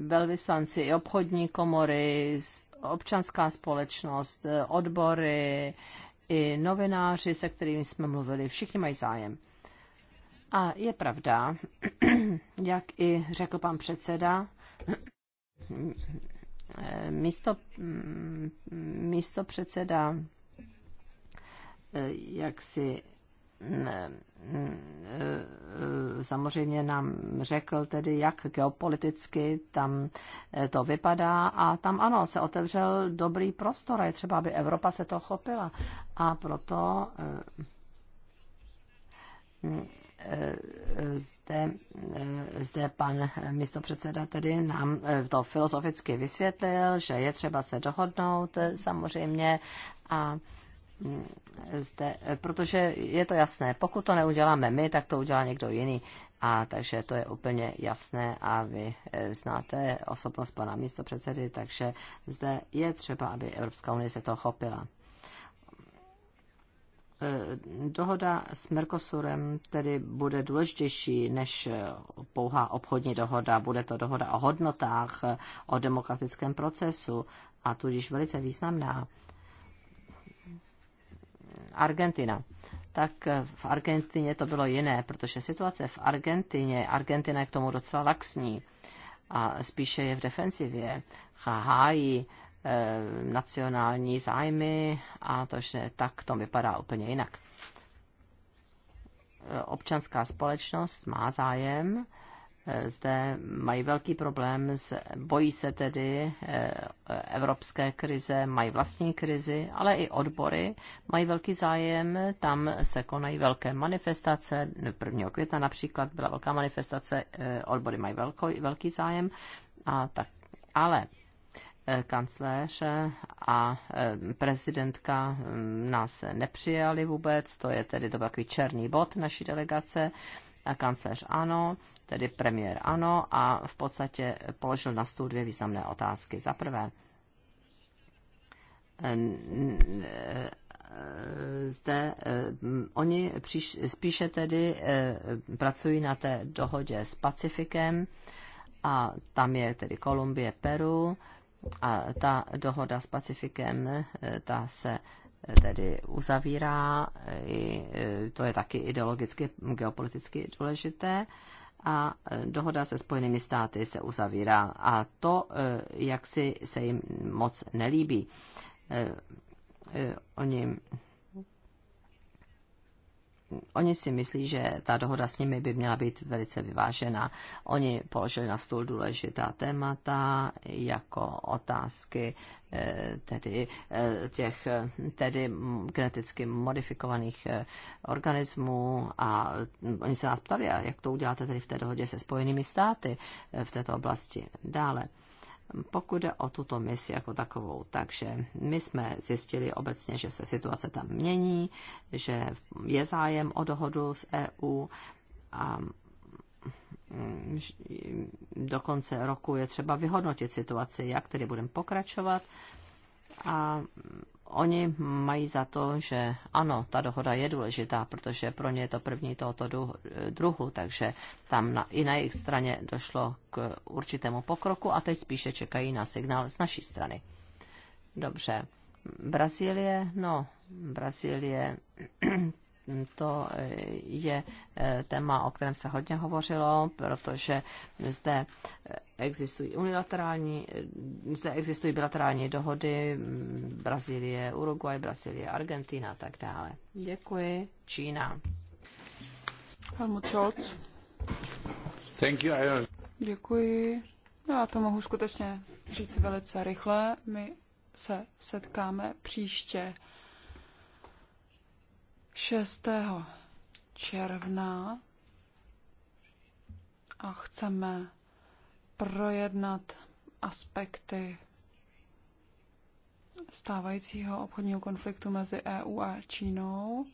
velvyslanci, i obchodní komory, z občanská společnost, eh, odbory, i novináři, se kterými jsme mluvili, všichni mají zájem. A je pravda, jak i řekl pan předseda, eh, místo, mm, místo předseda eh, jak si samozřejmě nám řekl tedy, jak geopoliticky tam eh, to vypadá a tam ano, se otevřel dobrý prostor a je třeba, aby Evropa se to chopila a proto eh, eh, zde, zde pan místopředseda tedy nám to filozoficky vysvětlil, že je třeba se dohodnout samozřejmě a zde, protože je to jasné, pokud to neuděláme my, tak to udělá někdo jiný. A takže to je úplně jasné a vy eh, znáte osobnost pana předsedy, takže zde je třeba, aby Evropská unie se to chopila. Eh, dohoda s Mercosurem tedy bude důležitější než pouhá obchodní dohoda. Bude to dohoda o hodnotách, eh, o demokratickém procesu a tudíž velice významná Argentina. Tak v Argentině to bylo jiné, protože situace v Argentině, Argentina je k tomu docela laxní a spíše je v defensivě, hájí eh, nacionální zájmy a to, že tak to vypadá úplně jinak. Eh, občanská společnost má zájem eh, Eh, zde mají velký problém, bojí se tedy eh, evropské krize, mají vlastní krizi, ale i odbory mají velký zájem, tam se konají velké manifestace, 1. května například byla velká manifestace, eh, odbory mají velký velký zájem, a tak, ale kancléř a prezidentka hm, nás nepřijali vůbec, to je tedy to takový černý bod naší delegace kancléř ano, tedy premiér ano a v podstatě položil na stůl dvě významné otázky. Za prvé, zde eh, oni příš, spíše tedy eh, pracují na té dohodě s Pacifikem a tam je tedy Kolumbie, Peru a ta dohoda s Pacifikem, eh, ta se tedy uzavírá. E, to je taky ideologicky, geopoliticky důležité. A dohoda se Spojenými státy se uzavírá. A to, e, jak si se jim moc nelíbí. E, oni oni si myslí, že ta dohoda s nimi by měla být velice vyvážená. Oni položili na stůl důležitá témata, jako otázky eh, tedy eh, těch tedy geneticky modifikovaných eh, organismů a oni se nás ptali, jak to uděláte tedy v té dohodě se spojenými státy v této oblasti. Dále pokud jde o tuto misi jako takovou. Takže my jsme zjistili obecně, že se situace tam mění, že je zájem o dohodu s EU a mm, do konce roku je třeba vyhodnotit situaci, jak tedy budeme pokračovat. A oni mají za to, že ano, ta dohoda je důležitá, protože pro ně je to první tohoto druhu, takže tam na, i na jejich straně došlo k určitému pokroku a teď spíše čekají na signál z naší strany. Dobře. Brazílie, no, Brazílie to eh, je eh, téma, o kterém se hodně hovořilo, protože zde eh, existují unilaterální, zde existují bilaterální dohody mm, Brazílie, Uruguay, Brazílie, Argentina a tak dále. Děkuji. Čína. Helmut Scholz. Thank you, Iron. Děkuji. Já to mohu skutečně říct velice rychle. My se setkáme příště 6. června a chceme projednat aspekty stávajícího obchodního konfliktu mezi EU a Čínou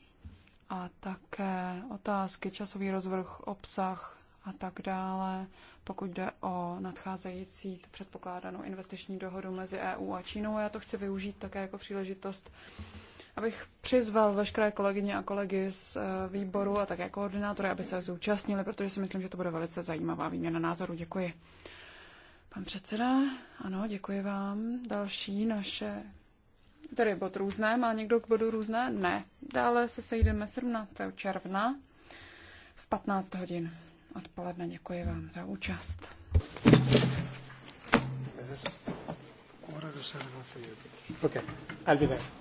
a také otázky, časový rozvrh, obsah a tak dále, pokud jde o nadcházející tu předpokládanou investiční dohodu mezi EU a Čínou. Já to chci využít také jako příležitost uh, abych přizval veškeré kolegyně a kolegy z eh, výboru a také koordinátory, aby se zúčastnili, protože si myslím, že to bude velice zajímavá výměna názoru. Děkuji. Pan předseda, ano, děkuji vám. Další naše, tedy bod různé, má někdo k bodu různé? Ne. Dále se sejdeme 17. června v 15 hodin odpoledne. Děkuji vám za účast. Okay, I'll be there.